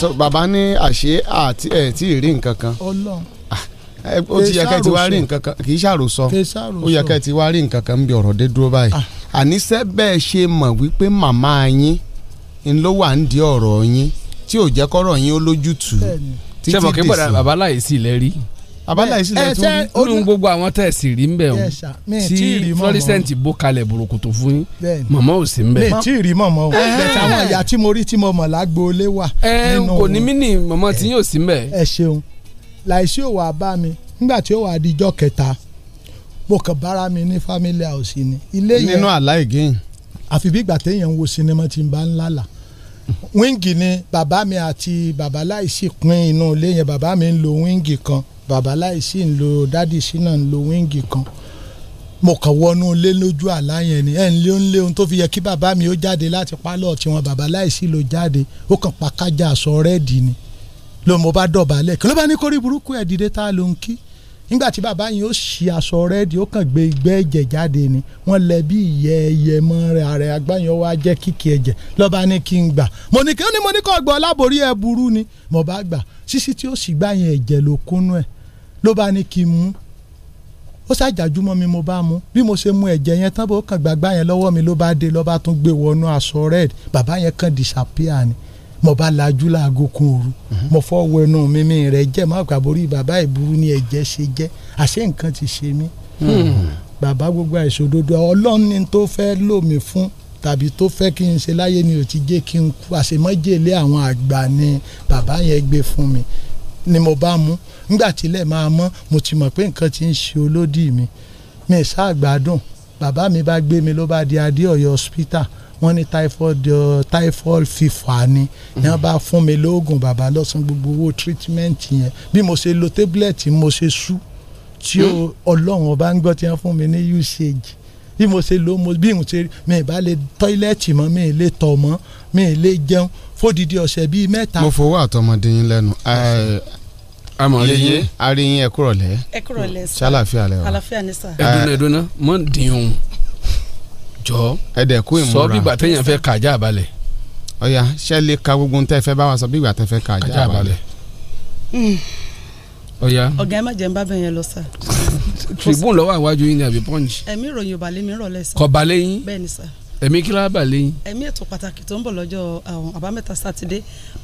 i bàbá ní àṣé àti ẹ̀ tí ì rí nǹkan kan. ọlọ́run ó ti yẹ kẹ́ ti wá rí nǹkan kan kì í ṣàròsọ ó yẹ kẹ́ ti wá rí nǹkan kan ń bí ọ̀rọ̀ dé dúró báyìí ah. àníṣe bẹ́ẹ̀ ṣe mọ̀ wípé màmá yín ń ló wà ń di ọ̀rọ̀ yín tí ò jẹ́ kọ́rọ̀ yín ó lójútùú títí dèsì. sẹ́fọ̀ kí bọ̀dà bàbá láìsí ilẹ̀ rí bàbá láìsí ilẹ̀ tó rí. ó ní gbogbo àwọn tẹ̀sí rí ń bẹ̀ wọn tí florissant bó kalẹ̀ burúkutu fún yín màmá ò sí ń tí ì rí mọ̀mọ́ o bẹ̀tẹ̀ àwọn ìyá tí mo rí tí mo mọ̀ lágbo ilé wà. ẹ kò ní mí ní mọ̀mọ́ tí yín sí ń ẹ ṣeun láìsí òwò àbá mi nígbà tí ó wà di ijọ́ kẹta mo kàn bára mi ní family house ni. ilé yẹn nínú àlá ìgéyìn. àfi bí ìgbà téèyàn ń wo sinimá ti ń bá ńlá là wíńgì ni bàbá mi àti bàbá láìsí pín inú ilé yẹn bàbá mi ń lo wíńgì kan bàbá láìsí ń lo dádì sí náà ń lo wíńgì kan mo kàn wọnú ilé lójú àlá yẹn ni ẹ ń lé ń lé ohun tó fi yẹ kí bàbá mi ó jáde láti pálọ̀ tiwọn bàbá láìsí ló jáde ó kàn pa kájà aṣọ rẹ́ẹ̀dì ni ló mo bá dọ̀bálẹ̀ kí ló bá ní kórí burúkú ẹ̀ dìde tá a ló ń kí nígbà tí bàbá yìí ó ṣí aṣọ rẹ́ẹ̀dì ó kàn gbé igbẹ́ ẹ̀jẹ̀ jáde ni wọ́n lẹ bí ìyẹ́ ẹyẹ mọ́ rẹ̀ agbáyan wa jẹ́ kíkì ẹ̀jẹ̀ lọ́ba ní kí n gbà mo ní kí ó ní mo ní kọ́ gbọ́ láborí ẹ burú ni mo bá gbà sísí tí ó sì gbá yẹn ẹ̀jẹ̀ ló kúnú ẹ̀ lọ́ba ní kí n mú ó ṣàjàjú mọ́ mi mo bá mu bí mo ṣe mu ẹ̀jẹ̀ yẹn tán bó kàn gbàgbá yẹn lọ́wọ́ mi ló dé lọ́ba tún gbé wọnú aṣọ rẹ́ẹ̀dì bàbá yẹn kàn disappear ni mo bá lajú láago kun òru mhm. mo fọ́ wọ ẹnu mímí rẹ̀ jẹ́ má gbà borí bàbá ìburú ni ẹ̀jẹ̀ ṣe jẹ́ àṣé nǹkan ti ṣe mí. Hmm. bàbá gbogbo àìṣòdodo ọlọ́run ni tó fẹ́ lò mí fún tàbí tó fẹ́ kí n ṣe láyé ni ò ti jẹ́ kí n kú àṣemọ́jèlé àwọn àgbà ni bàbá yẹn gbé fún mi ni mo bá mú nígbà tílẹ̀ máa mọ́ mo ti mọ̀ pé nǹkan ti ń ṣe olódì mi mi ṣáà gbádùn bàbá mi bá gbé mi ló bá di adé ọ̀yọ́ hospital wọ́n ní typhoid uh, typhoid fever ni ni wọ́n bá fún mi lóògùn bàbá lọ́sàn gbogbo owó treatment yẹn bí mo ṣe lo tablet mo ṣe sú tí hmm. ọlọ́run ọba ń gbọ́ tí wọ́n fún mi ní usage bí mo ṣe lo mo bí mo ṣe mi ì bá lè tọ́ílẹ̀tì mọ́ mi ì lè tọ̀ mọ́ mi lè jẹun fódìdí ọ̀sẹ̀ bíi mẹ́ta. mo fowó àtọmọdé yín lẹ́nu àmọ́ yeye ari yín ẹ kúrọ̀lẹ́ ẹ kúrọ̀lẹ́ sá lẹ́wọ̀ àlàfíà ní sá. dín òun jọ sọ bí gbàtẹ́ yẹn fẹ́ kàjá àbálẹ̀. ọ̀ya ṣẹ́ lè ka gbogbo tẹ́ fẹ́ bá wa sọ bí gbàtẹ́ fẹ́ kàjá àbálẹ̀. ọ̀ya. ọ̀gá ẹ má jẹ́ n bá bẹ̀yẹn lọ sá. tribune lọ́wọ́ àwájú yín ni àbí punch. ẹ̀mí ìròyìn ò balẹ̀ mi rọ̀lẹ́ sá. kọ̀ balẹ̀ yín. bẹ́ẹ̀ni sá. ẹ̀mí kí lábà lẹ́yìn. ẹ̀mí ètò pàtàkì tó ń bọ̀ lọ́jọ́ um, àbámẹ́ta sátidé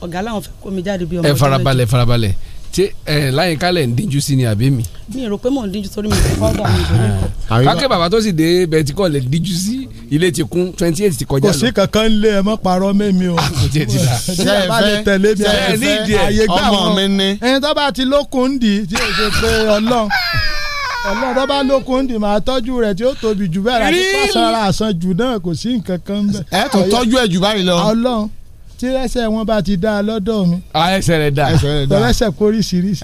ọ̀gá làwọn fẹ́ kó mi jáde bí ọmọ ọjọ́ mẹ́jọ. ẹ farabalẹ̀ farabalẹ̀ ṣé ẹ láyé kálẹ̀ ń díjú sí ni àbí mi. mi rò pé mò ń díjú sórí mi fọ́dà mi lórí kọ. kákẹ́ bàbá tó sì dé bẹ̀tíkọ̀ lè díjú sí ilé ti kún twenty eight ti kọjá lọ. kò sí kankan lé ẹ mọ́ parọ́ mẹ́mi o. Ah, kò ti da. ṣe ẹ fẹ́ ṣe ẹ ọmọ mi ni. ẹyin tó bá ti lókun dì tí o ṣe pé ọlọ́run ọlọ́run tó bá lókun dì máa tọ́jú rẹ̀ tí ó tóbi jù bẹ́ẹ̀ rà ní pàṣẹ ara náà kò sí nǹkan tí ẹsẹ̀ wọn bá ti dá a lọ́dọ̀ mi. ẹsẹ̀ rẹ̀ dá tọ́lẹ́sẹ̀ kó oríṣiríṣi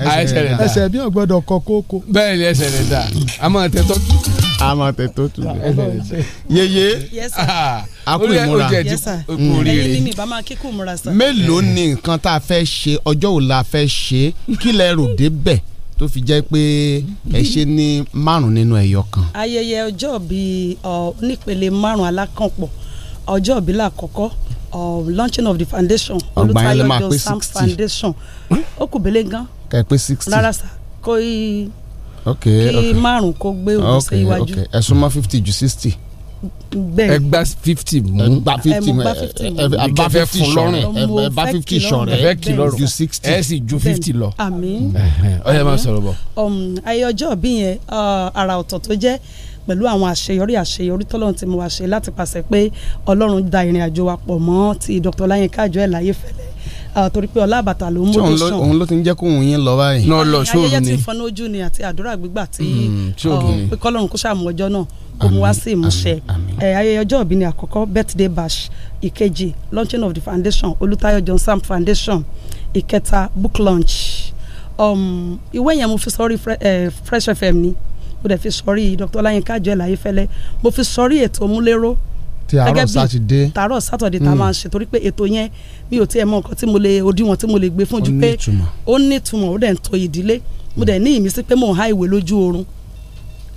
ẹsẹ̀ bí ò gbọ́dọ̀ kọ kókó. bẹ́ẹ̀ ni ẹsẹ̀ rẹ̀ dá a máa tẹ tó tu. a máa tẹ tó tu. yeye ah, a kú ìmúra ẹyin mi bá máa kíkú ìmúra sa. mélòó ni nǹkan tá a fẹ́ ṣe ọjọ́ òla fẹ́ ṣe kí lẹ rò débẹ̀ tó fi jẹ́ pé ẹ ṣe ní márùn-ún nínú ẹ̀yọ kan. ayẹyẹ ọjọ́ bíi nípele márùn-ún alákànpọ̀ ọjọ́ ìbílẹ̀ àkọ́kọ́ um, launching of the foundation olùtayọ josam foundation ó kù bẹ́lẹ̀ gan rárá sá kó i kí márùn kó gbé òun sí iwájú. ẹ̀sùn mọ́ fifty ju sixty bẹ́ẹ̀ ẹgbà fifty mú ẹgbà fifty mú ẹgbà fifty sọrin ẹgbà fifty sọrin ẹgbà kìlọrùn ju sixty ẹ sì ju fifty lọ. àmín ọyẹ máa sọ̀rọ̀ bọ. Um, ayọjọ bí yẹn uh, ara ọ̀tọ̀ tó jẹ́ pẹ̀lú àwọn àṣeyọrí àṣeyọrí tọ́lọ́run tí mo wá ṣe láti pàṣẹ pé ọlọ́run da ìrìn àjò wa pọ̀ mọ́ ti dr láyínká àjọ ẹ̀ láyé fẹ́lẹ́ torí pé ọlá àbàtà ló ń mójú sàn. òun ló ti ń jẹ́ kó òun yín lọ báyìí. náà lọ sóòrùn ni ayẹyẹ ti fọnú ojú ni àti àdúrà gbígbà tí mm, um, kọ́lọ́run kó ṣàmú ọjọ́ náà kó mu wá sí ìmúṣẹ ayẹyẹ ọjọ́ ìbí ni àkọ́kọ́ birthday bash ìkejì launching of the foundation olùtayọ john sam foundation ìkẹta book launch um, ìwé yẹn mo fi sọ orí eh, fresh fm ni mo dẹ̀ fi sọrí dr ọláyínká jọ̀ẹ́lá ayéfẹ́lẹ́ mo fi sọrí ètò múlẹ́rọ́ ti àárọ̀ sátidé tàárọ̀ sátidé ta máa hmm. ń ṣe torí pé ètò yẹn mi ò tiẹ̀ mọ nǹkan tí mo lè òdiwọ̀n tí mo lè gbé fún ju pé ó ní ìtumọ̀ ó dẹ̀ ń tọ́ ìdílé mo dẹ̀ ní ìmísí pé mò ń há ìwé lójú oorun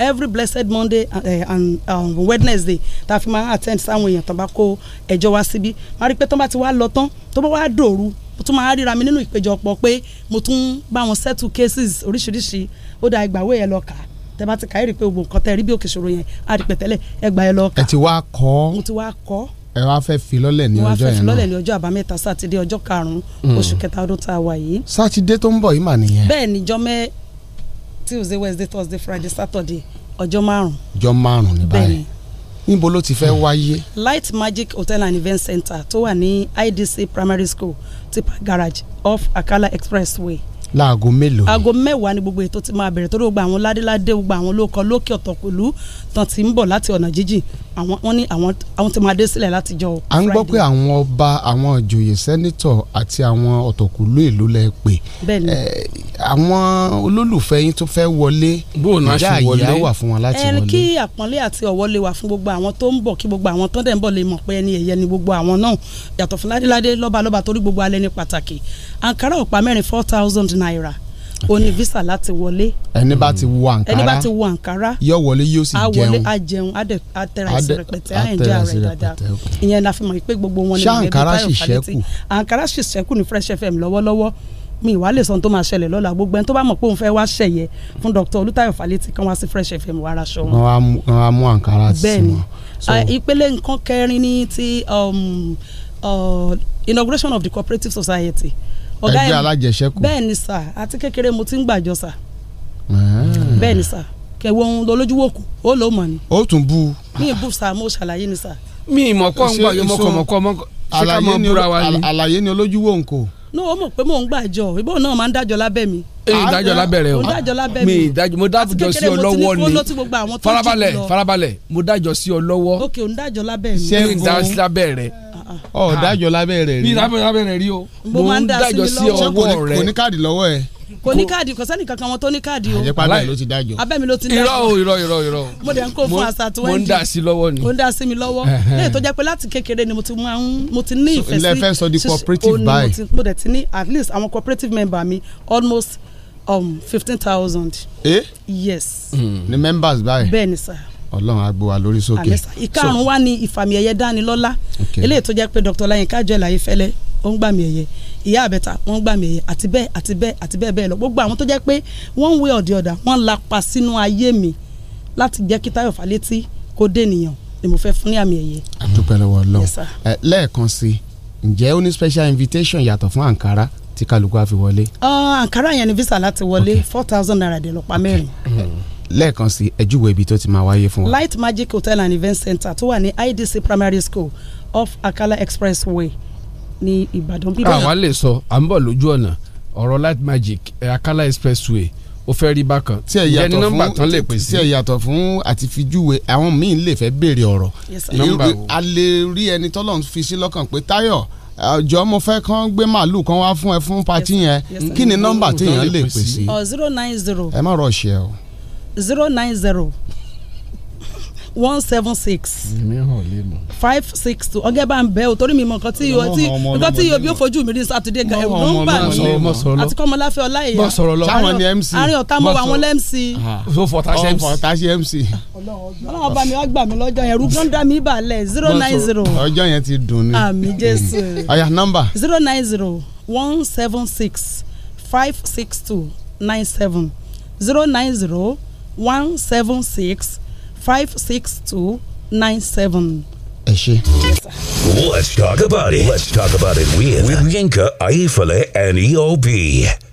every blessed monday uh, and um, wednesday ta fi máa attend sáwọn èèyàn tó bá kó ẹjọ́ wá síbí máa rí i pé tó bá ti wá lọ tán tó bá wá dòru mo tún máa ríra mi nínú ìpéjọpọ̀ pé mo tún bá wọn settle cases oríṣiríṣi ó dá ìgbàwé yẹn lọ kà á tẹ bá ti kà é rí i pé gbogbo nǹkan tẹ rí bí òkè ṣòro yẹn á rí pẹ̀tẹ́lẹ̀ ẹ gbà ẹ lọ kà. ẹ ti wá kọ́. mo ti wá kọ́. ẹ wá fẹ́ fi lọ́lẹ̀ ní ọjọ́ yẹn náà. mo wá fẹ́ fi lọ́lẹ̀ ní ọjọ́ àbámẹ́ta sátidé ọjọ́ karùn-ún hmm. oṣù kẹta ọdún tá a wà yìí. sátidé tó ń bọ̀ yìí mà nìyẹn. bẹ́ẹ̀ ni jọmẹ́ tuesday wednesday thursday friday saturday ọjọ́ márùn. ọjọ́ márùn ní báyìí níbo ló ti fẹ́ wáyé. light magic hotel and event center tó wà ní idc primary school tipa garage off akala expressway láago mélòó. aago mẹ́wàá ni gbogbo ètò ti máa bẹ̀rẹ̀ torí gbogbo àwọn ládéládé gbogbo àwọn lóko lókè ọ̀tọ̀ pẹ̀lú tán ti ń bọ̀ láti ọ̀nà jíjìn àwọn wọn ní àwọn àwọn ti máa dé sílẹ̀ láti jọ. à ń gbọ́ pé àwọn ọba àwọn ìjòyè sẹ́nítọ̀ àti àwọn ọ̀tọ̀kùlú ìlú lẹ pè àwọn olólùfẹ́ yín tó fẹ́ wọlé ìjà àyè wà fún wọn láti wọlé. kí àpọ́nlé àti ọ̀wọ́lé wà fún gbogbo àwọn tó ń bọ̀ kí gbogbo àwọn tó ń four thousand naira o ní visa láti wọlé. ẹni bá ti wọ àǹkárá ẹni bá ti wọ àǹkárá yóò wọlé yóò sì jẹun àwọlé àjẹun àtẹrẹsì rẹpẹtẹ àyànjẹ rẹ dáadáa ìyẹn la fi mọ̀ pé gbogbo wọn ní ìgbẹ́ bí táyọ̀ kálítì àǹkárá sì ṣẹ́kù ní Fresh FM lọ́wọ́lọ́wọ́ mi ìwà lè sọ tó máa ṣẹlẹ̀ lọ́la gbogbo ẹni tó bá mọ̀ pé òun fẹ́ wá ṣẹ̀yẹ fún Dr. Olútáyọ̀ Fálétí kan wá sí Fresh FM wá aṣọ wọn. wọn á mú àǹkárá sí wọn. bẹ́ẹ̀ni ìpele nǹkan kẹrin ní ti um, uh, inauguration of the cooperative society ẹgbẹ́ alájẹsẹ́kù bẹ́ẹ̀ ni sà àti kékeré mo ti ń gbàjọ sà ah. bẹ́ẹ̀ ni sà kẹwọ ohun lọlójúwò kù ó lò mọ̀ ni. ó tún bú. mi ì bú sà mo ṣàlàyé ni sà. mi ì mọ̀ kọ́ ń gbọ́ yọ mọ̀kọ́ mọ̀kọ́ mọ̀kọ́ ṣé ká mọ̀ búra wa ni. àlàyé ni olójúwò ń kò. ní o mọ̀ pé mò ń gbàjọ ìbò náà máa ń dájọ́ lábẹ́ mi. èyí ìdájọ́ lábẹ́ rẹ o mi ìdájọ́ mo dájọ́ sí ọ lọ́wọ́ ni farabalẹ̀ farabalẹ̀ mo dájọ́ sí ọ lọ́wọ́. ok ò ń dájọ́ lábẹ́ mi. ṣé ń lábẹ́ rẹ ọ dájọ́ lábẹ́ rẹ̀ rí mi dájọ́ lábẹ́ rẹ̀ rí o mo máa ń dájọ́ sí ọwọ́ rẹ̀ kò ní káàdì lọ́wọ́ ẹ̀ kò ní káàdì kò sẹ́ni kankan wọn tó ní káàdì o àyẹ̀pá abẹ́mi ló ti dájọ́ abẹ́mi ló ti dájọ́ irọ́ o irọ́ irọ́ irọ́ mo dẹ̀ ń kó fún àṣà tí wọ́n ń dà sí lọ́wọ́ ni mo ń dà sí mi lọ́wọ́ lẹ́yìn tó jẹ́ pé láti kékeré ni mo ti máa ń mo ti ní ìfẹ́ sí ilé ẹ̀fẹ́ sọ di cooperative buy mo dẹ̀ ti ní at least àwọn cooperative member mi almost um, fifteen thousand. eh yes. Mm. ni members báyìí. bẹ́ẹ̀ ni sáà ọlọ́run á wa lórí sókè. ìkarùn wa ni ìfàmì ẹ̀yẹ dánilọ́lá eléyìí tó jẹ́ pé dr láyínká jọ ìlàyé fẹ́lẹ́ ó ń gbàmì ẹ̀yẹ ìyá àbẹ̀ta wọ́n ń gbàmì ẹ̀yẹ àti bẹ́ẹ̀ àti bẹ́ẹ̀ àti bẹ́ẹ̀ bẹ́ẹ̀ lọ gbogbo àwọn tó jẹ́ pé wọ́n ń wé ọ̀dì ọ̀dà wọ́n lapa sínú ayé mi láti jẹ́ kí Táyọ̀ Fálétí kó dé nìyàn ni mo fẹ́ fún ní àmì ẹ̀yẹ. a dúpẹ́ lẹ́ẹ̀kan sí ǹjẹ́ ó ní special invitation yàtọ̀ fún Ankara tí kálukú á fi wọlé. Ah, Ankara yẹn ni visa láti wọlé four thousand naira dẹ̀ lọ́pàá mẹ́rin. Mm-hmm lẹ́ẹ̀kan sí ẹjúwe ibi tó ti máa wáyé fún wa. light magic hotel and event center tó wà ní idc primary school off akala expressway ní ìbàdàn. àwa lè sọ à ń bọ̀ lójú ọ̀nà ọ̀rọ̀ light magic eh, akala expressway ó fẹ́ rí bákan tí ẹ yàtọ̀ fún tí ẹ yàtọ̀ fún àti fi júwe àwọn míín lè fẹ́ béèrè ọ̀rọ̀ a lè rí ẹni tọ́lọ̀ ń fi sí lọ́kàn pé Táyọ̀ ọjọ́ mo fẹ́ kán gbé màálù kan wá fún ẹ fún patí yẹn kí ni nọ́mbà téèyàn lè pè zero nine zero. ẹ má rọ̀ ṣe o zero nine zero one seven six five six two ọgẹ bá ń bẹ o torí mi mọ nǹkan tí yóò tí nǹkan tí yóò bí ó fojú mi rí sátidé gan ẹrù ló ń bà mí àti kọmọláfẹ ọláìyá sáwọn ni mc àárín ọ̀tá mo àwọn mc ah, so fọtaṣẹ mc fọtaṣẹ mc ọlọ́run ọba mi wá gbà mí lọ́jọ́ yẹn rúgbọ́n dá mi balẹ̀ zero nine zero ọjọ́ yẹn ti dùn ni àmì jésù ọ̀yà nọ́mbà zero nine zero one seven six five six two nine seven zero nine zero. one seven six five six two nine seven. ẹ ṣe. let's talk about it let's talk about it with, with Yinka Ayifale and EOB.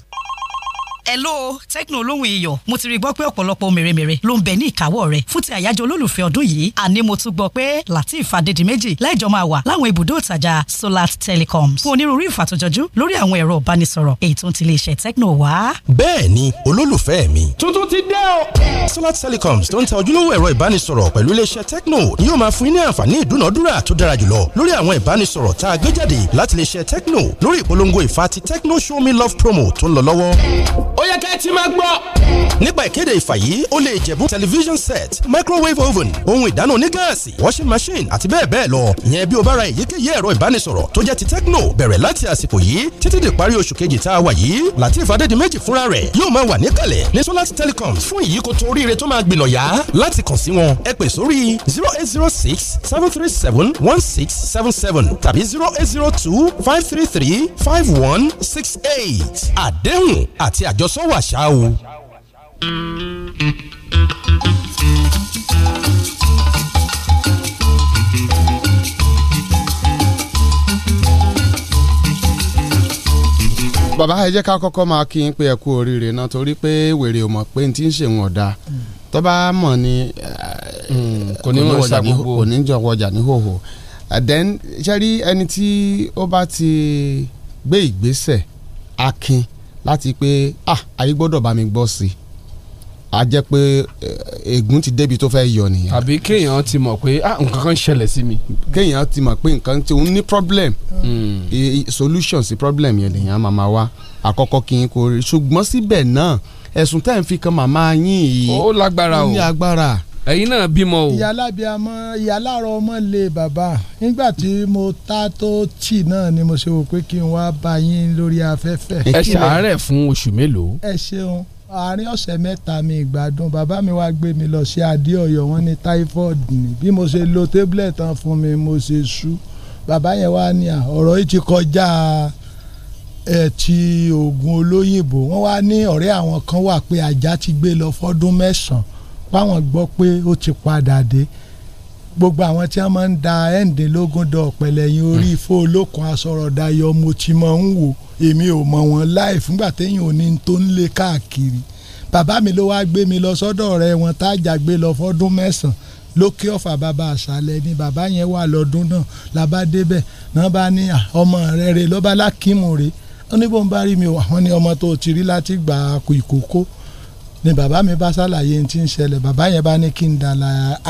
hello Tekno olóhùn iyọ̀ mo ti rí gbọ́ pé ọ̀pọ̀lọpọ̀ mèremère ló ń bẹ ní ìkáwọ́ rẹ̀ fún ti àyájọ́ olólùfẹ́ ọdún yìí àní mo tún gbọ́ pé Lateef Adédìméjì láìjọ máa wà láwọn ibùdó ìtajà Solar Telecoms fún onírúurú ìfàtòjọjú lórí àwọn ẹ̀rọ ìbánisọ̀rọ̀ èyí tó ń ti iléeṣẹ́ Tekno wá. bẹ́ẹ̀ ni olólùfẹ́ mi. tuntun ti dé o. Solar Telecoms tó ń ta ojúlówó ẹ̀rọ ìbánisọ̀rọ̀ pẹ̀lú iléeṣẹ́ Tekno ni yóò máa fún yín ní àǹfààní ìdúnàdúrà tó dára jùlọ lórí àwọn ìbánisọ̀rọ̀ tá a gbé jáde láti iléeṣẹ́ Tekno lórí Show Me Love promo tó ó yẹ kẹ́ ẹ ti máa gbọ́. nípa ìkéde ìfàyí ó lè jẹ̀bú television set microwave oven ohun ìdáná onígáàsì washing machine àti bẹ́ẹ̀ bẹ́ẹ̀ lọ ìyẹn bí o bá ra èyíkéyìí ẹ̀rọ ìbánisọ̀rọ̀ tó jẹ́ ti Tecno bẹ̀rẹ̀ láti àsìkò yìí títí di parí oṣù kejì tá a wà yìí Latif Adédìméjì fúnra rẹ̀ yóò máa wà níkàlẹ̀ ní Solat Telecom fún ìyíkoto oríire tó máa gbìnà yá láti kàn sí wọn ẹ pè sórí zero eight zero six seven three seven one six seven seven tàbí zero eight zero two five three three five one six eight àdéhùn àti àjọ sọ wàṣà o. bàbá ẹ jẹ́ ká kọ́kọ́ máa kí n pe ẹ kú oríire náà torí pé wèrè ò mọ̀ pé n ti ń ṣèwọ̀n ọ̀dà tó bá mọ̀ ni hmm, kò ní wọ̀jà ní hòhò kò ní jọ wọ̀jà ní hòhò then ṣe rí ẹni tí ó bá ti gbé ìgbésẹ̀ akin láti pé ah ayé gbọ́dọ̀ bá mi gbọ́ sí i a jẹ́ pé eh, ègún ti débi tó fẹ́ yọ nìyẹn. àbí kéèyàn ti mọ̀ pé ah nǹkan kan ṣẹlẹ̀ sí mi. kéèyàn ti mọ̀ pé nǹkan tí òun ní problem mm. e, solution sí problem yẹn lèyàn máa ma wá àkọ́kọ́ kí n kò rí ṣùgbọ́n síbẹ̀ náà ẹ̀sùn tẹ́ ń fi kan màmá yín yìí. ó lágbára o ó ní agbára ẹ̀yin náà bímọ o. ìyá alábíàmọ ìyá aláàrọ ọmọ lè bàbá nígbà tí mo ta tó tì náà ni mo ṣe wò pé kí n wá bá yín lórí afẹ́fẹ́. ẹ ṣàárẹ̀ fún oṣù mélòó. ẹ ṣeun àárín ọ̀sẹ̀ mẹ́ta mi ìgbádùn bàbá mi wá gbé mi lọ sí adéọyọ̀ wọn ní typhoid ni bí mo ṣe lo tablet tán fún mi mo ṣe sú bàbá yẹn wá ní à ọ̀rọ̀ yìí ti kọjá ẹ̀ ti oògùn olóyìnbó wọ́n wá ní ọ̀rẹ́ àwọn kan wà pé ajá ti gbé lọ fọ́dún mẹ́sàn-án páwọn gbọ́ pé ó ti padà dé gbogbo àwọn tí wọ́n máa ń da ẹ̀ǹdínlógún dọ̀ pẹ̀lẹ́yìn orí hmm. ifó olókun asọ̀rọ̀dayọ̀ mo ti máa ń wò èmi ò mọ̀ wọ́n láì fúngbà téèyàn ò ní tó ń lé káàkiri bàbá mi ló wáá gbé mi lọ sọ́dọ̀ ọ̀rẹ́ wọn tá gbé lọ fọ́dún mẹ́sàn-án lókè ọ̀fà bàbá àṣàlẹ̀ ni bàbá yẹn wà lọ́dún náà làbá débẹ̀ náà bá ní ọmọ rẹ̀ rè lọ́ba lákìmù rè ó ní rí mi wà wọ́n ní ọmọ tó ti rí láti gbà ìkókó ni bàbá mi bá ṣàlàyé ní ti ń ṣẹlẹ̀ bàbá yẹn bá ní kí n dà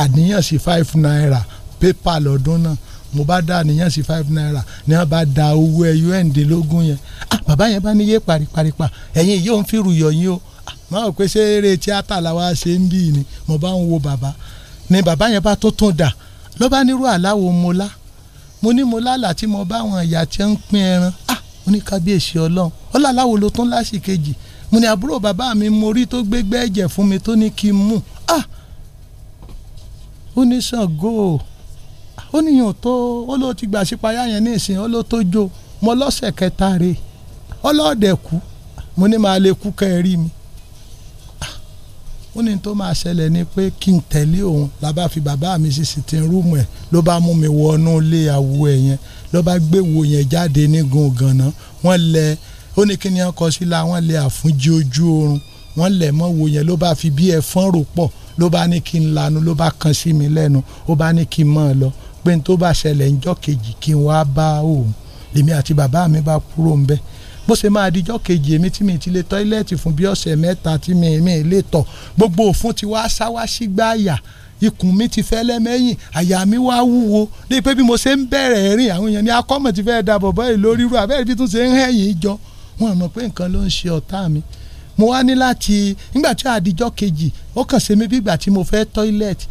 àníyàn sí five naira pépà lọ́dún náà mo bá dá àníyàn sí five naira ni wọn bá da owó ẹyọ ẹ̀ǹdínlógún yẹn ah bàbá yẹn bá níyé pariparipa ẹ̀yin yìí ò ń fi rùyọ̀ yín o ah, máa wò pé ṣé eré tíátà làwa ṣe ń bì ni mo bá ń wo bàbá ni bàbá yẹn bá tó tún dà ló bá nírú àláwo mo lá mo ní mo lálàá tí mo ìyá tí ń pín ẹran ah mo ní kábíyèsí ọlọ́run ó làláwo ló tún láṣìkejì mo ní àbúrò bàbá mi mo rí tó gbégbé ẹ̀jẹ̀ fún mi tó ní kí n mú ah ó ní Ṣàngó ó níyàn tó ó ló ti gbà sípayá yẹn ní ìsìn ó ló tó jó mo lọ́sẹ̀ kẹta rè ọlọ́ọ̀dẹ̀ kú mo ní máa lè kú kẹ́ ẹ rí mi ah! ó ní tó máa ṣẹlẹ̀ ni pé kí n tẹ̀lé òun la fi bàbá mi sì sì ti rúùmù ẹ̀ ló bá mú mi wọnú ilé àwo ẹ̀ yẹn ló bá gbéwò yẹn jáde ní gungan náà wọ́n lẹ ó ní kíni ọkọ̀ sílá wọ́n lè àfúnjì ojú oorun wọ́n lẹ̀ mọ́ wo yẹn ló bá fi bí ẹ̀fọn rò pọ̀ ló bá ní kí n lanu ló bá kan sí mi lẹ́nu ó bá ní kí n mọ̀ ọ́ lọ pé n tó bá ṣẹlẹ̀ ńjọ́ kejì kí n wá bá òun èmi àti bàbá mi bá kúrò ń bẹ́ẹ̀ bó ṣe máa dijọ́ kejì èmi tí mi ti lè tọ́ílẹ̀tì fún bí ọ̀sẹ̀ mẹ́ta tí mi mi lè tọ̀ gbogbo òfun ti wá sáwá sí gbáàyà ikùn mi ti fẹ́lẹ́ mẹ́yìn àyà mi wá wúwo ní pé bí mo ṣe ń bẹ̀rẹ̀ rìn àwọn èèyàn ní akọ́mọ̀ ti fẹ́ da bọ̀bọ́ yìí rú abẹ́rẹ́ bí tún ṣe ń hẹ̀yìn jọ wọn mọ̀ pé nǹkan ló ń ṣe ọ̀tá mi mo wá ní láti nígbà tí àdìjọ́ kejì ó kàn ṣe mí bí ìgbà tí mo fẹ́ tọ́ílẹ̀tì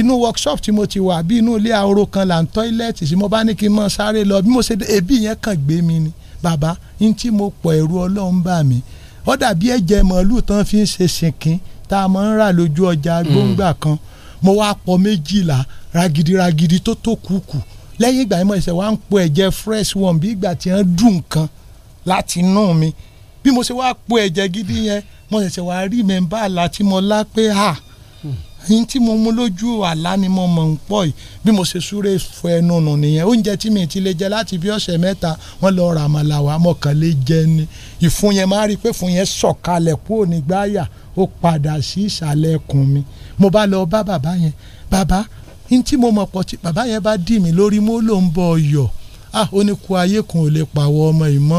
inú workshop tí mo ti wà bí inú ilé ahoro kan là ń tọ́ílẹ̀tì sí mo bá ní kí n mọ sáré lọ bí mo ṣe ebi yẹn kàn gbé mi ni bàbá n tí mo pọ̀ ẹ̀rù ọlọ́run bà mí ó dàbí ẹ̀jẹ̀ màálùú tán fi ń ṣe sìnkín tá a máa ń rà lójú ọjà hmm. gbóngbà kan mo wá pọ̀ méjìlá ragidi ragidi tó tó kùkù lẹ́yìn ìgbà yẹn mo ṣẹ̀ wá ń po ẹ̀jẹ̀ fresh one bí ìgbà tí wọ́n dùn nǹkan láti inú mi bí mo ṣe wá po ẹ̀jẹ̀ gidi yẹn mo ṣẹ̀ṣẹ̀ wá rí mẹ́ńbà Látìmọ́lá pé à yín tí mo mú lójú àlá ni mo mọ̀ ń pọ̀ yìí bí mo ṣe súré fọ ẹnu nù nìyẹn oúnjẹ tí mi ti lè jẹ láti bí ọ̀sẹ̀ mẹ́ta wọ́n lọ ra àmàlà wá mọ̀kànlé jẹ ni ìfun yẹn máa rí i pé fun yẹn sọ̀kalẹ̀ kúrò ní gbáyà ó padà sí ìsàlẹ̀ ẹkùn mi mo bá lọ bá bàbá yẹn bàbá yín tí mo mọ̀ pọ̀ tí bàbá yẹn bá dì mí lórí mo ló ń bọ̀ ọ̀yọ̀ ah ó ní kú ayé kan ò lè pàwọ́ ọmọ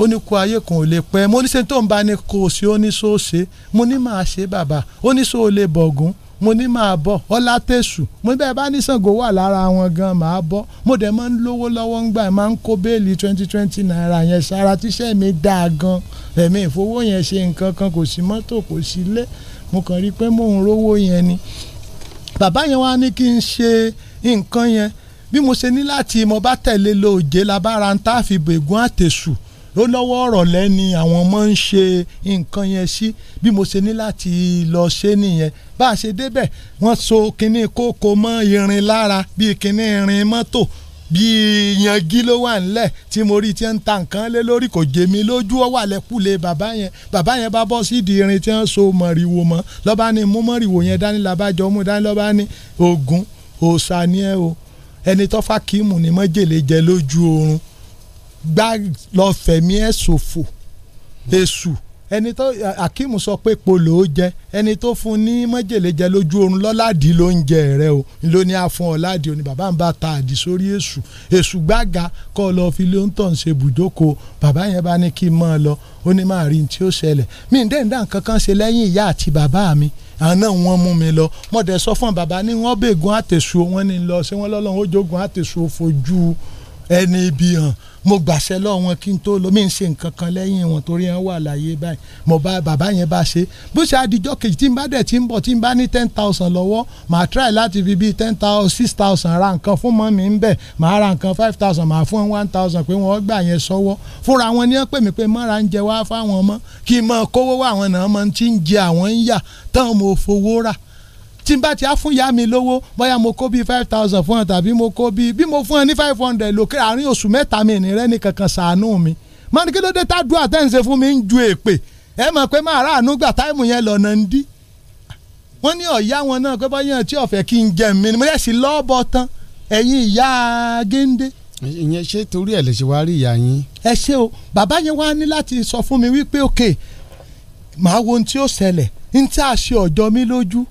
ó ní kó ayé kan ò lè pẹ́ mo ní ṣe tó ń bá ní kò sí ó ní sóò ṣe mo ní máa ṣe bàbá ó ní sóò lè bọ̀gùn mo ní máa bọ̀ ọlá tẹ̀sù mo bẹ́ẹ̀ bá ní Ṣàngó wà lára wọn gan máa bọ̀ mo dẹ̀ máa ń lówó lọ́wọ́ ńgbà máa ń kó béèlì twenty twenty naira yẹn sára tíṣẹ́ mi dáa gan ẹ̀mí ìfowó yẹn ṣe nǹkan kan kò sí mọ́tò kò sí ilé mo kàn rí i pé mò ń rówó yẹn ni bàbá yẹn wá ní kí n ṣe nǹkan yẹn bí mo ṣe ní láti mo bá tẹ̀lé lóòjé labára ń tá àfi bègún àtẹ̀sù ó lọ́wọ́ ọ̀rọ̀ lẹ́ni àwọn ọmọ ń ṣe nǹkan yẹn sí bí mo ṣe ní láti lọ ṣe nìyẹn bá a ṣe débẹ̀ wọ́n so kinní kókó mọ́ irin lára bíi kinní irin mọ́tò bíi yangi ló wà nílẹ̀ tí mo rí tí ń ta nǹkan lé lórí kò jẹ mí lójú ọ wà lẹ́kùlé bàbá yẹn bàbá yẹn bá bọ́ sídìí irin tí ń so mọ̀rìwò mọ́ lọ́ba ni mú mọ̀rìwò yẹn dání labájọ́ mú dání lọ́ba ni ogun òòṣà ni ẹ o ẹni tó fà kí mù ní jẹ lójú oorun gbá lọ fẹ̀mí ẹ̀ ṣòfò èṣù ẹni tó akeem sọ pé polo ó jẹ ẹni tó fún ní májèlé jẹ lójú oorun lọ́ládìí ló ń jẹ rẹ o ló ní àfún ọ̀ládìí òní bàbá ń bá ta àdì sórí èṣù èṣù gbága kọ́ lọ fi ló ń tàn ṣe bùjókòó bàbá yẹn bá ní kí n mọ́ ọ lọ ó ní máa rí tí ó ṣẹlẹ̀ mí ń dẹ́ndà kankan ṣe lẹ́yìn ìyá àti bàbá mi àná wọn mú mi lọ mo dẹ̀ sọ fún bàbá ní wọ́n bègùn àtẹ̀sù wọn ni lọ ṣé wọ́n lọ́lọ́run ó jogun àtẹ̀sù fojú mo gbàṣẹ lọ́wọ́ wọn kí n tó lọ mí n ṣe nǹkan kan lẹ́yìn wọn torí wọn wà láyé báyìí mo bá bàbá yẹn bá ṣe bó ṣe àdìjọ́ kejì tí n bá dẹ̀ tí n bọ̀ tí n bá ní ten thousand lọ́wọ́ màá try láti fi bíi ten thousand six thousand ra nǹkan fún mọ́ mi ń bẹ̀ màá ra nǹkan five thousand màá fún one thousand pé wọ́n gbà yẹn sọ́wọ́ fúnra wọn ni wọ́n pè mí pé mọ́ra ń jẹ wá fáwọn ọmọ kí n mọ kówó wá àwọn náà mọ ti ń jẹ àwọn ń yà tán mo fowó rà tí n bá ti á fún ìyá mi lówó bóyá mo kó bíi five thousand fún ọ tàbí mo kó bíi bí mo fún ọ ní five hundred lókè àárín oṣù mẹ́ta mi ìní rẹ kankan ṣàánú mi máa ní kí ló dé tá a dúró àtẹ̀sẹ̀ fún mi ń ju èpè ẹ mọ̀ pé máa ráàánú gbà táìmù yẹn lọ́nà ń dí wọ́n ní ọ̀yá wọn náà pé báyọ̀ tí ọ̀fẹ́ kí n jẹ mi ni mo yẹ sí lọ́ọ̀bọ tán ẹ̀yin ìyá géńdé. ìyẹn ṣé torí ẹ̀ lè ṣe wá rí ìyá yín. ẹ ṣe o bàbá yẹn wá ní láti sọ fún mi wípé òkè màá wo ohun tí ó ṣẹlẹ̀ ní tí a ṣe ọ̀jọ́ mi lójú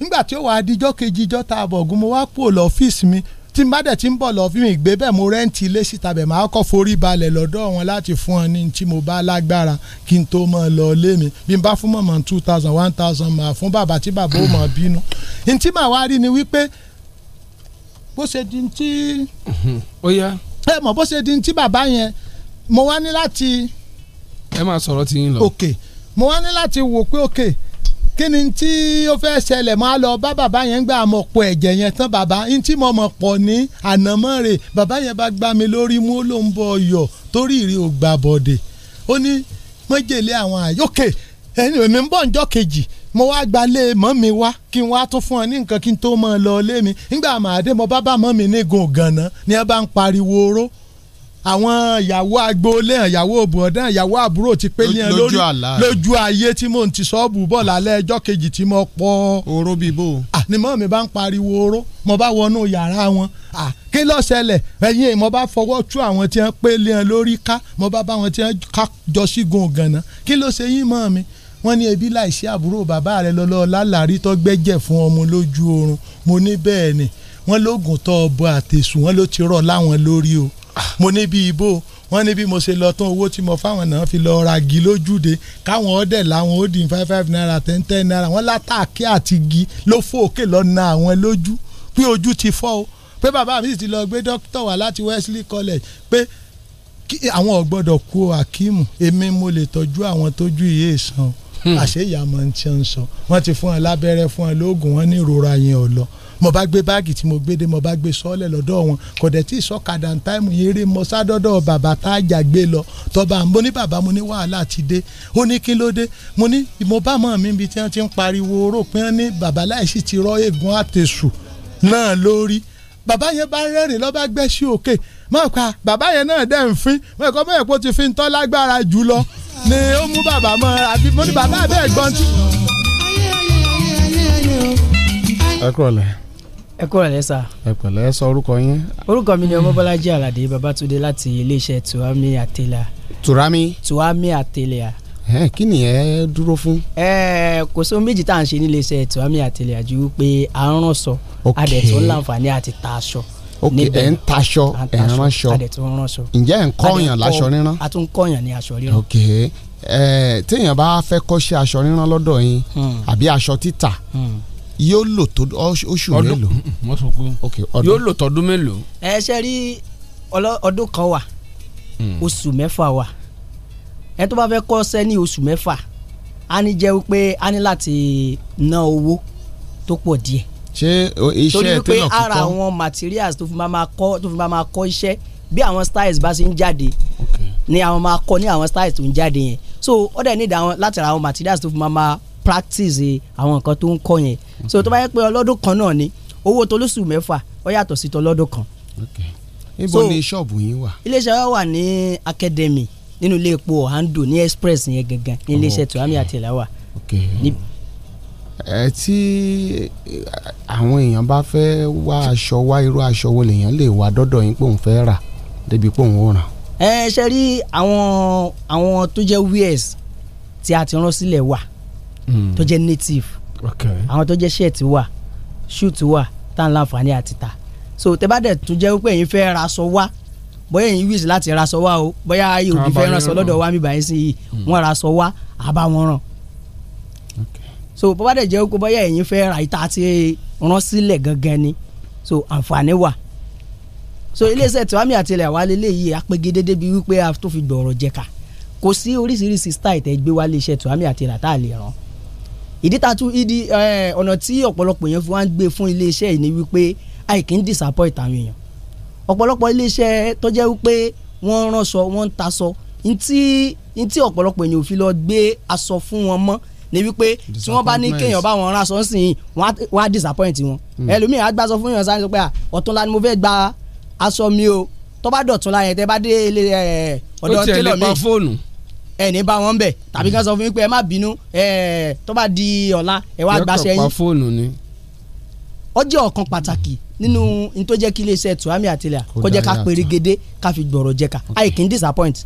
nígbà tí ó wà á dijọ́ kejì ijọ́ tá a bọ̀ gun mo wá kúrò lọ́fíìsì mi tí n bá dẹ̀ ti ń bọ̀ lọ́ọ́ fi mi gbé bẹ́ẹ̀ mo rẹ́ǹtì ilé síta bẹ̀ máa kọ́ forí balẹ̀ lọ́dọ̀ wọn láti fún ọ ní tí mo bá lágbára kí n tó mọ̀ lọ lé mi bí n bá fún mọ̀mọ́ two thousand one thousand máa fún bàbá tí bàbá ó mọ̀ bínú. n tí màá wá rí ni wípé bó ṣe di ti. ó yá. ẹ mọ̀ bó ṣe di ti bàbá yẹn mo wá ní láti. ẹ máa sọ̀rọ̀ tí yín lọ. òkè mo wá ní láti wò pé òkè. Okay kí ni tí ó fẹ́ ṣẹlẹ̀ máa lọ bá bàbá yẹn gbà mọ̀ pọ̀ ẹ̀jẹ̀ yẹn tán bàbá ní tí mo mọ̀ pọ̀ ní ànàmọ́ rè bàbá yẹn bá gbá mi lórí mú ló ń bọ ọyọ̀ torí ìrì ò bọ̀dẹ̀ ó ní mọ́jèlé àwọn àyókè ẹni èmi ń bọ̀ ǹjọ́ kejì mo wá gba lé mọ́ mi wá kí n wá tún fún ọ ní nǹkan kí n tó mọ́ ọ lọ lé mi nígbà màá dé mo bá bá mọ́ mi ní gògànà ni ẹ bá ń pariwo oró àwọn ìyàwó agboolé ìyàwó òbúọ̀dán ìyàwó àbúrò ti pé ní ẹ lórí lójú ayé tí mò ń ti sọ́ọ̀bù bọ̀ lálẹ́ ẹjọ́ kejì tí mo pọ̀. oró bíbó. àní mọ́ mi bá ń pariwo oró mo bá wọnú yàrá wọn kí ló ṣẹlẹ̀ ẹ̀yin mo bá fọwọ́ tú àwọn tí wọ́n pé lé ẹ lórí ká mo bá bá àwọn tí wọ́n ká jọ sí gun gànà kí ló ṣe yín mọ́ mi wọ́n ní ebi láìsí àbúrò bàbá rẹ̀ lọ́lọ́ lálàrí tó gbẹ́jẹ̀ fún ọmọ lójú oorun mo ní bẹ́ẹ̀ ni wọ́n lóògùn tó ọbọ àtẹ̀sùn wọ́n ló ti rọ̀ láwọn lórí o mo ní bí ibo wọ́n ní bí mo ṣe lọ tán owó tí mo fáwọn náà fi lọ ra gi lójúde káwọn ọdẹ làwọn ó dín five five naira ten ten naira wọ́n látàkì àti gi ló fòókè lọ́nà àwọn lójú pé ojú ti fọ́ o pé bàbá mi sì ti lọ gbé dókítà wá láti Wesley College pé àwọn ò gbọ́dọ̀ kú akíìmù èmi mo lè tọ́jú àwọn tójú iye ìsan hmm. àṣeyàmọ̀ ń tiẹ̀ ń sọ wọ́n ti fún ọ lábẹ́rẹ́ fún ọ lóògùn wọn ní ìrora yẹn ọ̀ lọ mo bá gbé báàgì tí mo gbé dé mo bá gbé sọ́ọ̀lẹ̀ lọ́dọ̀ wọn kò dẹ̀ tí ìsọ̀kadà ń táìmù yẹn eré mo sádọ́dọ̀ bàbá tá a jà gbé lọ tọba mo ní bàbá mo ní wàhálà ti dé ó ní kí ló dé mo ní mo bá mọ̀ mi ibi tí wọ́n ti ń pariwo rò pé wọ́n ní bàbá láìsí ti rọ́ eegun àtẹ̀sù náà lórí bàbá yẹn bá rẹ́rìn lọ́ba gbẹ́ sí òkè mọ̀ pa bàbá yẹn náà dẹ̀ ń fín mọ̀ ẹ̀kọ́ mọ̀ ẹ̀kọ́ ti fi ń tọ́ lágbára jù lọ ni ó mú bàbá mọ́ àbí mo ní bàbá bẹ́ẹ̀ gbọ́n tí. ẹ kúrò lẹ́yìn ẹ kúrò lẹ́sà. ẹ pẹ̀lẹ́ sọ orúkọ yín. orúkọ mi ni ọmọbọ́lájí aládé babatunde láti iléeṣẹ́ tuwami atela. turami. tuwami atela. ẹ kí ni ẹ dúró fún. ẹ kò sóhun méjì tá à ń ṣe níléeṣẹ́ tuwami atela ju pé à ń ránṣọ adẹ̀tún láǹfààní àti ta aṣọ. ok ẹ ń taṣọ ẹ ń ránṣọ adẹ̀tún ránṣọ. ǹjẹ́ ẹ ń kọ́yàn láṣọ rírán. a tún kọ́yàn ní aṣọ rírán. ok ẹ téèyàn bá fẹ́ kọ́ṣẹ́ aṣọ rírán lọ́dọ̀ yín hmm. àbí aṣọ títà. Hmm yóò lò tó oṣù mélòó. yóò lò tọdún mélòó. ẹ ṣe rí ọdún kan wà hmm. oṣù mẹ́fà wà ẹ tó bá fẹ́ kọ́ṣẹ́ ní oṣù mẹ́fà a ní jẹ́ wípé a ní láti ná owó tó pọ̀ díẹ̀ ṣé iṣẹ́ tẹ́lọ̀ kúkọ́ torí pé ara àwọn materials tó fi máa kọ́ tó fi máa kọ́ iṣẹ́ bí àwọn styles bá ṣe ń jáde ni àwọn máa kọ́ ní àwọn styles tó ń jáde yẹn so ó dẹ̀ nídàá láti ra àwọn materials tó fi máa practice eh, àwọn nǹkan tó ń kọ́ yẹn so tó bá yẹ pé ọlọ́dún kan náà ni owó tolóṣù mẹ́fà ó yàtọ̀ sí tọlọ́dún kan. níbo ni ṣọ́ọ̀bù yín wà. iléeṣẹ́ wa wà ní academy nínú ilé epo ohando ní express yẹn gangan ní iléeṣẹ́ Tuwami àti ìlàwà. ẹ tí àwọn èèyàn bá fẹ́ wá aṣọ wá irú aṣọ wo lèèyàn lè wá dọ́dọ̀ yín pé òun fẹ́ rà débi pé ò ràn. ẹ ṣe rí àwọn àwọn tó jẹ́ wears tí a ti rán sílẹ̀ wà. Hmm. tó jẹ́ native àwọn tó jẹ́ shirt wà shoot wà tá à ń láǹfààní àti tà so tẹ bá dẹ̀ tún jẹ́ pé ẹ̀yin fẹ́ raṣọ wá bóyá ẹ̀yin wish láti raṣọ wá o bóyá ayé òbí fẹ́ raṣọ lọ́dọ̀ wa mi báyìí sí i hmm. wọ́n raṣọ wá àbá wọn ràn so bó bá dẹ̀ jẹ́ pé bóyá ẹ̀yin fẹ́ ra ìta àti rán sílẹ̀ gangan ni so àǹfààní wà so iléeṣẹ́ tiwami àti ilẹ̀ wa lélẹ́yìí apegedede bíi wípé a tó fi gbọ̀ọ̀rọ̀ jẹ̀ka kò sí oríṣiríṣi style tẹ́ gbé wá iléeṣẹ́ tiwami àti ilẹ̀ tá a lè rán ìdí tatu ìdí eh, ọ̀nà tí ọ̀pọ̀lọpọ̀ yẹn fi wá ń gbé fún iléeṣẹ́ yìí ni wípé àìkí ń disappoint àwọn èèyàn ọ̀pọ̀lọpọ̀ iléeṣẹ́ tó jẹ́ wípé wọ́n ránṣọ wọ́n ń taṣọ ntí ntí ọ̀pọ̀lọpọ̀ èèyàn ò fi lọ gbé aṣọ fún wọn mọ́ ni wípé tí wọ́n bá ní kéèyàn bá wọn ránṣọ sí wọ́n á disappoint wọn hmm. ẹlòmíì á gbàṣọ fún yàn sáré sọ pé ọ̀túnla ni mo fẹ́ ẹ ní bá wọn bẹ̀ tàbí ká sọ fún yín pé ẹ má bínú tó bá di ọ̀la ẹ wá gbàṣẹ yín. yọkọ̀ pa fóònù ni. ó jẹ́ ọ̀kan pàtàkì nínú tó jẹ́ kí iléeṣẹ́ Tuami Atelier kó jẹ́ ká perégedé ká fi gbọ̀rọ̀ jẹ ká àì kì í disappoint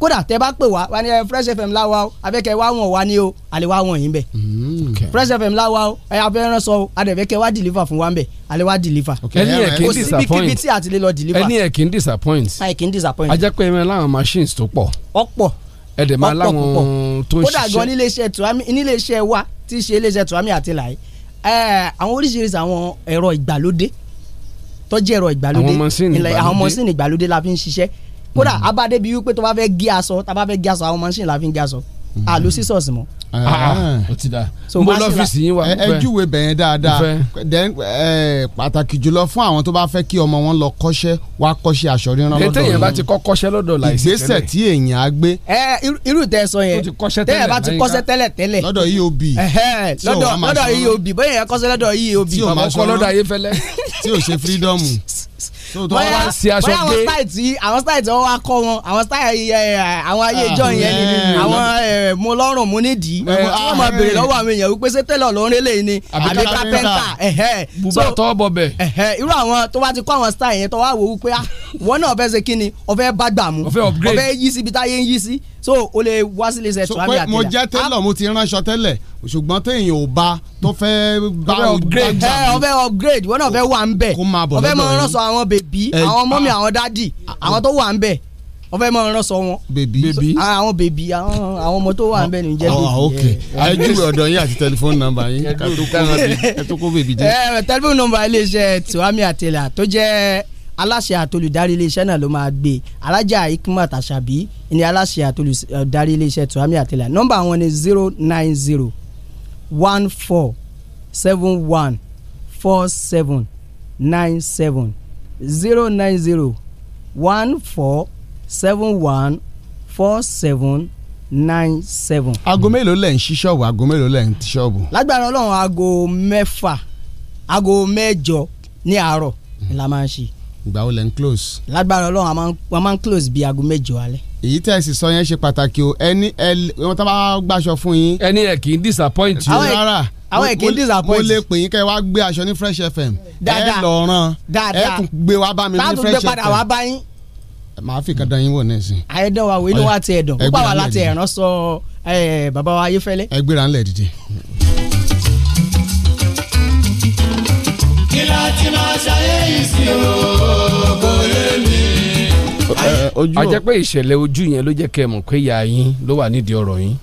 kódà tẹ bá pè wá wá ní Fresh FM láwa o abẹ́kẹ́ wá wọn wá ní o àlè wá wọn yín bẹ̀ hmm, Fresh FM láwa o ẹ abẹ́rẹ́ sọ o àdẹ̀fẹ́kẹ́ wá deliver fún wa ń bẹ̀ àlè wá deliver. ẹni ẹ kì í disappoint deliver. ẹni ẹ kì í disappoint. ẹ kì í disappoint. ajẹ́ pé ẹ mẹ́ láwọn machines tó pọ̀. ọ̀pọ̀ ẹ dẹ̀ máa láwọn tó ń ṣiṣẹ́ kódà gan nílé tuwami nílé wa tí í ṣe ilé tuwami àti làyè àwọn oríṣiríṣi àwọn ẹ̀rọ ìgbàlódé tó ẹ̀rọ ìgbàlódé àwọn mọ́sìnì ìgbàlódé la fi ń ṣiṣẹ́ kódà hmm. abádé bíi wípé tó bá fẹ́ gé aṣọ tá bá fẹ́ gé aṣọ àwọn mọ́sìnì la fi ń gé aṣọ àlù ah, sísọ̀s mọ́. o ah, ah, ti da mo lọ́fíìsì yín wa. ẹ júwe bẹ̀yẹn dáadáa eh, pàtàkì jùlọ fún àwọn tó bá fẹ́ kí ọmọ wọn lọ kọ́ṣẹ́ wá kọ́ṣẹ́ aṣọ ríran lọ́dọ̀ yìí. ètò yẹn bá ti kọ́ kọ́ṣẹ́ lọ́dọ̀ láìsí tẹ́lẹ̀. ìgbésẹ̀ tí èèyàn á gbé. irú tẹ sọ yẹn tẹ́yẹ̀ bá ti kọ́ṣẹ́ tẹ́lẹ̀ tẹ́lẹ̀. lọ́dọ̀ EOB. lọ́dọ̀ EOB e bóyá yẹn kọ́ṣẹ́ lọ́dọ̀ EOB. tí o máa kọ́ lọ́dọ̀ ayéfẹ́lẹ́. tí o ṣe fírídọ́ọ̀mù. so tó wá sí aṣọ gbé. bóyá àwọn style tí àwọn style tí wọ́n wá kọ́ wọn àwọn style eh, àwọn ayé ah, ìjọ yẹn ni àwọn eh, mo lọ́rùn mo nídìí eh, tí wọ́n máa béèrè lọ́wọ́ àwọn èèyàn wípé ṣé tẹ́lọ̀ ló ń rélé ni àbí kápẹ́ńtà bùbá tọ́ bọ̀ bẹ̀. irú àwọn tó wá ti kọ́ àwọn style yẹn tó wá wò wípé ah, wọ́n náà fẹ́ ṣe kí ni ó fẹ́ bá gbà mú ó fẹ́ yí síbi táyé ń yí sí so o lè wá sílé iṣẹ́ tuwami àtẹlẹ. mo jẹ́ tẹ́lọ̀ mo ti ránṣọ tẹ́lẹ̀ ṣùgbọ́n téèyàn ò bá tó fẹ́ bá upgrade ọbẹ̀ upgrade wọn náà fẹ́ wà ń bẹ̀ ọbẹ̀ mọ ránṣọ àwọn bèbí àwọn mọ́mí ah, àwọn dádì àwọn tó wà ń bẹ̀ ọbẹ̀ mọ ránṣọ wọn. bèbí ah, àwọn bèbí àwọn ọmọ tó wà ń bẹ̀ ní jẹ́ ah, bèbí. ok ayéjúwe ọ̀dọ̀ yín àti tẹlifóònù nọ́mbà yín kàtó kó bèbí jẹ́. Eh, tẹlifóònù nọ́mbà iléeṣẹ́ tuwami àtẹlẹ tó jẹ́ aláṣẹ àtolùdarí iléeṣẹ́ náà ló máa gbé alájà Hikmat Àṣàbí ní aláṣẹ àtolùdarí iléeṣẹ́ Tuwami àtẹlà nọ́mbà wọn ni zero nine zero one four seven one four seven nine seven zero nine zero one four seven one four seven nine seven. aago mélòó lẹ̀ ń ṣí ṣọ́ọ̀bù aago mélòó lẹ̀ ń ti ṣọ́ọ̀bù. lágbára ọlọ́run aago mẹ́fà aago mẹ́jọ ní àárọ̀ ni la máa ń ṣí ìgbà wo lẹ ń close. lágbára ọlọ́run a máa ń close bíi aago mẹ́jọ alẹ́. èyí tẹ́ ẹ sì sọ yẹn ṣe pàtàkì o ẹni ẹ wọn tá bá gbàṣọ fún yín. ẹni ẹ kì í disappoint you. rárá àwọn ẹ kì í disappoint. mo lè pè yín kẹ́ ẹ wá gbé aṣọ ní fresh fm. dáadáa ẹ lọ ràn ẹ tún gbé wá bá mi ní fresh fm. táàtù gbé padà wá bá yín. màá fi kàdán yín wò ní ìsìn. àyẹ̀dọ̀ wa wo inú wa ti ẹ̀dọ̀ ó pàwọ́ láti ẹ̀ràn sọ bàbá wa ayéfẹ́lẹ́. ẹ gbéra ńlẹ̀ dìde. kí la ti máa ṣayé yìí sí o kò yé mi. a jẹ́ pé ìṣẹ̀lẹ̀ ojú yẹn ló jẹ́ kẹ́ mọ̀ pé ìyá yín ló wà nídìí ọ̀rọ̀ yín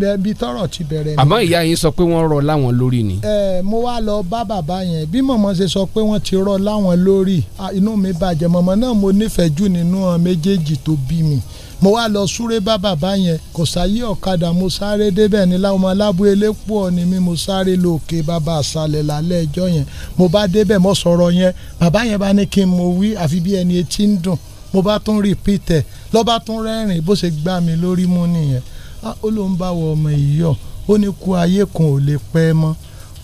bẹẹbi tọrọ ti bẹ̀rẹ̀ ni. àmọ́ ìyá yín sọ pé wọ́n rọ láwọn lórí ni. ẹ mo wá lọ bá bàbá yẹn bí mọ̀mọ́ ṣe sọ pé wọ́n ti rọ láwọn lórí inú mi bàjẹ́ mọ̀mọ́ náà mo nífẹ̀ẹ́ jù nínú méjèèjì tó bí mi mo wá lọ súré bá bàbá yẹn kò sáyé ọ̀kadà mo sáré débẹ̀ ní láwọn ọmọ aláàbò elépo ọ̀ni mi mo sáré lọ òkè bàbá àṣàlẹ̀ lálẹ́ ẹjọ́ yẹn mo bá débẹ̀ mo sọ̀rọ̀ yẹn bàbá yẹn bá ní kí n mo wí àfi bí ẹni etí ń dùn mo bá tún rìpítẹ̀ lọ́ba tún rẹ́rìn bó ṣe gbá mi lórí mú nìyẹn ah, ó ló ń bá wọ ọmọ ìyọ ó ní kú ayé kan ò lè pẹ́ mọ́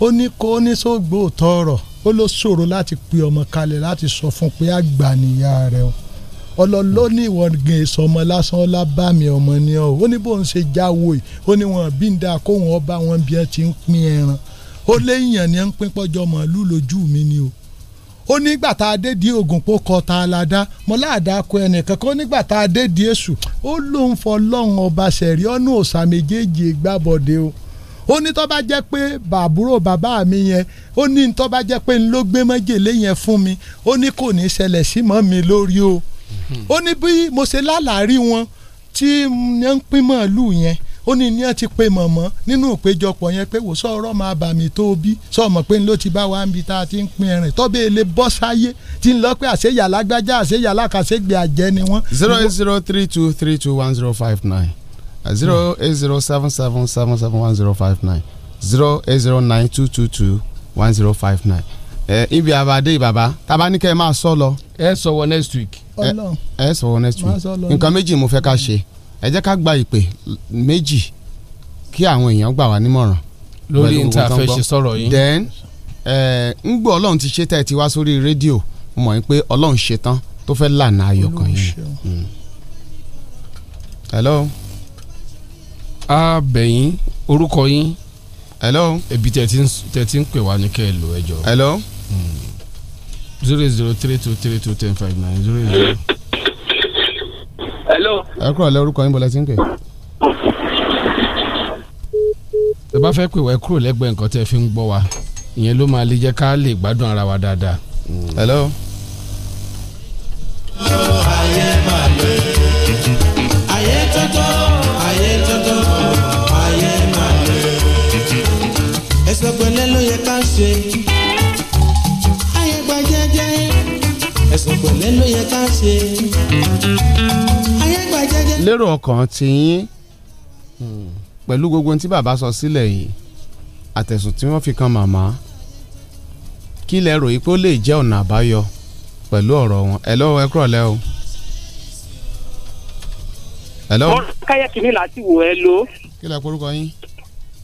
ó ní kó ní sóògbó òtọ́ ọ̀rọ̀ ó ló ṣòro láti pe ọmọ kalẹ̀ láti sọ fún pé àgbà nìyá rẹ̀ o ọlọ́lọ́ ní ìwọ gẹ̀ sọmọ lásán ọlá bá mi ọmọ ni ọ ó ní bóun ṣe jáwo yìí ó ní wọn bí n da kóun ọba wọn bí ẹ ti ń pín ẹran ó léèyàn ni ẹ ń pín pọ́jọ́ màálù lójú mi ni o ó nígbà tá a dédìí oògùn pó kọ tá a la dá mọ láàdá kọ ẹnìkan kó nígbà tá a dédìí èṣù ó lóun fọ lọ́hùn ọba ṣẹ̀rí ọ̀nà òòsà méjèèjì gbàbọ̀dé o ó ní tó bá jẹ́ pé bàbúrò bàbá mi yẹn ó ní tó bá jẹ́ pé n yẹn fún mi ó ní kò ní ṣẹlẹ̀ sí mi lórí o Mm-hmm. ó ní bí mo ṣe lálàárí wọn tí wọ́n ń pín màálù yẹn ó ní ní ẹ ti pe mọ̀mọ́ nínú ìpéjọpọ̀ yẹn pé wò sọ̀rọ̀ máa bà mí tó bí sọ̀mọ̀ pé ló ti bá wa ń bi tá a ti ń pin ẹ̀rìn tọ́bẹ̀ èlé bọ́ sáyé tí ń lọ pé àṣeyà lágbájá àṣeyà lákàṣègbè àjẹ́ ni wọ́n. zero eight zero three two three two one zero five nine zero eight zero seven seven seven seven one zero five nine zero eight zero nine two two two one zero five nine ẹ ibi àbàdé bàbá tábà ní kẹ́ ẹ máa sọ lọ. ẹ sọ̀wọ́ next week. ọlọ ẹ sọ̀wọ́ next week nǹkan méjì mo fẹ́ ká ṣe ẹ jẹ́ ká gba ìpè méjì kí àwọn èèyàn gbà wá nímọ̀ràn. lórí níta fẹ́ ṣe sọ̀rọ̀ yìí. then ń gbọ́ ọlọ́run ti ṣe tẹ́ wá sórí rédíò mo mọ̀ pé ọlọ́run ṣetán tó fẹ́ lànà ayọ̀ kan yìí. Hmm. hello. abẹ̀yìn orúkọ yín. hello. ebi tẹ̀ ń pè wá ní kẹ́ ẹ lò ẹjọ́. hello. hello? zero zero three two three two ten five nine zero zero. hello. ẹ kúrò lórúkọ yín bọ́lá tí ń pè. ẹ bá fẹ́ pè wá ẹ kúrò lẹ́gbẹ̀ẹ́ nǹkan tẹ́ fi ń gbọ́ wa ìyẹn ló máa lè jẹ́ ká lè gbádùn ara wa dáadáa. hello. ayé máa lè ayé tọ́tọ́ ayé tọ́tọ́ ayé máa lè ẹsẹ̀ pẹ̀lẹ́ ló yẹ ká ṣe. ẹ̀sùn pẹ̀lẹ́ ló yẹ ká ṣe. ayégbà jẹ́jẹ́. lérò ọkàn tiyín hmm, pẹ̀lú gbogbo ohun tí bàbá sọ sílẹ̀ yìí àtẹ̀sùn tí wọ́n fi kan màmá kí lẹ rò yìí pé ó lè jẹ́ ọ̀nà àbáyọ pẹ̀lú ọ̀rọ̀ wọn ẹ lọ́wọ́ ẹ kúrọ̀lẹ́ o. hello. mo rán káyà kìíní láti wò ẹ ló. kí lẹ porúkọ yín.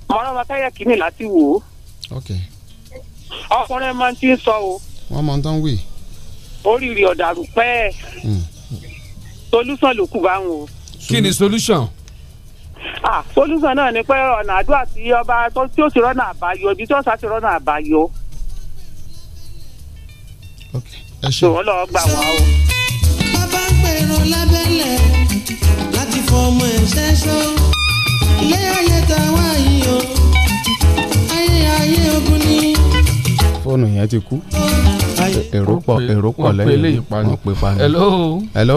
mo rán káyà kìíní láti wò. ok. ọkùnrin máa ń tí ń sọ o. wọ́n máa ń tán wí oríire ọ̀dàrú pẹ́ẹ́ hmm. solution ló kù báwọn o. kí ni solution. ah solution náà ni pé ọ̀nà àdúrà tí ọba tí ó ti rọ́nà àbáyọ ibi tí ọ̀sà ti rọ́nà àbáyọ. ẹ ṣe gbà wọn o. bàbá ń pèrò lábẹ́lẹ̀ láti fọ ọmọ ẹ̀ṣẹ́ ṣó ilé ayé tàwa yìí o ayé ayé ogun ni. fóònù yẹn ti kú èrò pọ̀ èrò pọ̀ lẹ́yìn wọn pè pani. hello. hello.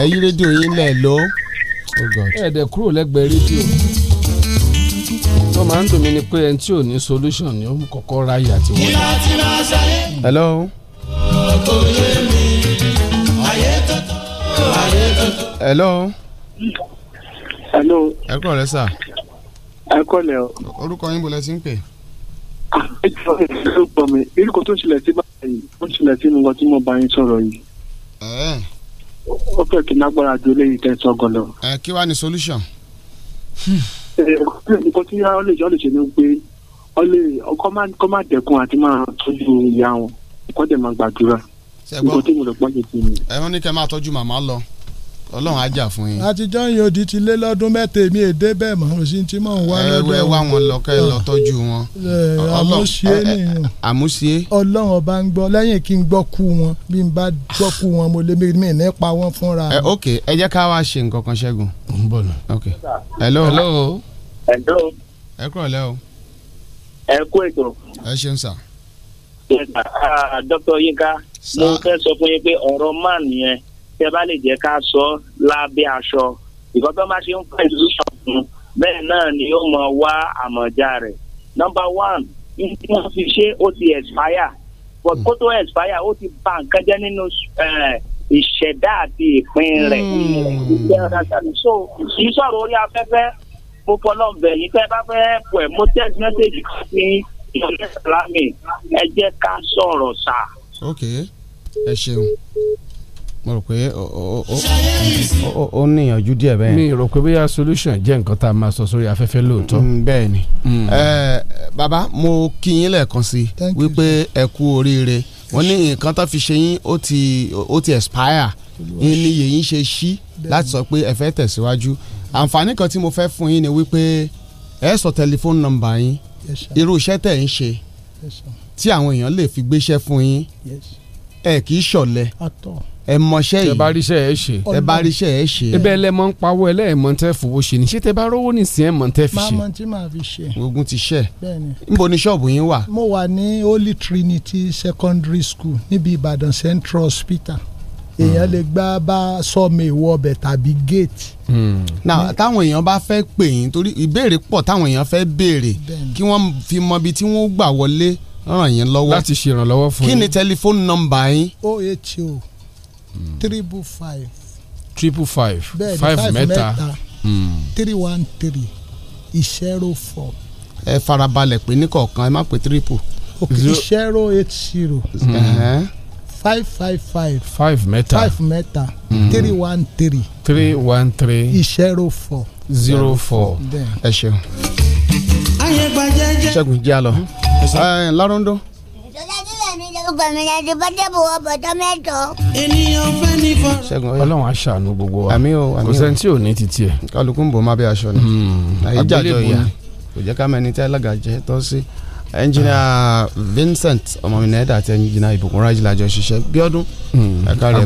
ẹ rédíò yín lẹ̀ lọ. Oh ẹ̀ẹ́dẹ̀ kúrò lẹ́gbẹ̀ẹ́ rédíò wọ́n máa ń dùn mí ni pé ẹni tí ò ní solution ni ó kọ́kọ́ ráyè àti wọlé. hello. hello. hello. ẹ kúrò lẹ́sà. ẹ kúrò lẹ́ o. orúkọ yín bó lẹ ń pè é ẹ jọ ẹ ló gbọ́ mi irú kan tó ń ṣẹlẹ̀ sí báyìí yìí ó ń ṣẹlẹ̀ sí nǹkan tí mo bá yín sọ̀rọ̀ yìí. ó fẹ́ kí nágbára ju eléyìí tẹ́ sọ́gọ́ lọ. ẹ kí wàá ní solution. nǹkan tí wọ́n hmm. lè ṣe ni pé kọ́ má dẹ̀kun àti máa tọ́jú ìyá wọn kọ́ dẹ̀ máa gbàdúrà. nǹkan tí mo lè pọ́n jù sí mi. ẹ wọ́n ní kẹ́ máa tọ́jú màmá lọ ọlọ́run á jà fún yín. àtijọ́ yìí odi ti lé lọ́dún mẹ́ta èmi èdè bẹ́ẹ̀ mọ̀ ọ́n sí ti mọ̀ ń wá lọ́dọ̀. ẹ wá wọn lọ kẹ́ ẹ lọ ah. tọ́jú wọn. àmúṣe nìyẹn. àmúṣe. ọlọ́run ọba ń gbọ́ lẹ́yìn kí n gbọ́ kú wọn bí n bá gbọ́ kú wọn mo lè mi nípa wọn fúnra. ẹ ok ẹ jẹ́ ká wá ṣe nǹkan kan ṣẹ́gun. ń bọ̀ lọ. ok hello. hello. hello. ẹ kúrọ̀ lẹ́ o. ẹ kú ètò. ẹ ṣeun sà. Ah, dr yinka mo fẹ́ sọ fún yín pé ọ̀rọ̀ máà nìyẹn tẹ bá lè jẹ́ ká sọ lábẹ́ aṣọ ìkan tó bá ṣe ń fẹ́ ìlú ṣọ̀gbọ́n bẹ́ẹ̀ náà ni yóò mọ wá àmọ̀já rẹ̀ number one tí wọ́n fi ṣe ó ti expire but kó tó expire ó ti bà nǹkan jẹ́ nínú eh, ìṣẹ̀dá àti ìpín rẹ̀ hmm. so kì í sọ̀rọ̀ orí afẹ́fẹ́ mo fọlọ́ bẹ̀ yìí tẹ́ bá fẹ́ pẹ̀ mo text message kan sí ìyọ̀lẹ́ ìsàlámì ẹ jẹ́ ká sọ̀rọ̀ sà. ok ẹ ṣeun mo rò pé ó níyànjú díẹ̀ bẹ́ẹ̀. mi rò pé bóyá solution jẹ́ nǹkan tá a máa sọ sórí afẹ́fẹ́ lóòótọ́. Mm, bẹ́ẹ̀ ni mm. baba mo kí yín lẹ́ẹ̀kan sí wípé ẹ kú oríire wọ́n ní nǹkan tó fi ṣe yín ó ti ó ti yín ṣe ṣí láti sọ pé ẹ fẹ́ tẹ̀síwájú àǹfààní kan tí mo fẹ́ fún yín ni wípé ẹ sọ tẹlifóònù nọ́mbà yín irú iṣẹ́ tẹ̀ ń ṣe tí àwọn èèyàn lè fi gbéṣẹ́ fún yín ẹ kì í ṣọ̀lẹ ẹ mọṣẹ́ yìí tẹ bá ríṣẹ́ ẹ ṣe tẹ bá ríṣẹ́ ẹ ṣe. ibẹ̀ lẹ mọ ń pawọ́ ẹ lẹ́yìn mọ fowó ṣe ni ṣé tẹ bá rówó nìsín ẹ mọ fi ṣe. máa mọ tí màá fi ṣe. ogun ti ṣe. bẹ́ẹ̀ni nbo ni ṣọ́ọ̀bù yín wà. mo wà ní Holy Trinity Secondary School níbi Ìbàdàn Central Hospital èèyàn hmm. lè gbá bá sọmi ìwọ ọbẹ tàbí gate. Hmm. na táwọn èèyàn bá fẹ́ pè yín torí ìbéèrè pọ̀ táwọn èèyàn fẹ́ béèrè kí wọ́n fi mọ ibi tí wọ́n gbà wọlé ràn yín lọ́wọ́ láti ṣèrànlọ́wọ́ fún yín kí ni tẹlifóònù nọ́mbà yín. o eight o triple five. triple five five mẹ́ta hmm. three one three ìṣẹ́rò four. ẹ farabalẹ̀ pé ní kọ̀ọ̀kan ẹ má pè triple. ok ìṣẹ́rò eight zero. Hmm. five five five. five mẹ́ta five mẹ́ta hmm. three one three. three one three. ìṣẹ́rò four. zero four. ẹ ṣeun. ṣẹ́gun jẹ́ àlọ́. lárúndó. ìjọba nílẹ̀ ṣẹ́gun ọlọ́run aṣàánú gbogbo wa kò sẹ́ni tí ò ní títí ẹ̀. kálukú ń bò má bẹ aṣọ ni àyíjàjọ hmm, ìyá kò jẹ́ ká mẹ́ni tí alága jẹ́ tọ́ sí. ẹnjìnìà ah. Vincent ọmọ mi náà dàtí ẹnjìnìà ìbùkún rájí làjọ ṣiṣẹ́ bí ọdún hmm, ẹ̀ka rẹ̀